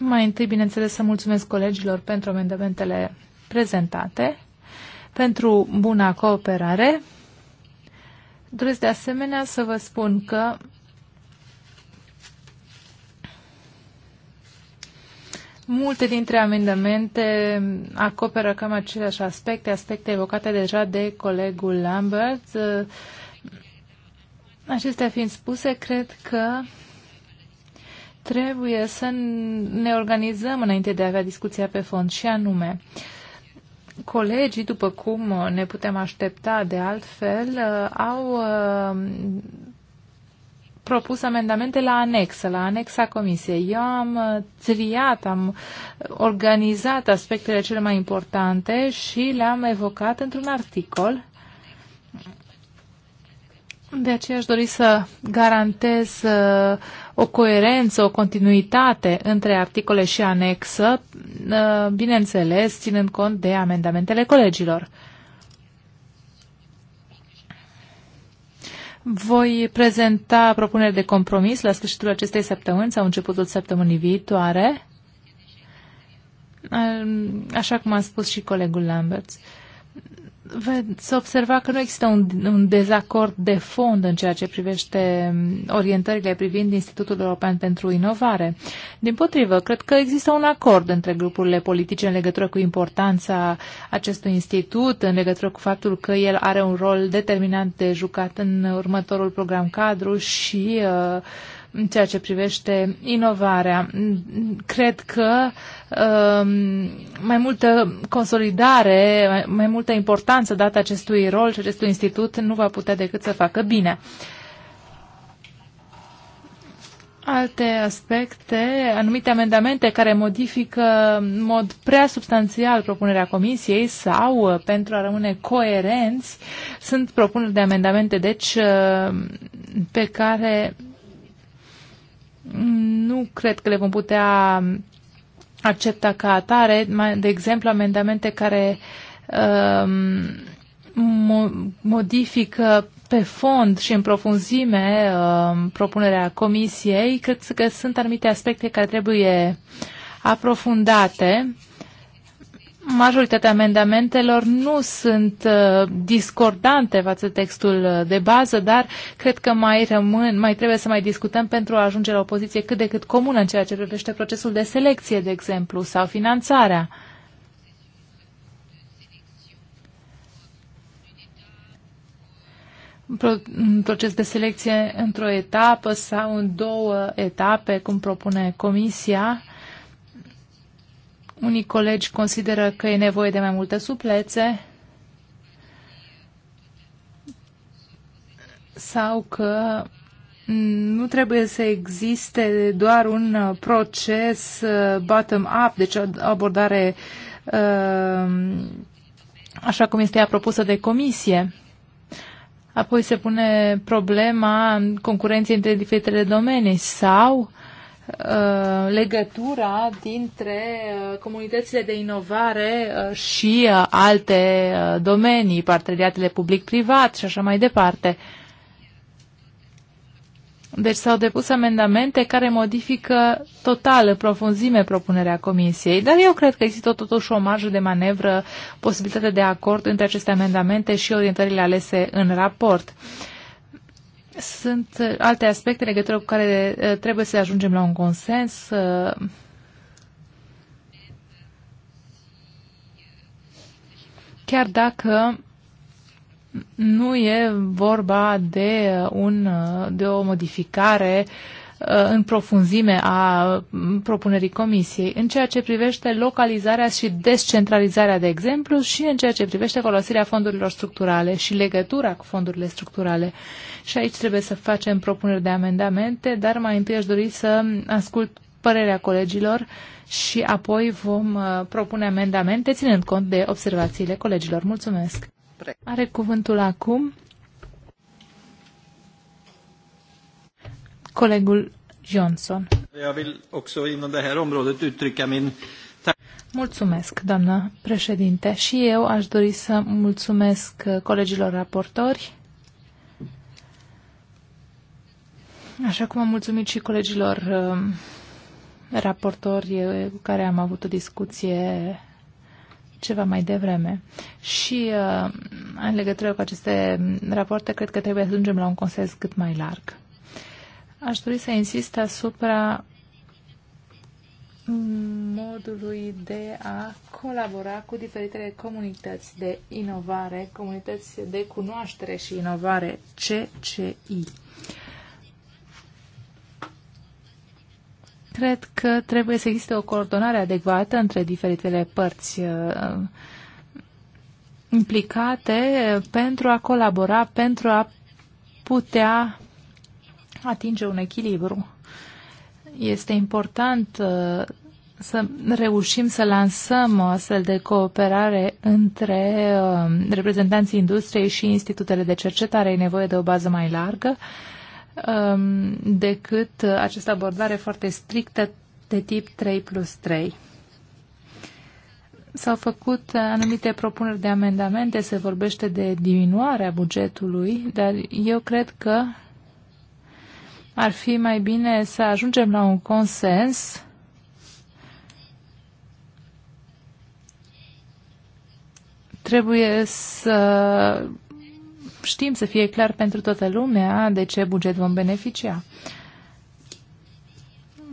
mai întâi, bineînțeles, să mulțumesc colegilor pentru amendamentele prezentate, pentru buna cooperare. Doresc de asemenea să vă spun că Multe dintre amendamente acoperă cam aceleași aspecte, aspecte evocate deja de colegul Lambert. Acestea fiind spuse, cred că trebuie să ne organizăm înainte de a avea discuția pe fond și anume colegii, după cum ne putem aștepta de altfel, uh, au uh, propus amendamente la anexă, la anexa comisiei. Eu am uh, triat, am organizat aspectele cele mai importante și le-am evocat într-un articol de aceea aș dori să garantez uh, o coerență, o continuitate între articole și anexă, uh, bineînțeles, ținând cont de amendamentele colegilor. Voi prezenta propuneri de compromis la sfârșitul acestei săptămâni sau începutul săptămânii viitoare, așa cum a spus și colegul Lamberts veți observa că nu există un, un dezacord de fond în ceea ce privește mm, orientările privind Institutul European pentru Inovare. Din potrivă, cred că există un acord între grupurile politice în legătură cu importanța acestui institut, în legătură cu faptul că el are un rol determinant de jucat în următorul program cadru și uh, în ceea ce privește inovarea. Cred că um, mai multă consolidare, mai multă importanță dată acestui rol și acestui institut nu va putea decât să facă bine. Alte aspecte, anumite amendamente care modifică în mod prea substanțial propunerea Comisiei sau, uh, pentru a rămâne coerenți, sunt propuneri de amendamente, deci, uh, pe care nu cred că le vom putea accepta ca atare, de exemplu, amendamente care um, modifică pe fond și în profunzime um, propunerea comisiei, cred că sunt anumite aspecte care trebuie aprofundate majoritatea amendamentelor nu sunt uh, discordante față de textul de bază, dar cred că mai rămân, mai trebuie să mai discutăm pentru a ajunge la o poziție cât de cât comună în ceea ce privește procesul de selecție, de exemplu, sau finanțarea. un proces de selecție într-o etapă sau în două etape, cum propune Comisia, unii colegi consideră că e nevoie de mai multe suplețe sau că nu trebuie să existe doar un uh, proces uh, bottom-up, deci o abordare uh, așa cum este ea propusă de comisie. Apoi se pune problema concurenței între diferitele domenii sau Uh, legătura dintre uh, comunitățile de inovare uh, și alte domenii, parteneriatele public-privat și așa mai departe. Deci s-au depus amendamente care modifică total în profunzime propunerea Comisiei, dar eu cred că există totuși o marjă de manevră, posibilitate de acord între aceste amendamente și orientările alese în raport. Uh, sunt uh, alte aspecte în legătură cu care uh, trebuie să ajungem la un consens. Uh, chiar dacă nu e vorba de, un, de o modificare uh, Uh, în profunzime a mm, propunerii Comisiei, în ceea ce privește localizarea și descentralizarea, de exemplu, și în ceea ce privește folosirea fondurilor structurale și legătura cu fondurile structurale. Și aici trebuie să facem propuneri de amendamente, dar mai întâi aș dori să ascult părerea colegilor și apoi vom uh, propune amendamente ținând cont de observațiile colegilor. Mulțumesc! Are cuvântul acum colegul Johnson. Mulțumesc, doamnă președinte. Și eu aș dori să mulțumesc uh, colegilor raportori, așa cum am mulțumit și colegilor um, raportori uh, cu care am avut o discuție ceva mai devreme. Și uh, în legătură cu aceste rapoarte, cred că trebuie să ajungem la un consens cât mai larg. Aș dori să insist asupra modului de a colabora cu diferitele comunități de inovare, comunități de cunoaștere și inovare, CCI. Cred că trebuie să existe o coordonare adecvată între diferitele părți uh, implicate uh, pentru a colabora, pentru a putea atinge un echilibru. Este important uh, să reușim să lansăm o astfel de cooperare între uh, reprezentanții industriei și institutele de cercetare. E nevoie de o bază mai largă um, decât această abordare foarte strictă de tip 3 plus 3. S-au făcut anumite propuneri de amendamente, se vorbește de diminuarea bugetului, dar eu cred că ar fi mai bine să ajungem la un consens trebuie să știm să fie clar pentru toată lumea de ce buget vom beneficia.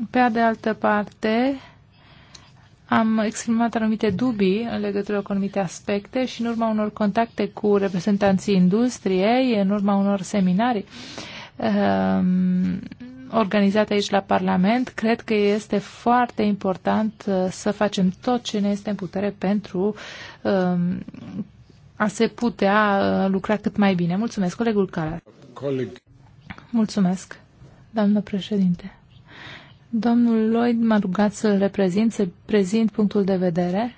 Pe de altă parte, am exprimat anumite dubii în legătură cu anumite aspecte și în urma unor contacte cu reprezentanții industriei, în urma unor seminarii Um, organizat aici la Parlament, cred că este foarte important uh, să facem tot ce ne este în putere pentru um, a se putea uh, lucra cât mai bine. Mulțumesc, colegul Calar. Coleg. Mulțumesc, doamnă președinte. Domnul Lloyd m-a rugat să-l reprezint, să prezint punctul de vedere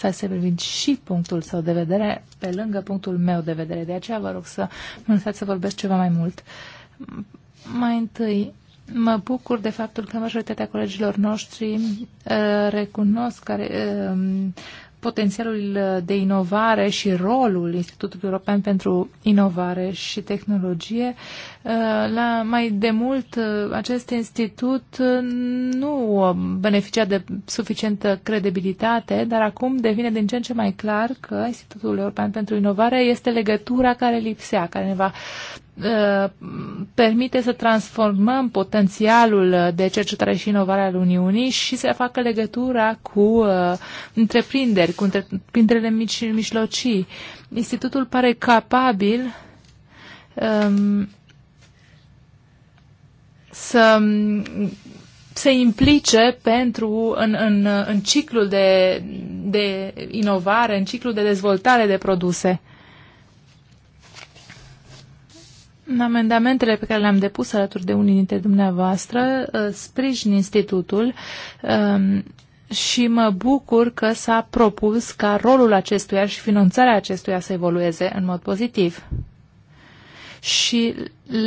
să se privind și punctul său de vedere, pe lângă punctul meu de vedere. De aceea vă rog să mă lăsați să vorbesc ceva mai mult. Mai întâi, mă bucur de faptul că majoritatea colegilor noștri uh, recunosc care, uh, potențialul de inovare și rolul Institutului European pentru Inovare și Tehnologie uh, Uh, la mai de mult, uh, acest institut uh, nu beneficia de suficientă credibilitate, dar acum devine din ce în ce mai clar că Institutul European pentru Inovare este legătura care lipsea, care ne va permite să transformăm potențialul de cercetare și inovare al Uniunii și să facă legătura cu întreprinderi, cu întreprinderile mici și mijlocii. Institutul pare capabil um, să se implice pentru în, în, în ciclul de, de inovare, în ciclul de dezvoltare de produse. În amendamentele pe care le-am depus alături de unii dintre dumneavoastră, uh, sprijin institutul um, și mă bucur că s-a propus ca rolul acestuia și finanțarea acestuia să evolueze în mod pozitiv și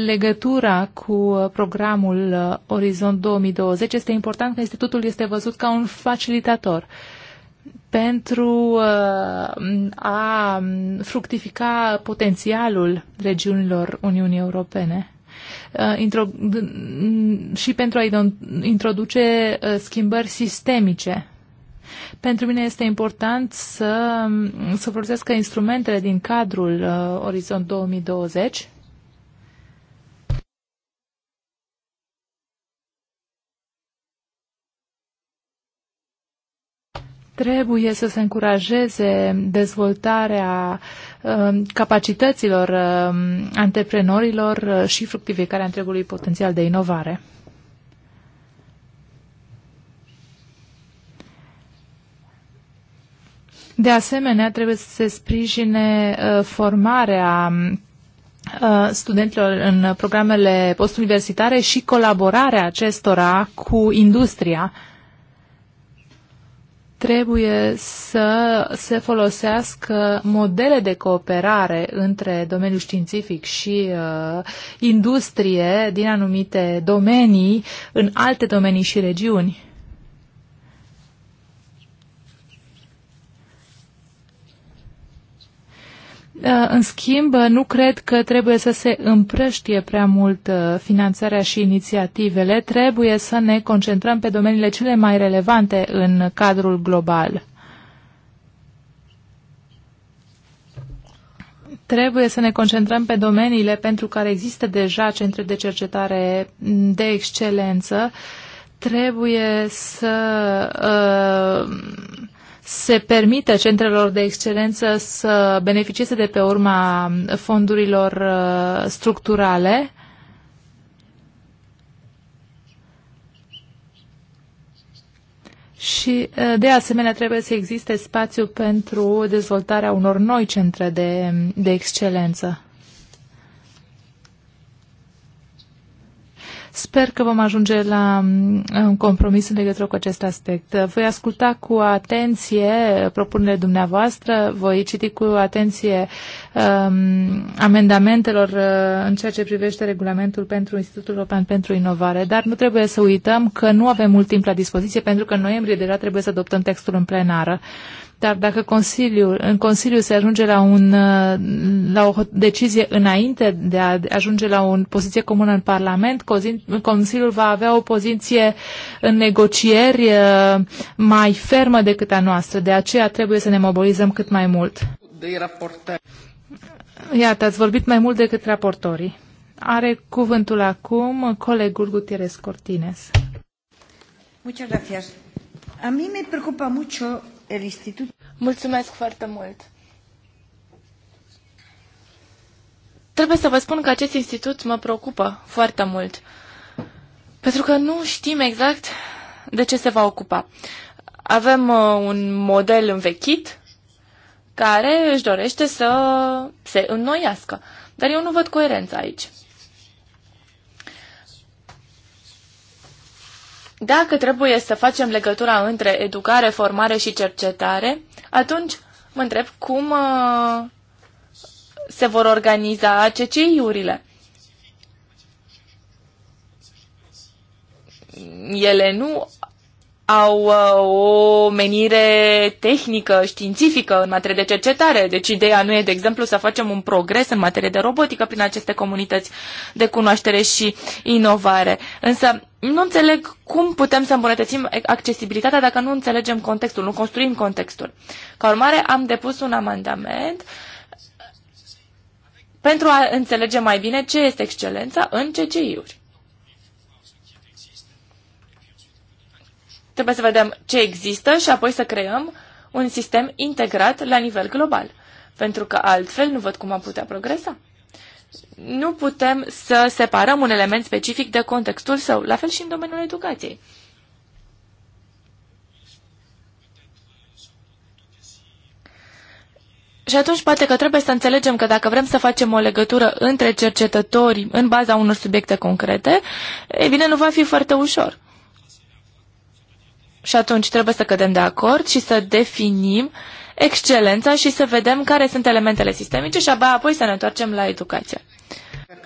legătura cu uh, programul uh, Orizont 2020 este important că institutul este văzut ca un facilitator pentru uh, a fructifica potențialul regiunilor Uniunii Europene și pentru a introduce schimbări sistemice. Pentru mine este important să, să folosesc instrumentele din cadrul uh, Orizont 2020 trebuie să se încurajeze dezvoltarea um, capacităților um, antreprenorilor uh, și fructificarea întregului potențial de inovare. De asemenea, trebuie să se sprijine uh, formarea um, uh, studenților în programele postuniversitare și colaborarea acestora cu industria trebuie să se folosească modele de cooperare între domeniul științific și uh, industrie din anumite domenii în alte domenii și regiuni. Uh, în schimb, nu cred că trebuie să se împrăștie prea mult uh, finanțarea și inițiativele, trebuie să ne concentrăm pe domeniile cele mai relevante în cadrul global. Trebuie să ne concentrăm pe domeniile pentru care există deja centre de cercetare mm, de excelență. Trebuie să uh, se permite centrelor de excelență să beneficieze de pe urma fondurilor uh, structurale. Și, uh, de asemenea, trebuie să existe spațiu pentru dezvoltarea unor noi centre de, de excelență. Sper că vom ajunge la mm, un compromis în legătură cu acest aspect. Voi asculta cu atenție propunerile dumneavoastră, voi citi cu atenție um, amendamentelor uh, în ceea ce privește regulamentul pentru Institutul European pentru Inovare, dar nu trebuie să uităm că nu avem mult timp la dispoziție pentru că în noiembrie deja trebuie să adoptăm textul în plenară. Dar dacă Consiliul, în Consiliu se ajunge la, un, uh, la o decizie înainte de a ajunge la o poziție comună în Parlament, Consiliul va avea o poziție în negocieri uh, mai fermă decât a noastră. De aceea trebuie să ne mobilizăm cât mai mult. Iată, ați vorbit mai mult decât raportorii. Are cuvântul acum colegul Gutierrez Cortines.
Muchas gracias. A mí me preocupa mucho el institut. Mulțumesc foarte mult! Trebuie să vă spun că acest institut mă preocupă foarte mult, pentru că nu știm exact de ce se va ocupa. Avem uh, un model învechit care își dorește să se înnoiască, dar eu nu văd coerența aici. Dacă trebuie să facem legătura între educare, formare și cercetare, atunci mă întreb cum uh, se vor organiza CCI-urile. Ele nu au uh, o menire tehnică, științifică în materie de cercetare. Deci ideea nu e, de exemplu, să facem un progres în materie de robotică prin aceste comunități de cunoaștere și inovare. Însă nu înțeleg cum putem să îmbunătățim accesibilitatea dacă nu înțelegem contextul, nu construim contextul. Ca urmare, am depus un amendament pentru a înțelege mai bine ce este excelența în CCI-uri. Trebuie să vedem ce există și apoi să creăm un sistem integrat la nivel global, pentru că altfel nu văd cum am putea progresa. Nu putem să separăm un element specific de contextul său, la fel și în domeniul educației. Și atunci poate că trebuie să înțelegem că dacă vrem să facem o legătură între cercetători în baza unor subiecte concrete, e bine, nu va fi foarte ușor. Și atunci trebuie să cădem de acord și să definim excelența și să vedem care sunt elementele sistemice și abia apoi să ne întoarcem la educație.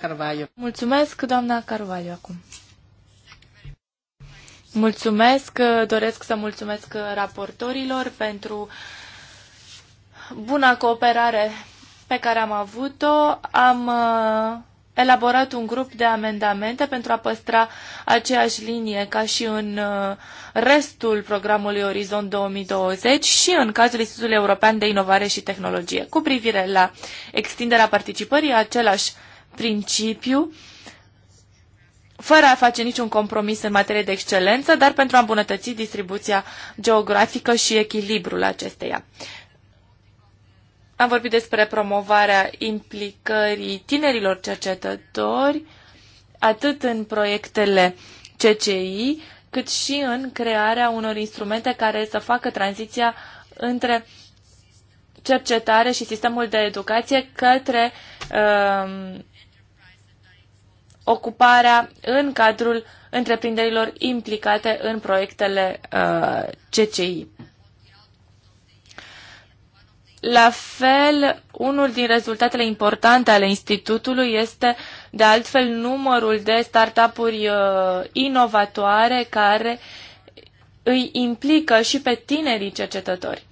Carvalho. Mulțumesc, doamna Carvalho, acum. Mulțumesc, doresc să mulțumesc raportorilor pentru buna cooperare pe care am avut-o. Am elaborat un grup de amendamente pentru a păstra aceeași linie ca și în uh, restul programului Orizont 2020 și în cazul Institutului European de Inovare și Tehnologie. Cu privire la extinderea participării, același principiu fără a face niciun compromis în materie de excelență, dar pentru a îmbunătăți distribuția geografică și echilibrul acesteia. Am vorbit despre promovarea implicării tinerilor cercetători, atât în proiectele CCI, cât și în crearea unor instrumente care să facă tranziția între cercetare și sistemul de educație către uh, ocuparea în cadrul întreprinderilor implicate în proiectele uh, CCI. La fel, unul din rezultatele importante ale institutului este, de altfel, numărul de startup-uri uh, inovatoare care îi implică și pe tinerii cercetători.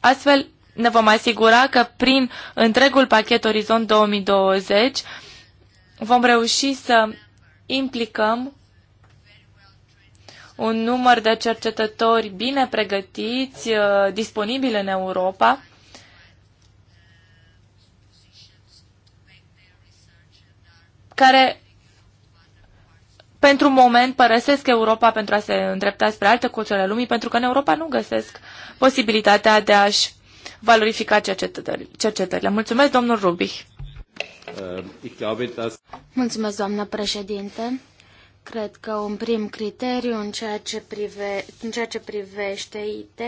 Astfel, ne vom asigura că prin întregul pachet Orizont 2020 vom reuși să implicăm un număr de cercetători bine pregătiți, uh, disponibili în Europa, care pentru moment părăsesc Europa pentru a se îndrepta spre alte culturi ale lumii, pentru că în Europa nu găsesc posibilitatea de a-și valorifica cercetările. Mulțumesc, domnul Rubich.
Uh,
Mulțumesc, doamnă președinte. Cred că un prim criteriu în ceea ce, prive, în ceea ce privește IT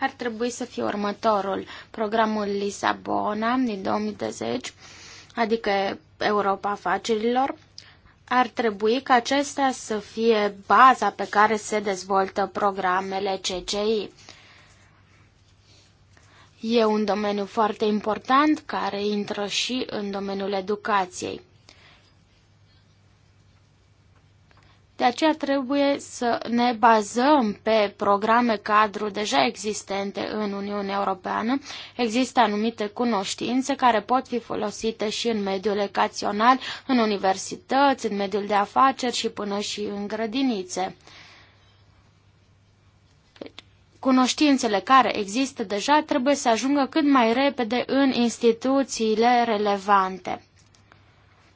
ar trebui să fie următorul. Programul Lisabona din 2010, adică Europa afacerilor, ar trebui ca acesta să fie baza pe care se dezvoltă programele CCI. E un domeniu foarte important care intră și în domeniul educației. De aceea trebuie să ne bazăm pe programe cadru deja existente în Uniunea Europeană. Există anumite cunoștințe care pot fi folosite și în mediul educațional, în universități, în mediul de afaceri și până și în grădinițe. Cunoștințele care există deja trebuie să ajungă cât mai repede în instituțiile relevante.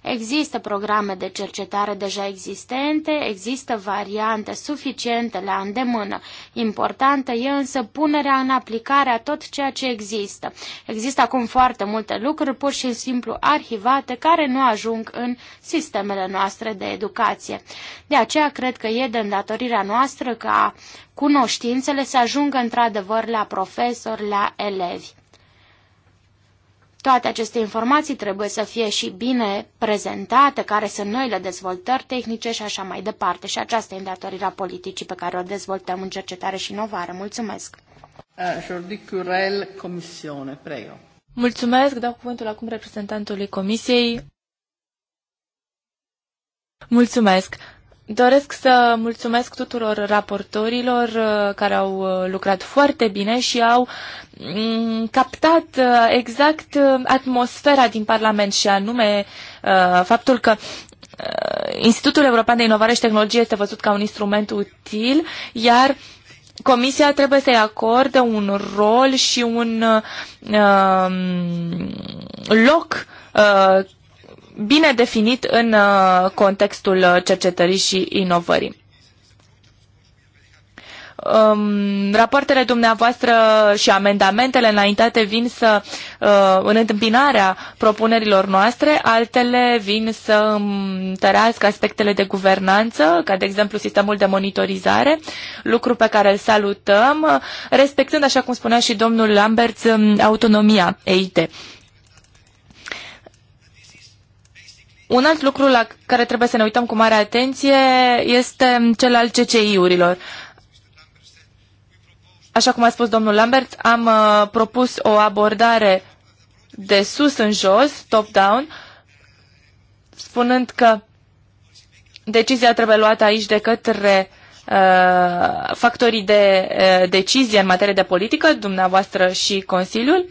Există programe de cercetare deja existente, există variante suficiente la îndemână. Importantă e însă punerea în aplicare a tot ceea ce există. Există acum foarte multe lucruri pur și simplu arhivate care nu ajung în sistemele noastre de educație. De aceea cred că e de îndatorirea noastră ca cunoștințele să ajungă într-adevăr la profesori, la elevi. Toate aceste informații trebuie să fie și bine prezentate, care sunt noile dezvoltări tehnice și așa mai departe. Și aceasta e îndatorirea politicii pe care o dezvoltăm în cercetare și inovare. Mulțumesc!
Eh, Jordi Curel, Comisiune, prego.
Mulțumesc, dau cuvântul acum reprezentantului Comisiei.
Mulțumesc! Doresc să mulțumesc tuturor raportorilor uh, care au uh, lucrat foarte bine și au mm, captat uh, exact atmosfera din Parlament și anume faptul că Institutul European de Inovare și Tehnologie este văzut ca un instrument util, iar Comisia trebuie să-i acorde un rol și un uh, um, loc uh, bine definit în uh, contextul uh, cercetării și inovării. Um, rapoartele dumneavoastră și amendamentele înaintate vin să, uh, în întâmpinarea propunerilor noastre, altele vin să întărească aspectele de guvernanță, ca de exemplu sistemul de monitorizare, lucru pe care îl salutăm, respectând, așa cum spunea și domnul Lambert, um, autonomia EIT. Un alt lucru la care trebuie să ne uităm cu mare atenție este cel al CCI-urilor. Așa cum a spus domnul Lambert, am uh, propus o abordare de sus în jos, top-down, spunând că decizia trebuie luată aici de către uh, factorii de uh, decizie în materie de politică, dumneavoastră și Consiliul.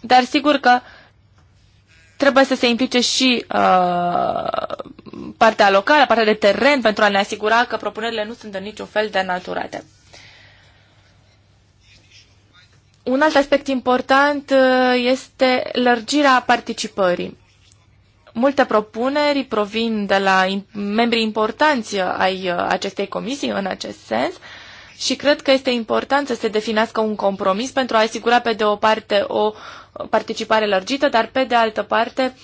Dar sigur că uh, trebuie să se implice și uh, partea locală, partea de teren, pentru a ne asigura că propunerile nu sunt în niciun fel de naturate. Un alt aspect important uh, este lărgirea participării. Multe propuneri provin de la membrii importanți ai uh, acestei comisii în acest sens și cred că este important să se definească un compromis pentru a asigura pe de o parte o uh, participare lărgită, dar pe de altă parte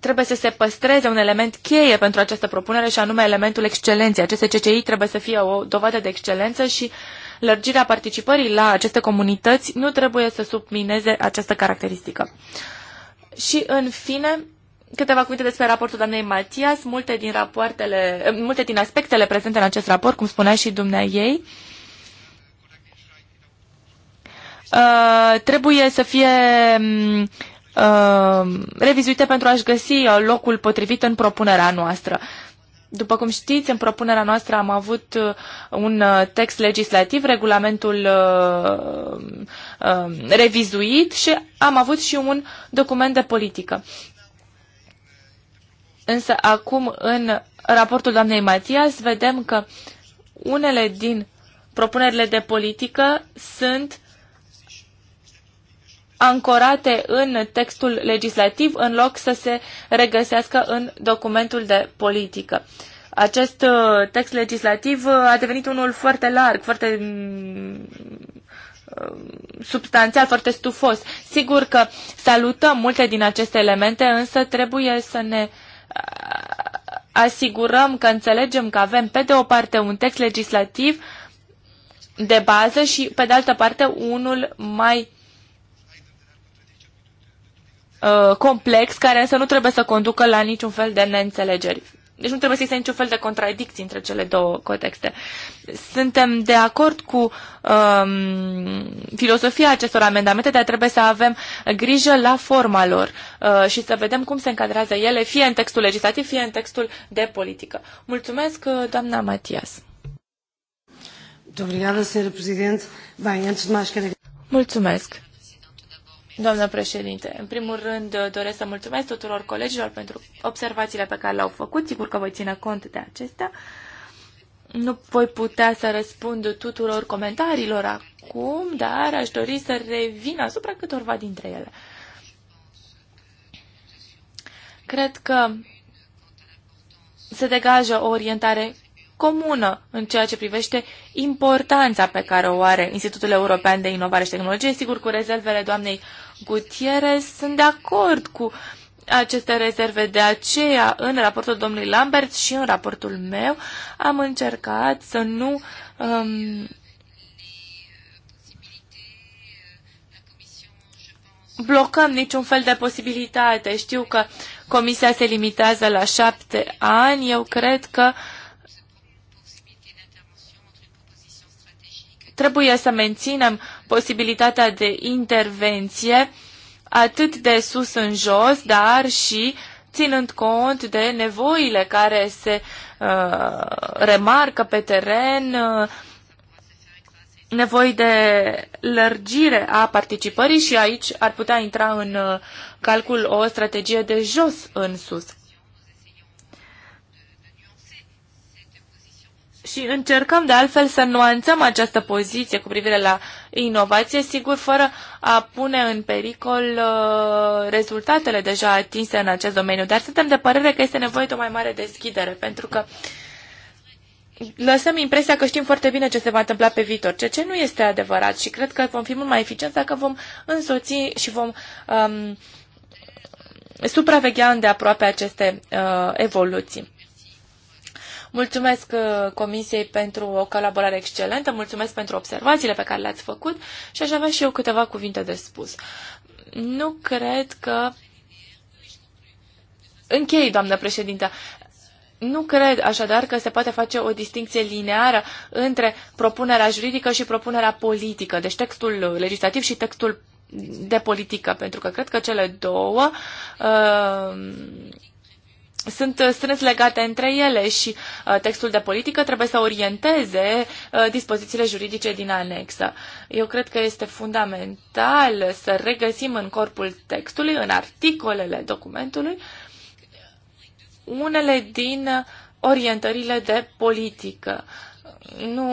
trebuie să se păstreze un element cheie pentru această propunere și anume elementul excelenței. Aceste CCI trebuie să fie o dovadă de excelență și lărgirea participării la aceste comunități nu trebuie să submineze această caracteristică. Și în fine, câteva cuvinte despre raportul doamnei Matias, multe din, rapoartele, multe din aspectele prezente în acest raport, cum spunea și dumnea ei, uh, Uh, trebuie să fie mm, uh, revizuite pentru a-și găsi uh, locul potrivit în propunerea noastră. După cum știți, în propunerea noastră am avut uh, un text legislativ, regulamentul uh, uh, revizuit și am avut și un document de politică. Însă acum, în raportul doamnei Matias, vedem că unele din propunerile de politică sunt ancorate în textul legislativ în loc să se regăsească în documentul de politică. Acest uh, text legislativ uh, a devenit unul foarte larg, foarte mm, uh, substanțial, foarte stufos. Sigur că salutăm multe din aceste elemente, însă trebuie să ne asigurăm că înțelegem că avem, pe de o parte, un text legislativ de bază și, pe de altă parte, unul mai Uh, complex, care însă nu trebuie să conducă la niciun fel de neînțelegeri. Deci nu trebuie să existe niciun fel de contradicții între cele două contexte. Suntem de acord cu um, filosofia acestor amendamente, dar trebuie să avem grijă la forma lor uh, și să vedem cum se încadrează ele, fie în textul legislativ, fie în textul de politică. Mulțumesc, uh, doamna Matias. Mulțumesc. Doamnă președinte, în primul rând uh, doresc să mulțumesc tuturor colegilor pentru observațiile pe care le-au făcut. Sigur că voi ține cont de acestea. Nu voi putea să răspund tuturor comentariilor acum, dar aș dori să revin asupra câtorva dintre ele. Cred că se degajă o orientare comună în ceea ce privește importanța pe care o are Institutul European de Inovare și Tehnologie. Sigur, cu rezervele doamnei Gutierrez sunt de acord cu aceste rezerve. De aceea, în raportul domnului Lambert și în raportul meu, am încercat să nu... Um, blocăm niciun fel de posibilitate. Știu că comisia se limitează la șapte ani. Eu cred că uh, Trebuie să menținem posibilitatea de intervenție atât de sus în jos, dar și ținând cont de nevoile care se uh, remarcă pe teren, uh, nevoi de lărgire a participării și aici ar putea intra în uh, calcul o strategie de jos în sus. și încercăm de altfel să nuanțăm această poziție cu privire la inovație, sigur, fără a pune în pericol uh, rezultatele deja atinse în acest domeniu. Dar suntem de părere că este nevoie de o mai mare deschidere, pentru că lăsăm impresia că știm foarte bine ce se va întâmpla pe viitor, ceea ce nu este adevărat și cred că vom fi mult mai eficienți dacă vom însoți și vom um, supraveghea îndeaproape aceste uh, evoluții. Mulțumesc uh, Comisiei pentru o colaborare excelentă, mulțumesc pentru observațiile pe care le-ați făcut și aș avea și eu câteva cuvinte de spus. Nu cred că... Închei, doamnă președintă. Nu cred așadar că se poate face o distinție lineară între propunerea juridică și propunerea politică, deci textul legislativ și textul de politică, pentru că cred că cele două uh, sunt uh, strâns legate între ele și uh, textul de politică trebuie să orienteze uh, dispozițiile juridice din anexă. Eu cred că este fundamental să regăsim în corpul textului, în articolele documentului, unele din orientările de politică. Nu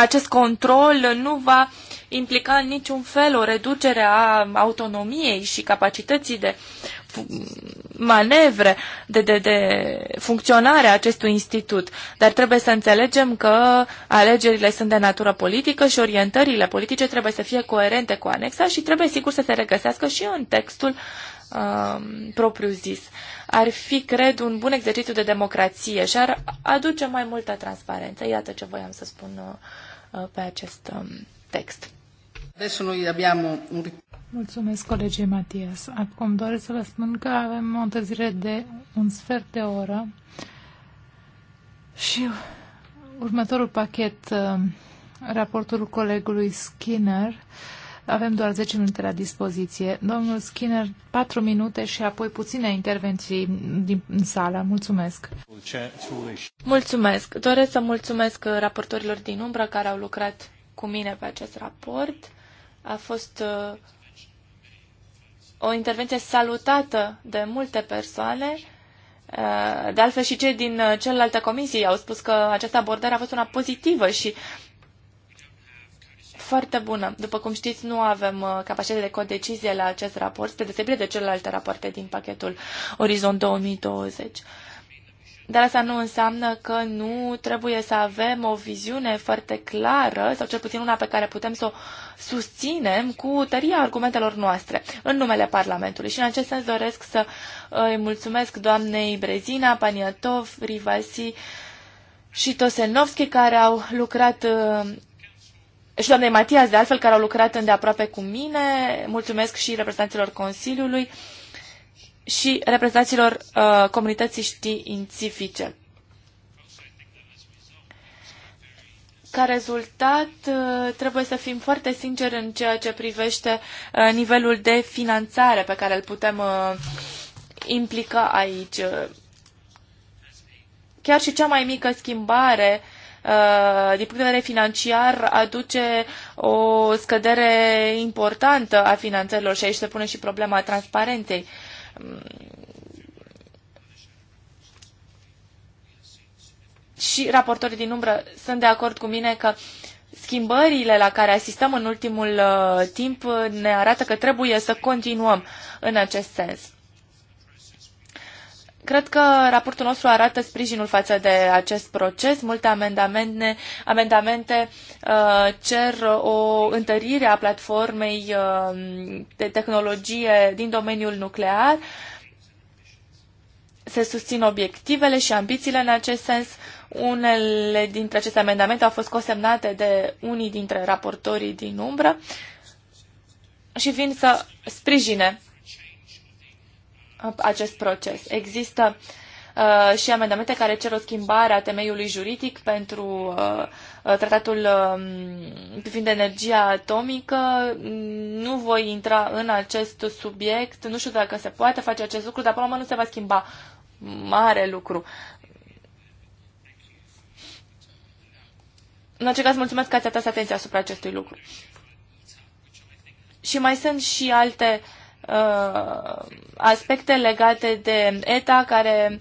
acest control nu va implica în niciun fel o reducere a autonomiei și capacității de manevre, de, de, de funcționare a acestui institut. Dar trebuie să înțelegem că alegerile sunt de natură politică și orientările politice trebuie să fie coerente cu anexa și trebuie sigur să se regăsească și în textul uh, um, propriu-zis. Ar fi, cred, un bun exercițiu de democrație și ar aduce mai multă transparență. Iată ce voiam să spun uh, Uh, pe acest um, text.
Mulțumesc, colegii Matias. Acum doresc să vă spun că avem o întârziere de un sfert de oră și următorul pachet, uh, raportul colegului Skinner, avem doar 10 minute la dispoziție. Domnul Skinner, 4 minute și apoi puține intervenții din sală. Mulțumesc!
Mulțumesc! Doresc să mulțumesc raportorilor din umbră care au lucrat cu mine pe acest raport. A fost uh, o intervenție salutată de multe persoane. Uh, de altfel și cei din uh, celelalte comisii au spus că această abordare a fost una pozitivă și foarte bună. După cum știți, nu avem uh, capacitate de codecizie la acest raport, spre deosebire de celelalte rapoarte din pachetul Orizont 2020. Dar asta nu înseamnă că nu trebuie să avem o viziune foarte clară, sau cel puțin una pe care putem să o susținem cu tăria argumentelor noastre în numele Parlamentului. Și în acest sens doresc să uh, îi mulțumesc doamnei Brezina, Paniatov, Rivasi și Tosenovski, care au lucrat uh, și doamnei Matias, de altfel, care au lucrat îndeaproape cu mine. Mulțumesc și reprezentanților Consiliului și reprezentanților uh, comunității științifice. Ca rezultat, uh, trebuie să fim foarte sinceri în ceea ce privește uh, nivelul de finanțare pe care îl putem uh, implica aici. Chiar și cea mai mică schimbare uh, Uh, din punct de vedere financiar, aduce o scădere importantă a finanțelor și aici se pune și problema transparenței. Și raportorii din umbră sunt de acord cu mine că schimbările la care asistăm în ultimul uh, timp ne arată că trebuie să continuăm în acest sens. Cred că raportul nostru arată sprijinul față de acest proces. Multe amendamente, amendamente uh, cer o întărire a platformei uh, de tehnologie din domeniul nuclear. Se susțin obiectivele și ambițiile în acest sens. Unele dintre aceste amendamente au fost cosemnate de unii dintre raportorii din umbră și vin să sprijine acest proces. Există uh, și amendamente care cer o schimbare a temeiului juridic pentru uh, uh tratatul uh, um, de energia atomică. Nu voi intra în acest subiect, nu știu dacă se poate face acest lucru, dar până la urmă nu se va schimba mare lucru. În orice caz, mulțumesc că ați atras atenția asupra acestui lucru. Și mai sunt și alte uh, Uh, aspecte legate de ETA care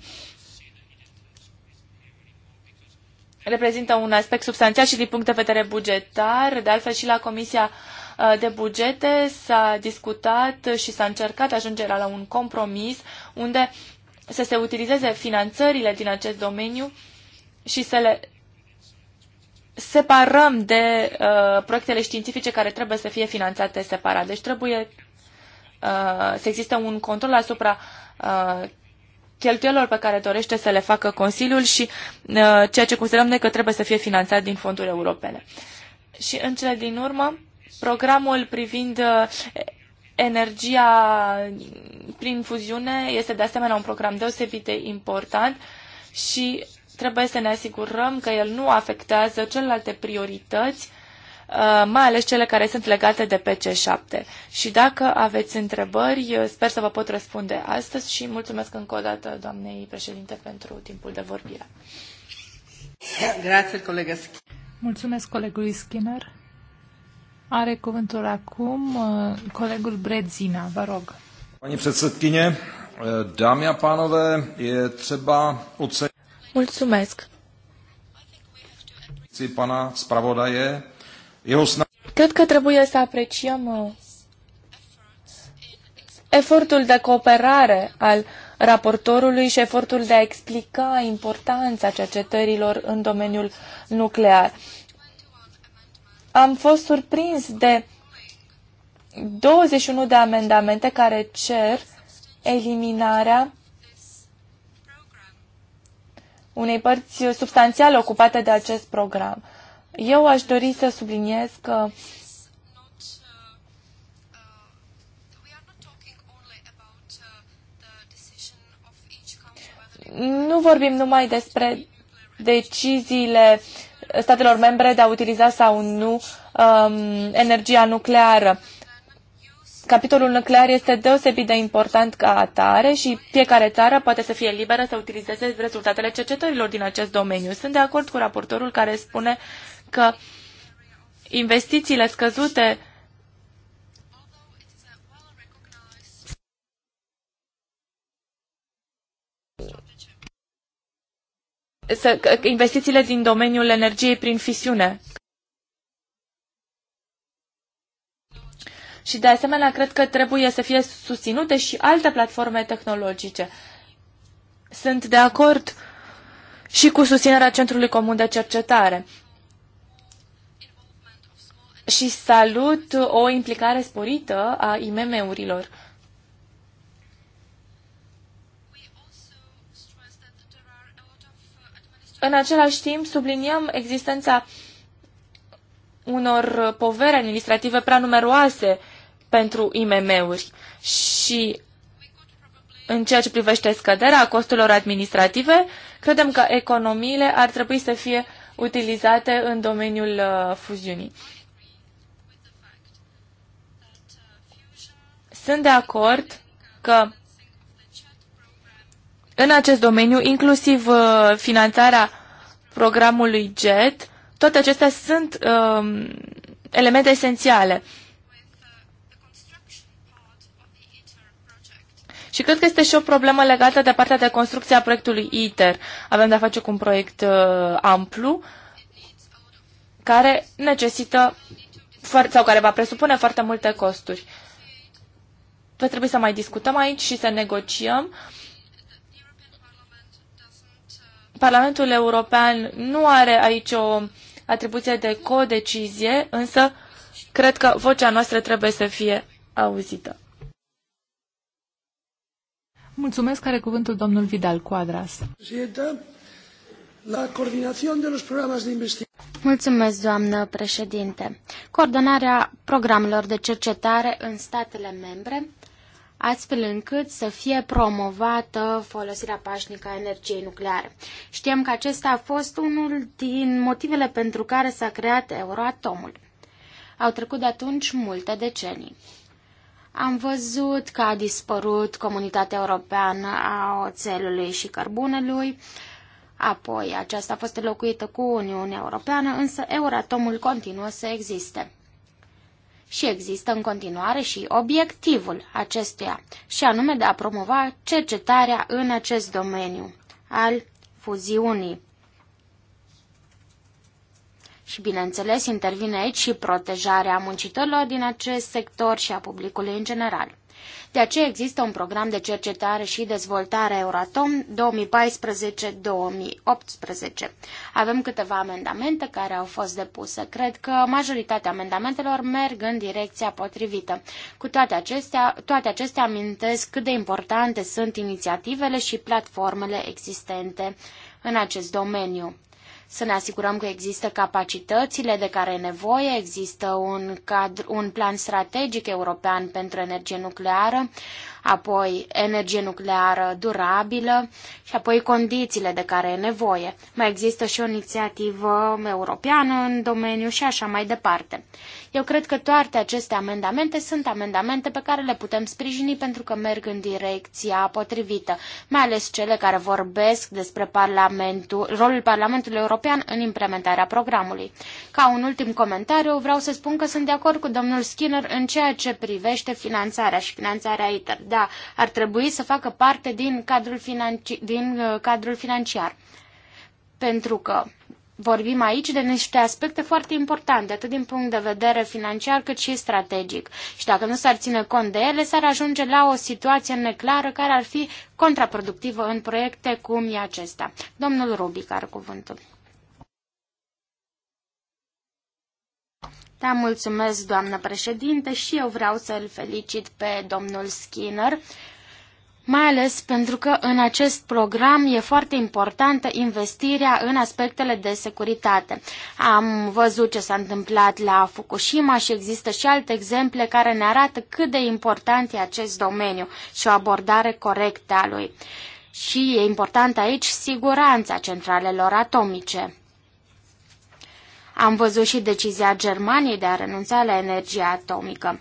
reprezintă un aspect substanțial și din punct de vedere bugetar. De altfel și la Comisia uh, de Bugete s-a discutat și s-a încercat ajungerea la un compromis unde să se utilizeze finanțările din acest domeniu și să le separăm de uh, proiectele științifice care trebuie să fie finanțate separat. Deci trebuie Uh, să existe un control asupra uh, cheltuielor pe care dorește să le facă Consiliul și uh, ceea ce considerăm noi că trebuie să fie finanțat din fonduri europene. Și în cele din urmă, programul privind energia prin fuziune este de asemenea un program deosebit de important și trebuie să ne asigurăm că el nu afectează celelalte priorități Uh, mai ales cele care sunt legate de PC7. Și dacă aveți întrebări, sper să vă pot răspunde astăzi și mulțumesc încă o dată doamnei președinte pentru timpul de vorbire. Grazie, colegă
Mulțumesc colegului Skinner. Are cuvântul acum uh, colegul Bredzina, vă rog. Pani předsedkyně, eh, dámy a pánové, je třeba ocenit
Mulțumesc.
pana zpravodaje
Cred că trebuie să apreciem uh, efortul de cooperare al raportorului și efortul de a explica importanța cercetărilor în domeniul nuclear. Am fost surprins de 21 de amendamente care cer eliminarea unei părți substanțiale ocupate de acest program. Eu aș dori să subliniez că nu vorbim numai despre deciziile statelor membre de a utiliza sau nu um, energia nucleară. Capitolul nuclear este deosebit de important ca atare și fiecare țară poate să fie liberă să utilizeze rezultatele cercetărilor din acest domeniu. Sunt de acord cu raportorul care spune că investițiile scăzute să, investițiile din domeniul energiei prin fisiune. Și de asemenea, cred că trebuie să fie susținute și alte platforme tehnologice. Sunt de acord și cu susținerea Centrului Comun de Cercetare și salut o implicare sporită a IMM-urilor. În același timp, subliniem existența unor povere administrative prea numeroase pentru IMM-uri și în ceea ce privește scăderea costurilor administrative, credem că economiile ar trebui să fie utilizate în domeniul uh, fuziunii. Sunt de acord că în acest domeniu, inclusiv uh, finanțarea programului JET, toate acestea sunt um, elemente esențiale. Și cred că este și o problemă legată de partea de construcție a proiectului ITER. Avem de-a face cu un proiect uh, amplu care necesită sau care va presupune foarte multe costuri va trebui să mai discutăm aici și să negociem. Parlamentul European nu are aici o atribuție de codecizie, însă cred că vocea noastră trebuie să fie auzită.
Mulțumesc, care cuvântul domnul
Vidal Cuadras.
La de los de
Mulțumesc, doamnă președinte. Coordonarea programelor de cercetare în statele membre astfel încât să fie promovată folosirea pașnică a energiei nucleare. Știam că acesta a fost unul din motivele pentru care s-a creat euroatomul. Au trecut de atunci multe decenii. Am văzut că a dispărut comunitatea europeană a oțelului și cărbunelui, apoi aceasta a fost înlocuită cu Uniunea Europeană, însă Euratomul continuă să existe și există în continuare și obiectivul acestuia, și anume de a promova cercetarea în acest domeniu al fuziunii. Și, bineînțeles, intervine aici și protejarea muncitorilor din acest sector și a publicului în general. De aceea există un program de cercetare și dezvoltare Euratom 2014-2018. Avem câteva amendamente care au fost depuse. Cred că majoritatea amendamentelor merg în direcția potrivită. Cu toate acestea, toate acestea amintesc cât de importante sunt inițiativele și platformele existente în acest domeniu să ne asigurăm că există capacitățile de care e nevoie, există un, cadru, un plan strategic european pentru energie nucleară, apoi energie nucleară durabilă și apoi condițiile de care e nevoie. Mai există și o inițiativă europeană în domeniu și așa mai departe. Eu cred că toate aceste amendamente sunt amendamente pe care le putem sprijini pentru că merg în direcția potrivită, mai ales cele care vorbesc despre parlamentul, rolul Parlamentului European în implementarea programului. Ca un ultim comentariu, vreau să spun că sunt de acord cu domnul Skinner în ceea ce privește finanțarea și finanțarea ITER. Da, ar trebui să facă parte din cadrul, financi- din uh, cadrul financiar. Pentru că vorbim aici de niște aspecte foarte importante, atât din punct de vedere financiar cât și strategic. Și dacă nu s-ar ține cont de ele, s-ar ajunge la o situație neclară care ar fi contraproductivă în proiecte cum e acesta. Domnul Rubic are cuvântul. Da, mulțumesc, doamnă președinte, și eu vreau să-l felicit pe domnul Skinner mai ales pentru că în acest program e foarte importantă investirea în aspectele de securitate. Am văzut ce s-a întâmplat la Fukushima și există și alte exemple care ne arată cât de important e acest domeniu și o abordare corectă a lui. Și e important aici siguranța centralelor atomice. Am văzut și decizia Germaniei de a renunța la energia atomică.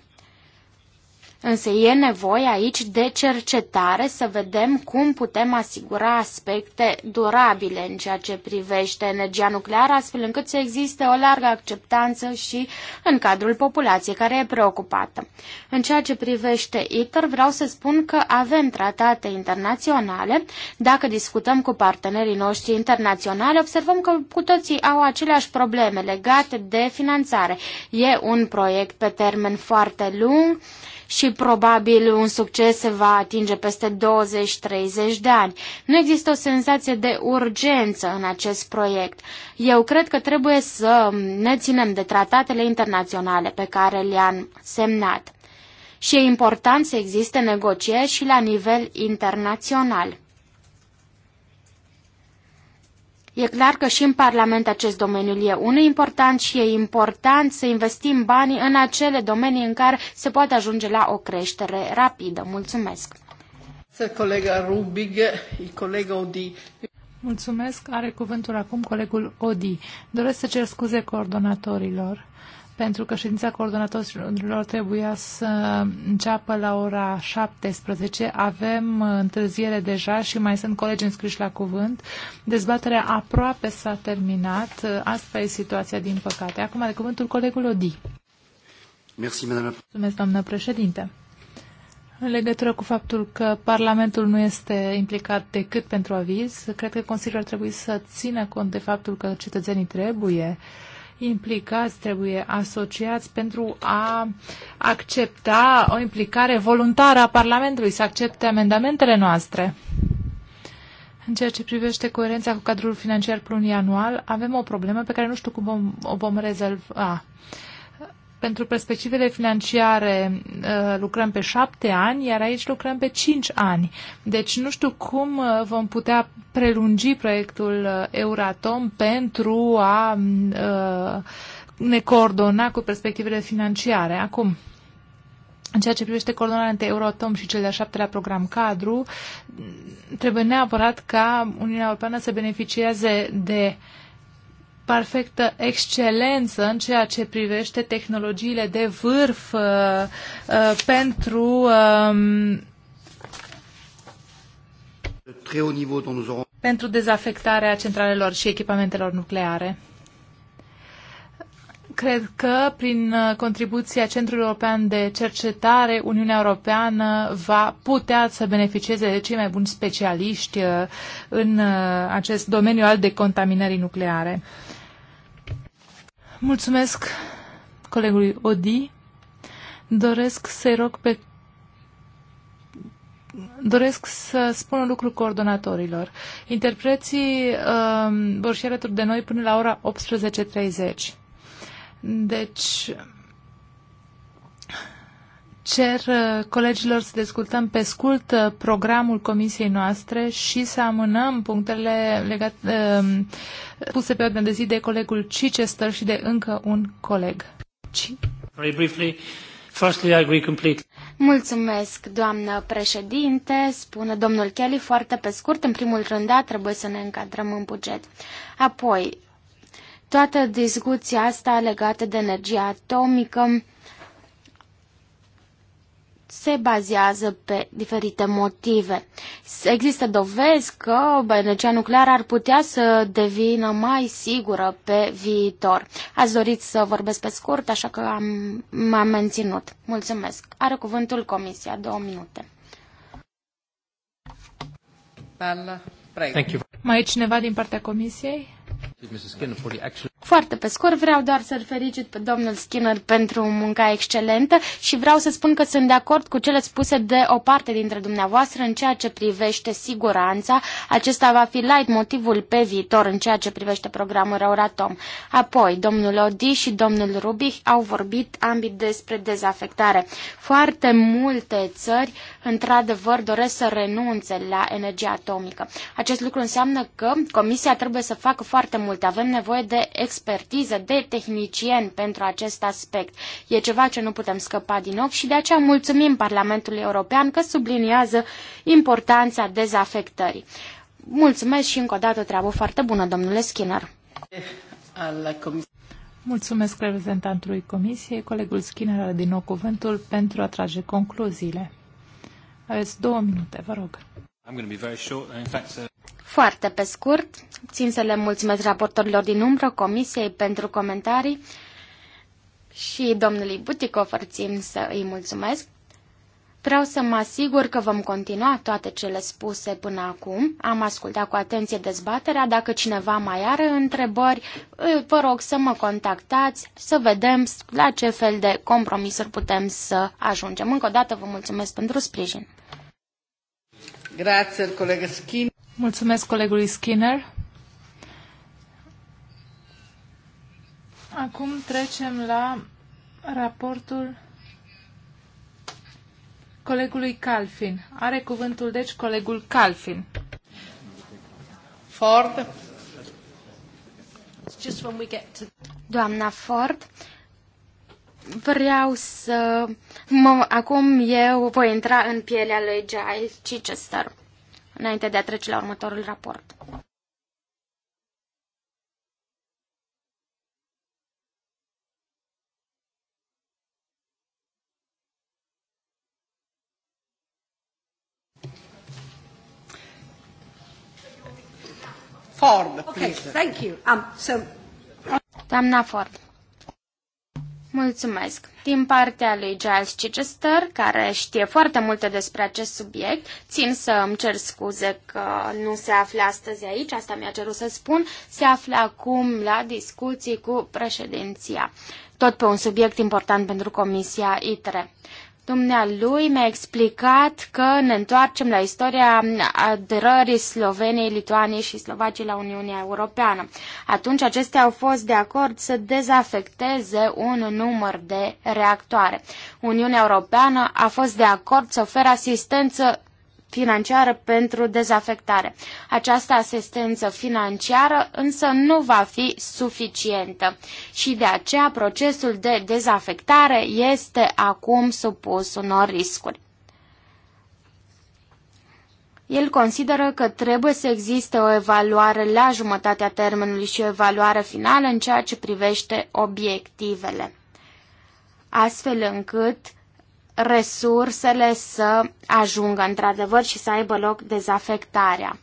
Însă e nevoie aici de cercetare să vedem cum putem asigura aspecte durabile în ceea ce privește energia nucleară, astfel încât să existe o largă acceptanță și în cadrul populației care e preocupată. În ceea ce privește ITER, vreau să spun că avem tratate internaționale. Dacă discutăm cu partenerii noștri internaționali, observăm că cu toții au aceleași probleme legate de finanțare. E un proiect pe termen foarte lung, și probabil un succes se va atinge peste 20-30 de ani. Nu există o senzație de urgență în acest proiect. Eu cred că trebuie să ne ținem de tratatele internaționale pe care le-am semnat. Și e important să existe negocieri și la nivel internațional. E clar că și în Parlament acest domeniu e unul important și e important să investim banii în acele domenii în care se poate ajunge la o creștere rapidă. Mulțumesc!
Colega Rubig, colega Odi.
Mulțumesc. Are cuvântul acum colegul Odi. Doresc să cer scuze coordonatorilor pentru că ședința coordonatorilor trebuia să înceapă la ora 17. Avem întârziere deja și mai sunt colegi înscriși la cuvânt. Dezbaterea aproape s-a terminat. Asta e situația, din păcate. Acum are cuvântul colegul Odi. Merci, Mulțumesc, doamnă președinte. În legătură cu faptul că Parlamentul nu este implicat decât pentru aviz, cred că Consiliul ar trebui să țină cont de faptul că cetățenii trebuie uh, implicați trebuie asociați pentru a accepta o implicare voluntară a Parlamentului, să accepte amendamentele noastre. În ceea ce privește coerența cu cadrul financiar plurianual, avem o problemă pe care nu știu cum o vom rezolva pentru perspectivele financiare uh, lucrăm pe șapte ani, iar aici lucrăm pe cinci ani. Deci nu știu cum uh, vom putea prelungi proiectul uh, Euratom pentru a ne coordona cu perspectivele financiare. Acum, în ceea ce privește coordonarea între Euratom și cel de a șaptelea program cadru, trebuie neapărat ca Uniunea Europeană să beneficieze de perfectă excelență în ceea ce privește tehnologiile de vârf uh, uh, pentru um, pentru dezafectarea centralelor și echipamentelor nucleare. Cred că prin uh, contribuția Centrului European de Cercetare, Uniunea Europeană va putea să beneficieze de cei mai buni specialiști uh, în uh, acest domeniu al decontaminării nucleare. Mulțumesc colegului Odi. Doresc să-i rog pe doresc să spun un lucru coordonatorilor. Interpreții uh, vor și alături de noi până la ora 18.30. Deci, cer uh, colegilor să discutăm pe scurt uh, programul comisiei noastre și să amânăm punctele legate uh, um, puse pe ordine de zi de colegul Chichester
și de încă un coleg.
Ci. Very briefly. Firstly, I agree completely.
Mulțumesc, doamnă președinte, spune domnul Kelly foarte pe scurt. În primul rând, da, trebuie să ne încadrăm în buget. Apoi, toată discuția asta legată de energia atomică, se bazează pe diferite motive. Există dovezi că energia nucleară ar putea să devină mai sigură pe viitor. Ați dorit să vorbesc pe scurt, așa că am, m-am menținut. Mulțumesc. Are cuvântul Comisia. Două minute. Thank you. Mai e cineva din partea Comisiei? Foarte pe scurt, vreau doar să-l felicit pe domnul Skinner pentru munca excelentă și vreau să spun că sunt de acord cu cele spuse de o parte dintre dumneavoastră în ceea ce privește siguranța. Acesta va fi light motivul pe viitor în ceea ce privește programul Euratom. Apoi, domnul Odi și domnul Rubich au vorbit ambii despre dezafectare. Foarte multe țări, într-adevăr, doresc să renunțe la energia atomică. Acest lucru înseamnă că Comisia trebuie să facă foarte mult. Avem nevoie de expertiză, de tehnicieni pentru acest aspect. E ceva ce nu putem scăpa din ochi și de aceea mulțumim Parlamentului European că subliniază importanța dezafectării. Mulțumesc și încă o dată treabă foarte bună, domnule Skinner.
Mulțumesc reprezentantului Comisiei. Colegul Skinner are din nou cuvântul pentru a trage
concluziile. Aveți două minute, vă rog. Foarte pe scurt, țin să le mulțumesc raportorilor din umbră, Comisiei pentru comentarii și domnului Buticofer țin să îi mulțumesc. Vreau să mă asigur că vom continua toate cele spuse până acum. Am ascultat cu atenție dezbaterea. Dacă cineva mai are întrebări, vă rog să mă contactați, să vedem la ce fel de compromisuri putem să ajungem. Încă o dată vă mulțumesc pentru sprijin.
Grazie, Skinner.
Mulțumesc colegului Skinner. Acum trecem la raportul colegului Calfin. Are cuvântul, deci, colegul Calfin.
Ford. Doamna Ford, vreau să... Mă, acum eu voi intra în pielea lui Giles Chichester, înainte de a trece la următorul raport. Ford, please. Okay, thank you. Um, so... Doamna Ford. Mulțumesc. Din partea lui Giles Chichester, care știe foarte multe despre acest subiect, țin să îmi cer scuze că nu se află astăzi aici, asta mi-a cerut să spun, se află acum la discuții cu președinția, tot pe un subiect important pentru Comisia ITRE. Dumnealui mi-a explicat că ne întoarcem la istoria aderării Sloveniei, Lituaniei și Slovaciei la Uniunea Europeană. Atunci acestea au fost de acord să dezafecteze un număr de reactoare. Uniunea Europeană a fost de acord să ofere asistență financiară pentru dezafectare. Această asistență financiară însă nu va fi suficientă și de aceea procesul de dezafectare este acum supus unor riscuri. El consideră că trebuie să existe o evaluare la jumătatea termenului și o evaluare finală în ceea ce privește obiectivele, astfel încât resursele să ajungă într-adevăr și să aibă loc dezafectarea.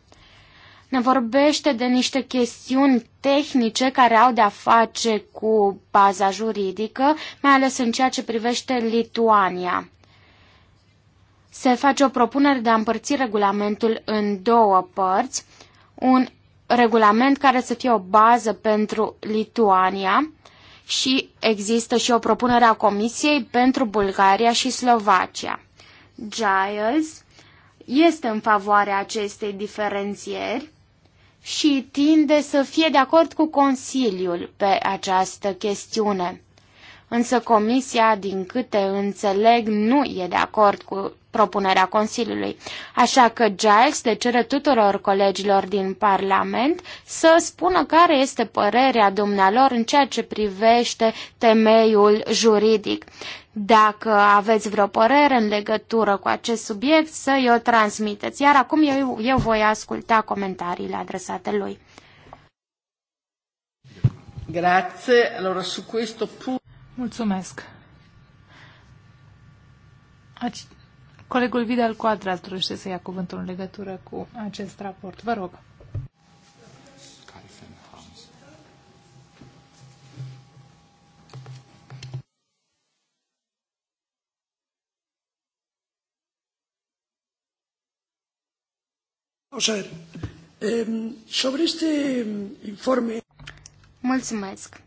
Ne vorbește de niște chestiuni tehnice care au de-a face cu baza juridică, mai ales în ceea ce privește Lituania. Se face o propunere de a împărți regulamentul în două părți, un regulament care să fie o bază pentru Lituania, și există și o propunere a Comisiei pentru Bulgaria și Slovacia. Giles este în favoarea acestei diferențieri și tinde să fie de acord cu Consiliul pe această chestiune însă Comisia, din câte înțeleg, nu e de acord cu propunerea Consiliului. Așa că Giles le cere tuturor colegilor din Parlament să spună care este părerea dumnealor în ceea ce privește temeiul juridic. Dacă aveți vreo părere în legătură cu acest subiect, să-i o transmiteți, iar acum eu, eu voi asculta comentariile adresate lui.
Grazie. Allora, su questo punto...
Mulțumesc. Aci... Colegul Vidal Coadra trebuie să ia cuvântul în legătură cu acest raport. Vă rog.
să, informe... Mulțumesc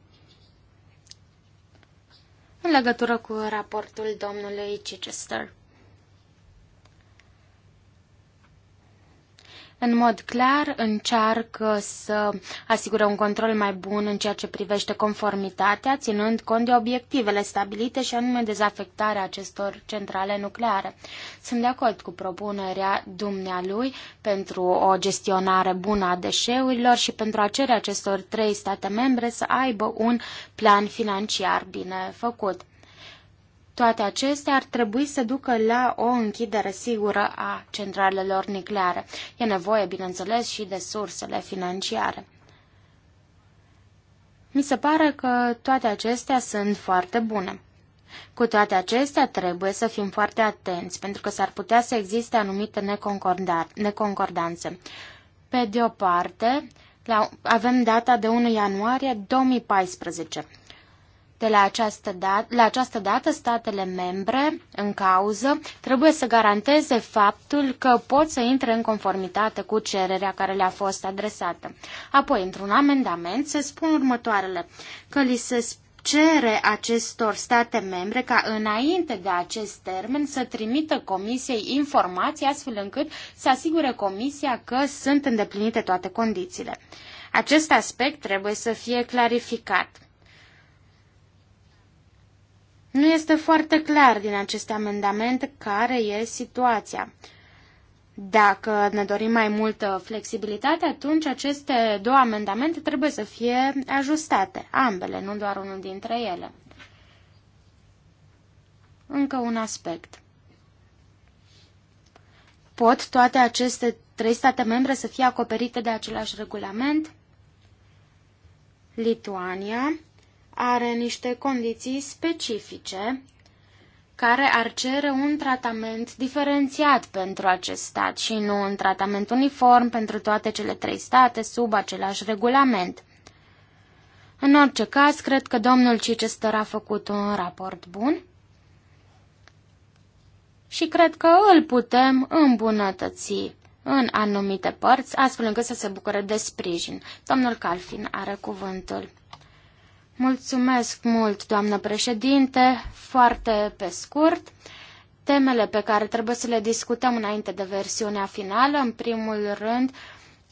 în legătură cu raportul domnului Chichester. în mod clar încearcă să asigure un control mai bun în ceea ce privește conformitatea, ținând cont de obiectivele stabilite și anume dezafectarea acestor centrale nucleare. Sunt de acord cu propunerea dumnealui pentru o gestionare bună a deșeurilor și pentru a cere acestor trei state membre să aibă un plan financiar bine făcut. Toate acestea ar trebui să ducă la o închidere sigură a centralelor nucleare. E nevoie, bineînțeles, și de sursele financiare. Mi se pare că toate acestea sunt foarte bune. Cu toate acestea, trebuie să fim foarte atenți, pentru că s-ar putea să existe anumite neconcordanțe. Pe de o parte, la, avem data de 1 ianuarie 2014. De la această, dat- la această dată, statele membre în cauză trebuie să garanteze faptul că pot să intre în conformitate cu cererea care le-a fost adresată. Apoi, într-un amendament, se spun următoarele, că li se cere acestor state membre ca înainte de acest termen să trimită Comisiei informații astfel încât să asigure Comisia că sunt îndeplinite toate condițiile. Acest aspect trebuie să fie clarificat. Nu este foarte clar din aceste amendamente care e situația. Dacă ne dorim mai multă flexibilitate, atunci aceste două amendamente trebuie să fie ajustate, ambele, nu doar unul dintre ele. Încă un aspect. Pot toate aceste trei state membre să fie acoperite de același regulament? Lituania are niște condiții specifice care ar cere un tratament diferențiat pentru acest stat și nu un tratament uniform pentru toate cele trei state sub același regulament. În orice caz, cred că domnul Cicester a făcut un raport bun și cred că îl putem îmbunătăți în anumite părți, astfel încât să se bucure de sprijin. Domnul Calfin are cuvântul. Mulțumesc mult, doamnă președinte. Foarte pe scurt, temele pe care trebuie să le discutăm înainte de versiunea finală, în primul rând,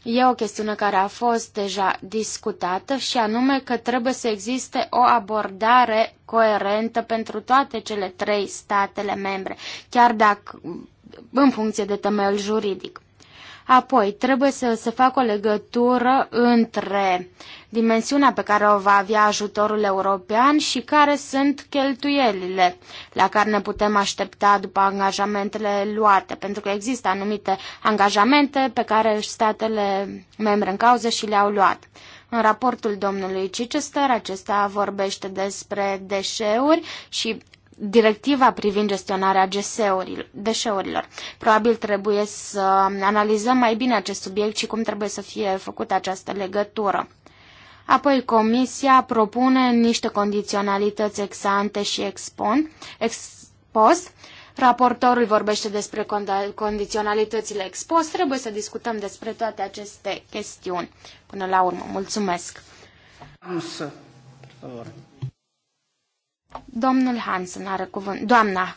E o chestiune care a fost deja discutată și anume că trebuie să existe o abordare coerentă pentru toate cele trei statele membre, chiar dacă în funcție de temel juridic. Apoi, trebuie să se facă o legătură între dimensiunea pe care o va avea ajutorul european și care sunt cheltuielile la care ne putem aștepta după angajamentele luate, pentru că există anumite angajamente pe care statele membre în cauză și le-au luat. În raportul domnului Chichester, acesta vorbește despre deșeuri și directiva privind gestionarea deșeurilor. Probabil trebuie să analizăm mai bine acest subiect și cum trebuie să fie făcută această legătură. Apoi Comisia propune niște condiționalități ex ante și ex, ex post. Raportorul vorbește despre condiționalitățile ex post. Trebuie să discutăm despre toate aceste chestiuni. Până la urmă, mulțumesc. să... Domnul Hansen are cuvânt. Doamna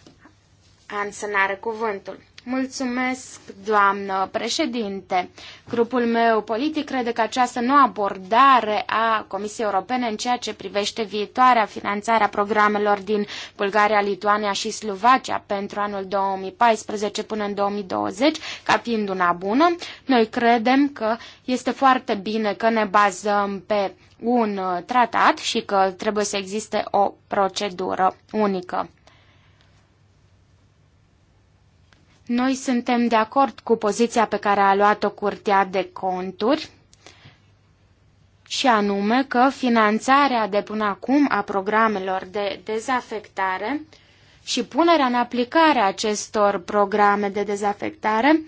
Hansen are cuvântul. Mulțumesc, doamnă președinte. Grupul meu politic crede că această nouă abordare a Comisiei Europene în ceea ce privește viitoarea finanțare a programelor din Bulgaria, Lituania și Slovacia pentru anul 2014 până în 2020, ca fiind una bună, noi credem că este foarte bine că ne bazăm pe un tratat și că trebuie să existe o procedură unică. Noi suntem de acord cu poziția pe care a luat-o Curtea de Conturi și anume că finanțarea de până acum a programelor de dezafectare și punerea în aplicare acestor programe de dezafectare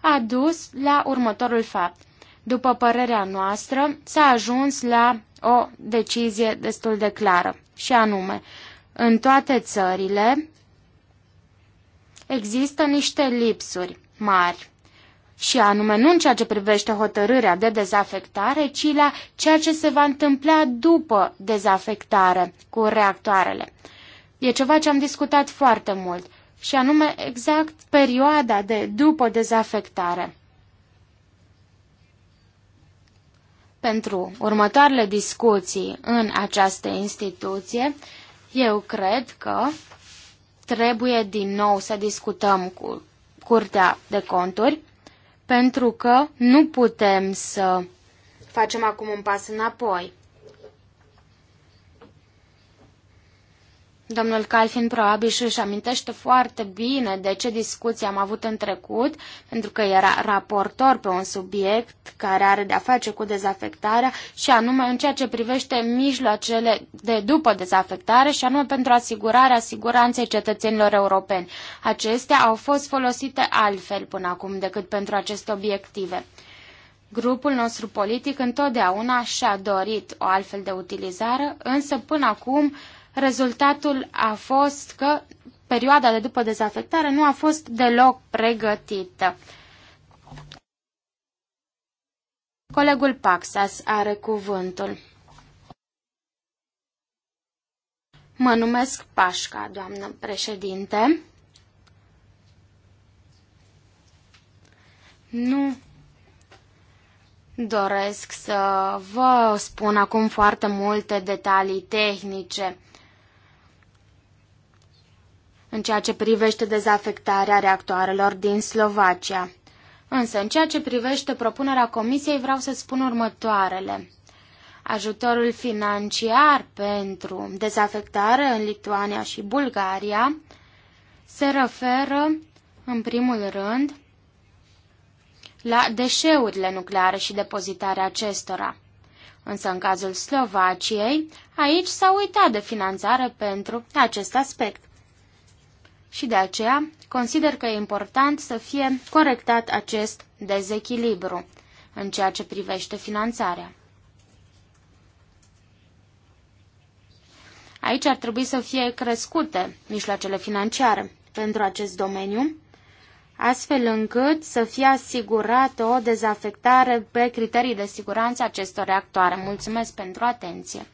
a dus la următorul fapt. După părerea noastră, s-a ajuns la o decizie destul de clară, și anume, în toate țările, există niște lipsuri mari. Și anume nu în ceea ce privește hotărârea de dezafectare, ci la ceea ce se va întâmpla după dezafectare cu reactoarele. E ceva ce am discutat foarte mult, și anume exact perioada de după dezafectare. Pentru următoarele discuții în această instituție, eu cred că trebuie din nou să discutăm cu Curtea de Conturi, pentru că nu putem să facem acum un pas înapoi. Domnul Calfin probabil și își amintește foarte bine de ce discuții am avut în trecut, pentru că era raportor pe un subiect care are de-a face cu dezafectarea și anume în ceea ce privește mijloacele de după dezafectare și anume pentru asigurarea siguranței cetățenilor europeni. Acestea au fost folosite altfel până acum decât pentru aceste obiective. Grupul nostru politic întotdeauna și-a dorit o altfel de utilizare, însă până acum Rezultatul a fost că perioada de după dezafectare nu a fost deloc pregătită. Colegul Paxas are cuvântul. Mă numesc Pașca, doamnă președinte. Nu doresc să vă spun acum foarte multe detalii tehnice în ceea ce privește dezafectarea reactoarelor din Slovacia. Însă, în ceea ce privește propunerea Comisiei, vreau să spun următoarele. Ajutorul financiar pentru dezafectare în Lituania și Bulgaria se referă, în primul rând, la deșeurile nucleare și depozitarea acestora. Însă, în cazul Slovaciei, aici s-a uitat de finanțare pentru acest aspect și de aceea consider că e important să fie corectat acest dezechilibru în ceea ce privește finanțarea. Aici ar trebui să fie crescute mijloacele financiare pentru acest domeniu, astfel încât să fie asigurată o dezafectare pe criterii de siguranță acestor reactoare. Mulțumesc pentru atenție.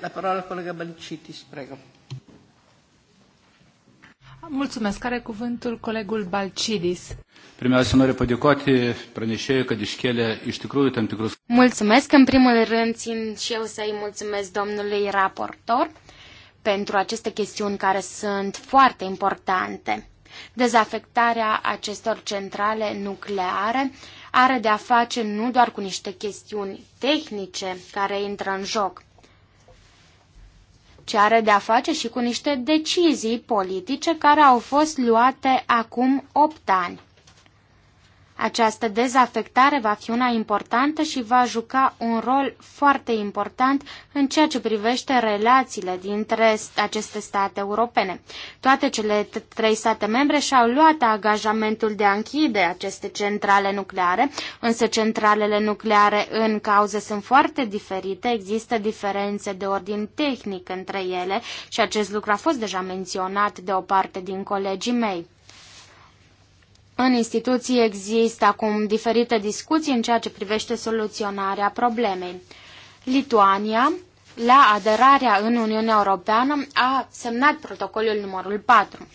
La parola colega Balicitis, prego.
Mulțumesc. Care cuvântul colegul Balcidis?
Primează noriu padėkoti pranešėjui, kad iškėlė
Mulțumesc. În primul rând țin și eu să-i mulțumesc domnului raportor pentru aceste chestiuni care sunt foarte importante. Dezafectarea acestor centrale nucleare are de a face nu doar cu niște chestiuni tehnice care intră în joc, ce are de-a face și cu niște decizii politice care au fost luate acum 8 ani. Această dezafectare va fi una importantă și va juca un rol foarte important în ceea ce privește relațiile dintre aceste state europene. Toate cele trei state membre și-au luat angajamentul de a închide aceste centrale nucleare, însă centralele nucleare în cauză sunt foarte diferite, există diferențe de ordin tehnic între ele și acest lucru a fost deja menționat de o parte din colegii mei. În instituții există acum diferite discuții în ceea ce privește soluționarea problemei. Lituania, la aderarea în Uniunea Europeană, a semnat protocolul numărul 4.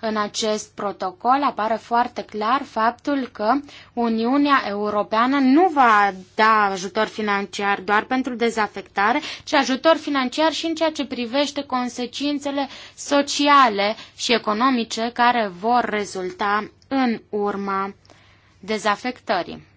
În acest protocol apare foarte clar faptul că Uniunea Europeană nu va da ajutor financiar doar pentru dezafectare, ci ajutor financiar și în ceea ce privește consecințele sociale și economice care vor rezulta în urma dezafectării.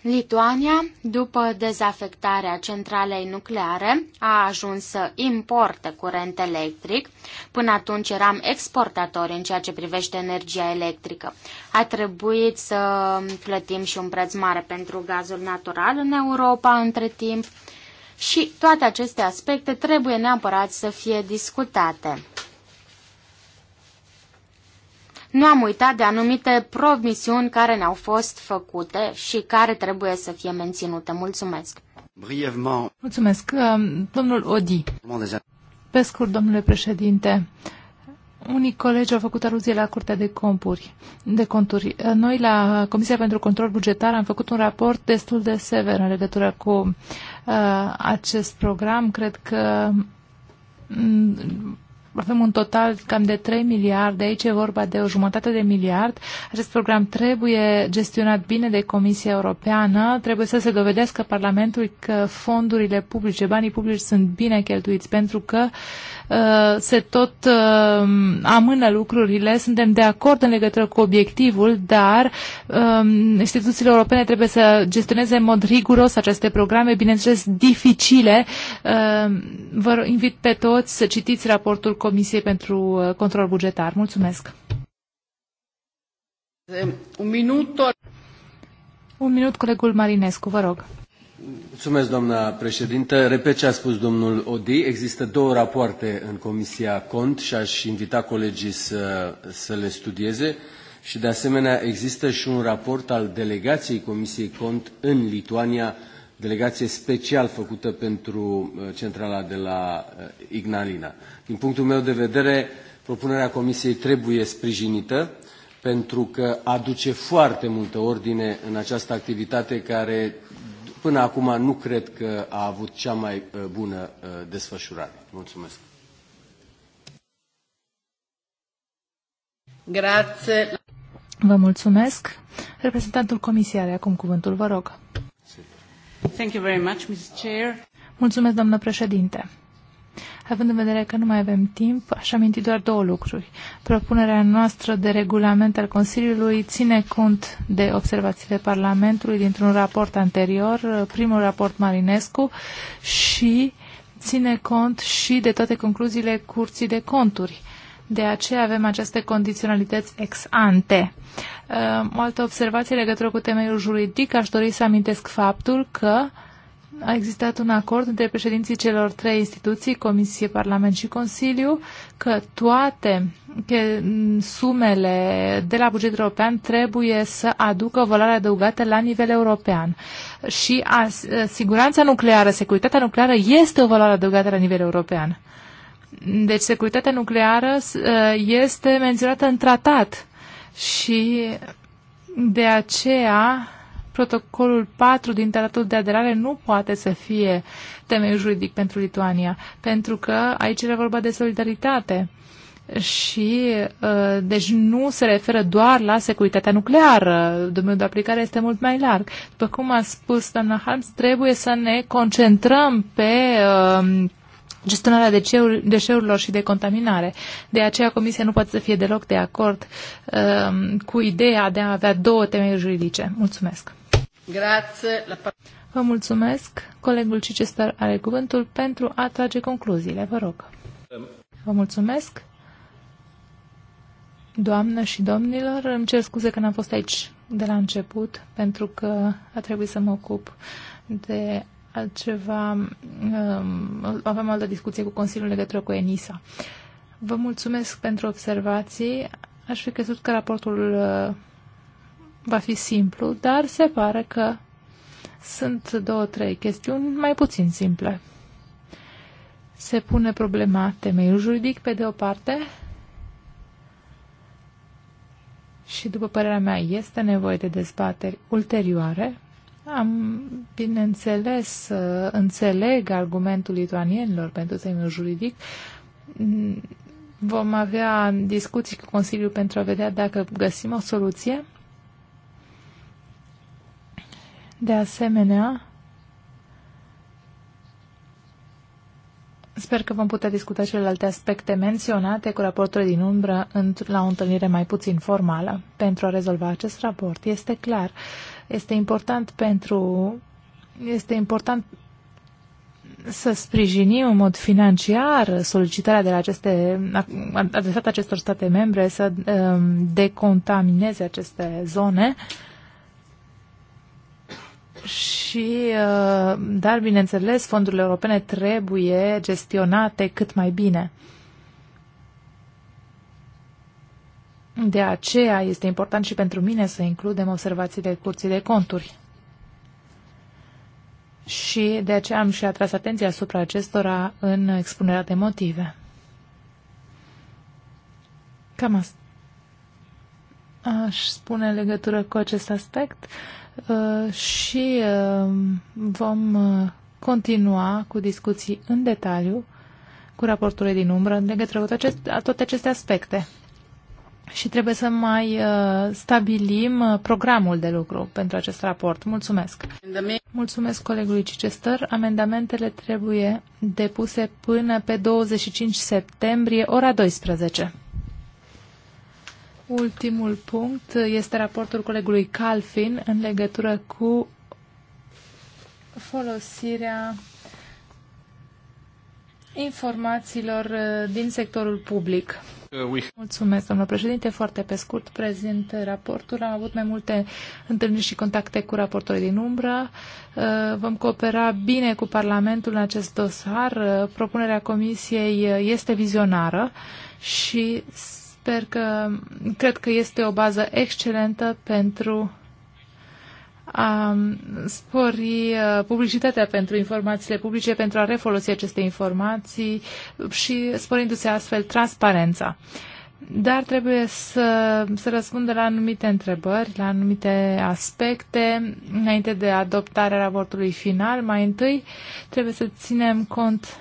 Lituania, după dezafectarea centralei nucleare, a ajuns să importe curent electric. Până atunci eram exportatori în ceea ce privește energia electrică. A trebuit să plătim și un preț mare pentru gazul natural în Europa între timp și toate aceste aspecte trebuie neapărat să fie discutate. Nu am uitat de anumite promisiuni care ne-au fost făcute și care trebuie să fie menținute. Mulțumesc!
Brievement.
Mulțumesc, um, domnul Odi. Pe scurt, domnule președinte, unii colegi au făcut aluzie la Curtea de, compuri, de Conturi. Noi, la Comisia pentru Control Bugetar, am făcut un raport destul de sever în legătură cu uh, acest program. Cred că mm, avem un total cam de 3 miliarde, aici e vorba de o jumătate de miliard. Acest program trebuie gestionat bine de Comisia Europeană, trebuie să se dovedească Parlamentului că fondurile publice, banii publici sunt bine cheltuiți, pentru că Uh, se tot uh, amână lucrurile. Suntem de acord în legătură cu obiectivul, dar um, instituțiile europene trebuie să gestioneze în mod riguros aceste programe, bineînțeles dificile. Uh, vă invit pe toți să citiți raportul Comisiei pentru Control Bugetar. Mulțumesc! Un minut. Un minut, colegul Marinescu, vă rog.
Mulțumesc, doamna președintă. Repet ce a spus domnul Odi. Există două rapoarte în Comisia Cont și aș invita colegii să, să le studieze. Și de asemenea există și un raport al delegației Comisiei Cont în Lituania, delegație special făcută pentru uh, centrala de la uh, Ignalina. Din punctul meu de vedere, propunerea Comisiei trebuie sprijinită pentru că aduce foarte multă ordine în această activitate care până acum nu cred că a avut cea mai uh, bună uh, desfășurare. Mulțumesc. Grazie.
Vă mulțumesc. Reprezentantul Comisiei are acum cuvântul, vă rog.
Thank you very much, Mrs. Chair.
Mulțumesc, doamnă președinte. Având în vedere că nu mai avem timp, aș aminti doar două lucruri. Propunerea noastră de regulament al Consiliului ține cont de observațiile Parlamentului dintr-un raport anterior, primul raport Marinescu, și ține cont și de toate concluziile Curții de Conturi. De aceea avem aceste condiționalități ex
ante.
Ă, o altă observație legătură cu temeiul juridic, aș dori să amintesc faptul că a existat un acord între președinții celor trei instituții, Comisie, Parlament și Consiliu, că toate că sumele de la bugetul european trebuie să aducă valoare adăugată la nivel european. Și siguranța nucleară, securitatea nucleară este o valoare adăugată la nivel european. Deci securitatea nucleară ă, este menționată în tratat și de aceea protocolul 4 din tratatul de aderare nu poate să fie temei juridic pentru Lituania, pentru că aici era vorba de solidaritate și uh, deci nu se referă doar la securitatea nucleară. Domeniul de aplicare este mult mai larg. După cum a spus doamna Harms, trebuie să ne concentrăm pe uh, gestionarea deșeurilor și de contaminare. De aceea Comisia nu poate să fie deloc de acord uh, cu ideea de a avea două teme juridice. Mulțumesc!
Grazie. La... Vă
mulțumesc. Colegul Cicester are cuvântul pentru a trage concluziile. Vă rog. Vă mulțumesc. Doamnă și domnilor, îmi cer scuze că n-am fost aici de la început, pentru că a trebuit să mă ocup de altceva. Aveam o altă discuție cu Consiliul legătură cu ENISA. Vă mulțumesc pentru observații. Aș fi crezut că raportul va fi simplu, dar se pare că sunt două, trei chestiuni mai puțin simple. Se pune problema temeiul juridic pe de o parte și după părerea mea este nevoie de dezbateri ulterioare. Am, bineînțeles, uh, înțeleg argumentul lituanienilor pentru temeiul juridic, mm, vom avea discuții cu Consiliul pentru a vedea dacă găsim o soluție de asemenea, Sper că vom putea discuta celelalte aspecte menționate cu raportul din umbră la o întâlnire mai puțin formală. Pentru a rezolva acest raport, este clar, este important pentru... este important să sprijinim în mod financiar solicitarea de la aceste, adresată acestor state membre să um, decontamineze aceste zone uh, și, uh, dar, bineînțeles, fondurile europene trebuie gestionate cât mai bine. De aceea este important și pentru mine să includem observațiile curții de conturi. Și de aceea am și atras atenția asupra acestora în expunerea de motive. Cam asta aș spune în legătură cu acest aspect. Uh, și uh, vom uh, continua cu discuții în detaliu cu raporturile din umbră în legătură cu toate aceste aspecte. Și trebuie să mai stabilim programul de lucru pentru acest raport. Mulțumesc! Mulțumesc colegului Cicestăr. Amendamentele trebuie depuse până pe 25 septembrie, ora 12. Ultimul punct este raportul colegului Calfin în legătură cu folosirea informațiilor uh, din sectorul public. Uh, Mulțumesc, domnule președinte. Foarte pe scurt prezint raportul. Am avut mai multe întâlniri și contacte cu raportorii din umbră. Uh, vom coopera bine cu Parlamentul în acest dosar. Propunerea Comisiei este vizionară și Sper că, cred că este o bază excelentă pentru a spori uh, publicitatea pentru informațiile publice, pentru a refolosi aceste informații și sporindu-se astfel transparența. Dar trebuie să, să răspundă la anumite întrebări, la anumite aspecte, înainte de adoptarea raportului final. Mai întâi trebuie să ținem cont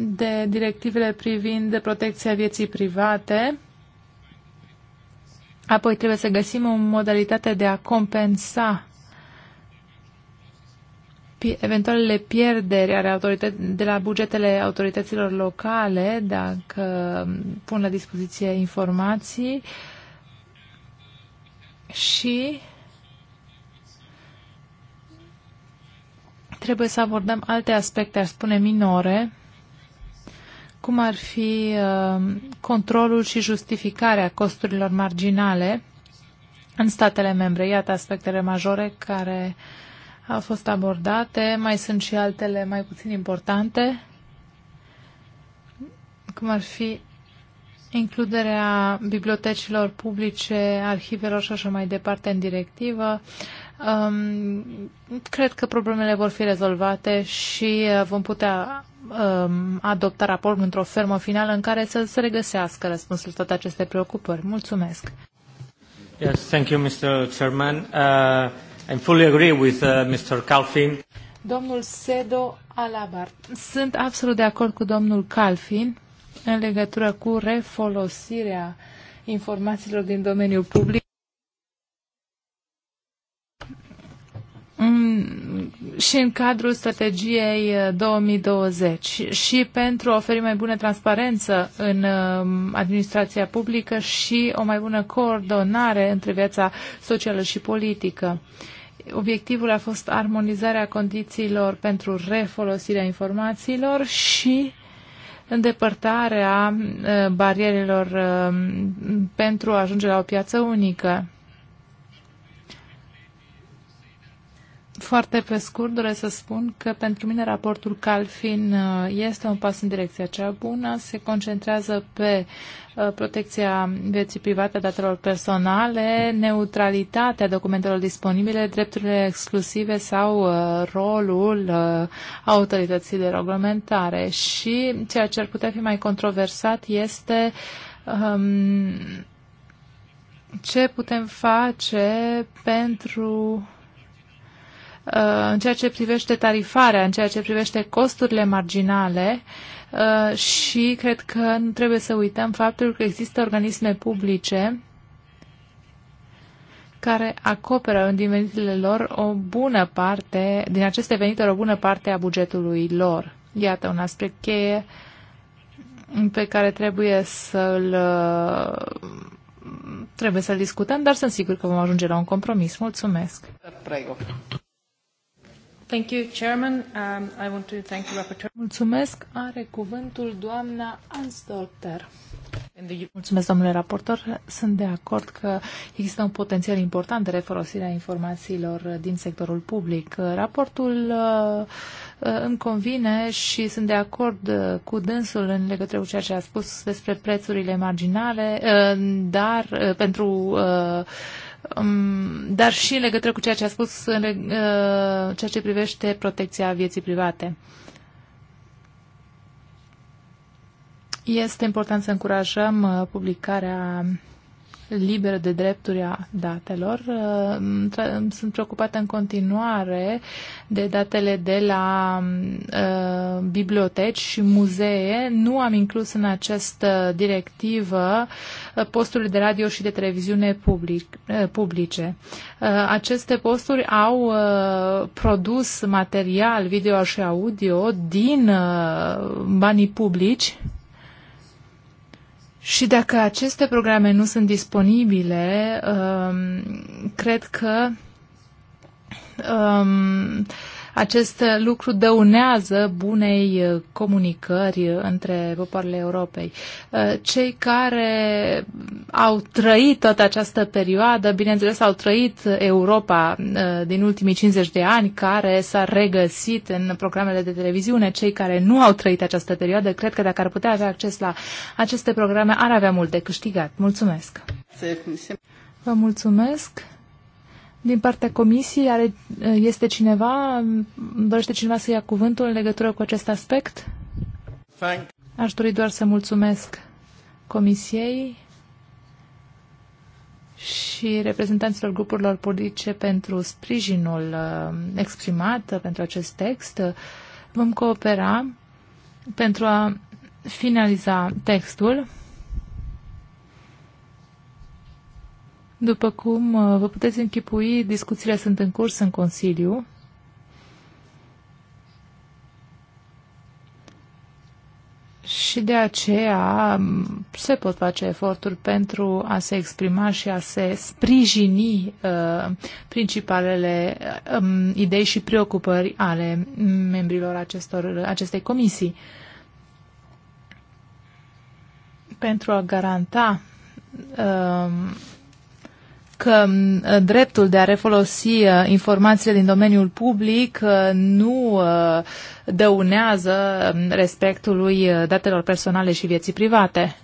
de directivele privind de protecția vieții private. Apoi trebuie să găsim o modalitate de a compensa eventualele pierderi ale de la bugetele autorităților locale, dacă pun la dispoziție informații și trebuie să abordăm alte aspecte, aș spune, minore, cum ar fi uh, controlul și justificarea costurilor marginale în statele membre. Iată aspectele majore care au fost abordate. Mai sunt și altele mai puțin importante, cum ar fi includerea bibliotecilor publice, arhivelor și așa mai departe în directivă, Um, cred că problemele vor fi rezolvate și uh, vom putea um, adopta raportul într-o fermă finală în care să se regăsească răspunsul toate aceste preocupări. Mulțumesc!
Yes, thank you, Mr. Chairman. Uh, I fully agree with uh, Mr. Calfin.
Domnul Sedo Alabar. Sunt absolut de acord cu domnul Calfin în legătură cu refolosirea informațiilor din domeniul public Mm, și în cadrul strategiei 2020 uh, și pentru a oferi mai bună transparență în um, administrația publică și o mai bună coordonare între viața socială și politică. Obiectivul a fost armonizarea condițiilor pentru refolosirea informațiilor și îndepărtarea uh, barierelor um, pentru a ajunge la o piață unică. Foarte pe scurt doresc să spun că pentru mine raportul Calfin uh, este un pas în direcția cea bună, se concentrează pe uh, protecția vieții private a datelor personale, neutralitatea documentelor disponibile, drepturile exclusive sau uh, rolul autorității de reglementare. Și ceea ce ar putea fi mai controversat este um, ce putem face pentru în ceea ce privește tarifarea, în ceea ce privește costurile marginale uh, și cred că nu trebuie să uităm faptul că există organisme publice care acoperă din veniturile lor o bună parte, din aceste venituri o bună parte a bugetului lor. Iată un aspect cheie pe care trebuie să-l trebuie să-l discutăm, dar sunt sigur că vom ajunge la un compromis. Mulțumesc! Prego. Thank you, Chairman. Um, I want to thank the rapporteur. Mulțumesc. Are cuvântul doamna Ansdorter. Mulțumesc, domnule raportor. Sunt de acord că există un potențial important de refolosire a informațiilor din sectorul public. Raportul uh, uh, îmi convine și sunt de acord uh, cu dânsul în legătură cu ceea ce a spus despre prețurile marginale, dar pentru Um, dar și în legătură cu ceea ce a spus în uh, ceea ce privește protecția vieții private. Este important să încurajăm uh, publicarea liberă de drepturi a datelor. Sunt preocupată în continuare de datele de la uh, biblioteci și muzee. Nu am inclus în această directivă uh, posturile de radio și de televiziune public, uh, publice. Aceste posturi au produs material video și audio din banii publici și dacă aceste programe nu sunt disponibile, um, cred că um, acest lucru dăunează bunei uh, comunicări uh, între popoarele Europei. Uh, cei care au trăit toată această perioadă, bineînțeles, au trăit Europa din ultimii 50 de ani, care s-a regăsit în programele de televiziune. Cei care nu au trăit această perioadă, cred că dacă ar putea avea acces la aceste programe, ar avea mult de câștigat. Mulțumesc! Vă mulțumesc! Din partea comisiei are, uh, este cineva, dorește cineva să ia cuvântul în legătură cu acest aspect? Thank. Aș dori doar să mulțumesc comisiei și reprezentanților grupurilor politice pentru sprijinul uh, exprimat pentru acest text. Vom coopera pentru a finaliza textul După cum uh, vă puteți închipui, discuțiile sunt în curs în Consiliu. Și de aceea se pot face eforturi pentru a se exprima și a se sprijini uh, principalele um, idei și preocupări ale membrilor acestor, acestei comisii. Pentru a garanta uh, că ă, dreptul de a refolosi ă, informațiile din domeniul public ă, nu dăunează respectului datelor personale și vieții private.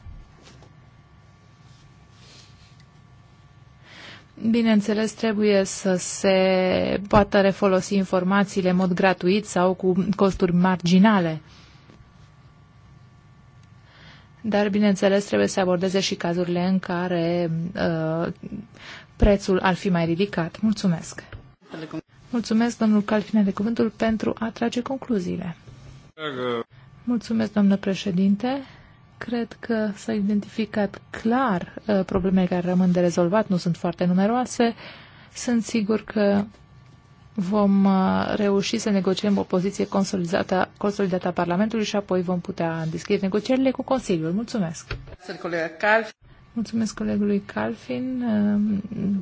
Bineînțeles, trebuie să se poată refolosi informațiile în mod gratuit sau cu costuri marginale. Dar, bineînțeles, trebuie să abordeze și cazurile în care uh, prețul ar fi mai ridicat. Mulțumesc! Mulțumesc, domnul Calfine, de cuvântul pentru a trage concluziile. Mulțumesc, domnule președinte. Cred că s-a identificat clar uh, problemele care rămân de rezolvat, nu sunt foarte numeroase. Sunt sigur că vom uh, reuși să negociem o poziție consolidată, consolidată a Parlamentului și apoi vom putea deschide negocierile cu Consiliul. Mulțumesc! Mulțumesc colegului Calfin.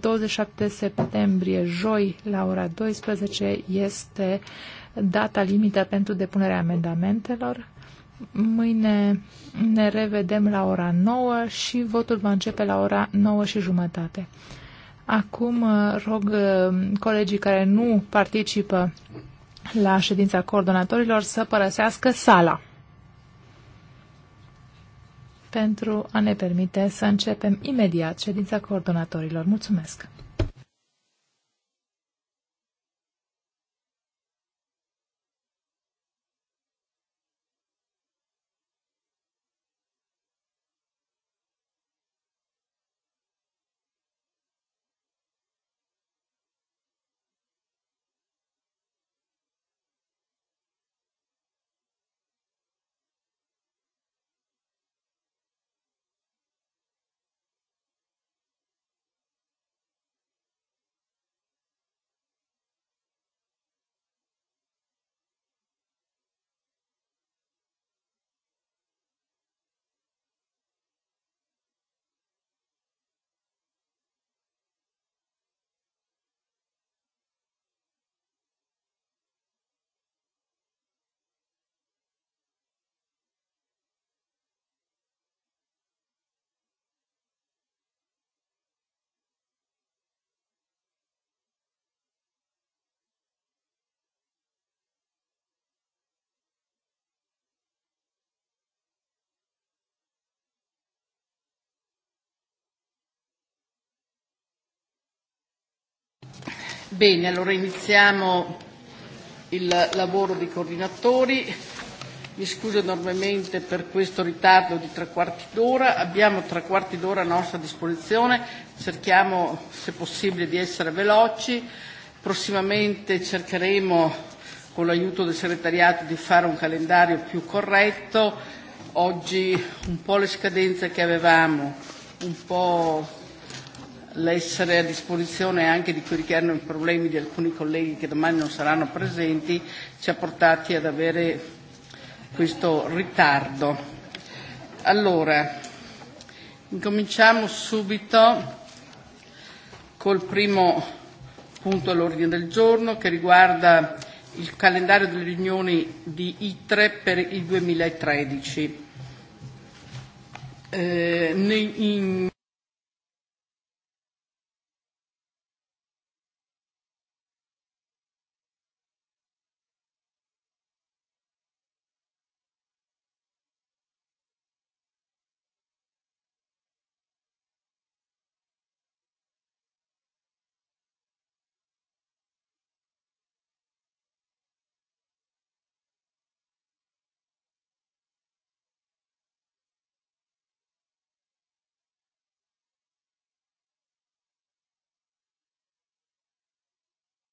27 ehm, septembrie, joi, la ora 12, este data limită pentru depunerea amendamentelor. Mâine ne revedem la ora 9 și votul va începe la ora 9 și jumătate. Acum ehm, rog ehm, colegii care nu participă la ședința coordonatorilor să părăsească sala pentru a ne permite să începem imediat ședința coordonatorilor. Mulțumesc!
Bene, allora iniziamo il lavoro dei coordinatori. Mi scuso enormemente per questo ritardo di tre quarti d'ora. Abbiamo tre quarti d'ora a nostra disposizione. Cerchiamo, se possibile, di essere veloci. Prossimamente cercheremo, con l'aiuto del segretariato, di fare un calendario più corretto. Oggi un po' le scadenze che avevamo, un po' l'essere a disposizione anche di quelli che hanno i problemi di alcuni colleghi che domani non saranno presenti ci ha portati ad avere questo ritardo. Allora, incominciamo subito col primo punto all'ordine del giorno che riguarda il calendario delle riunioni di ITRE per il 2013. Eh, in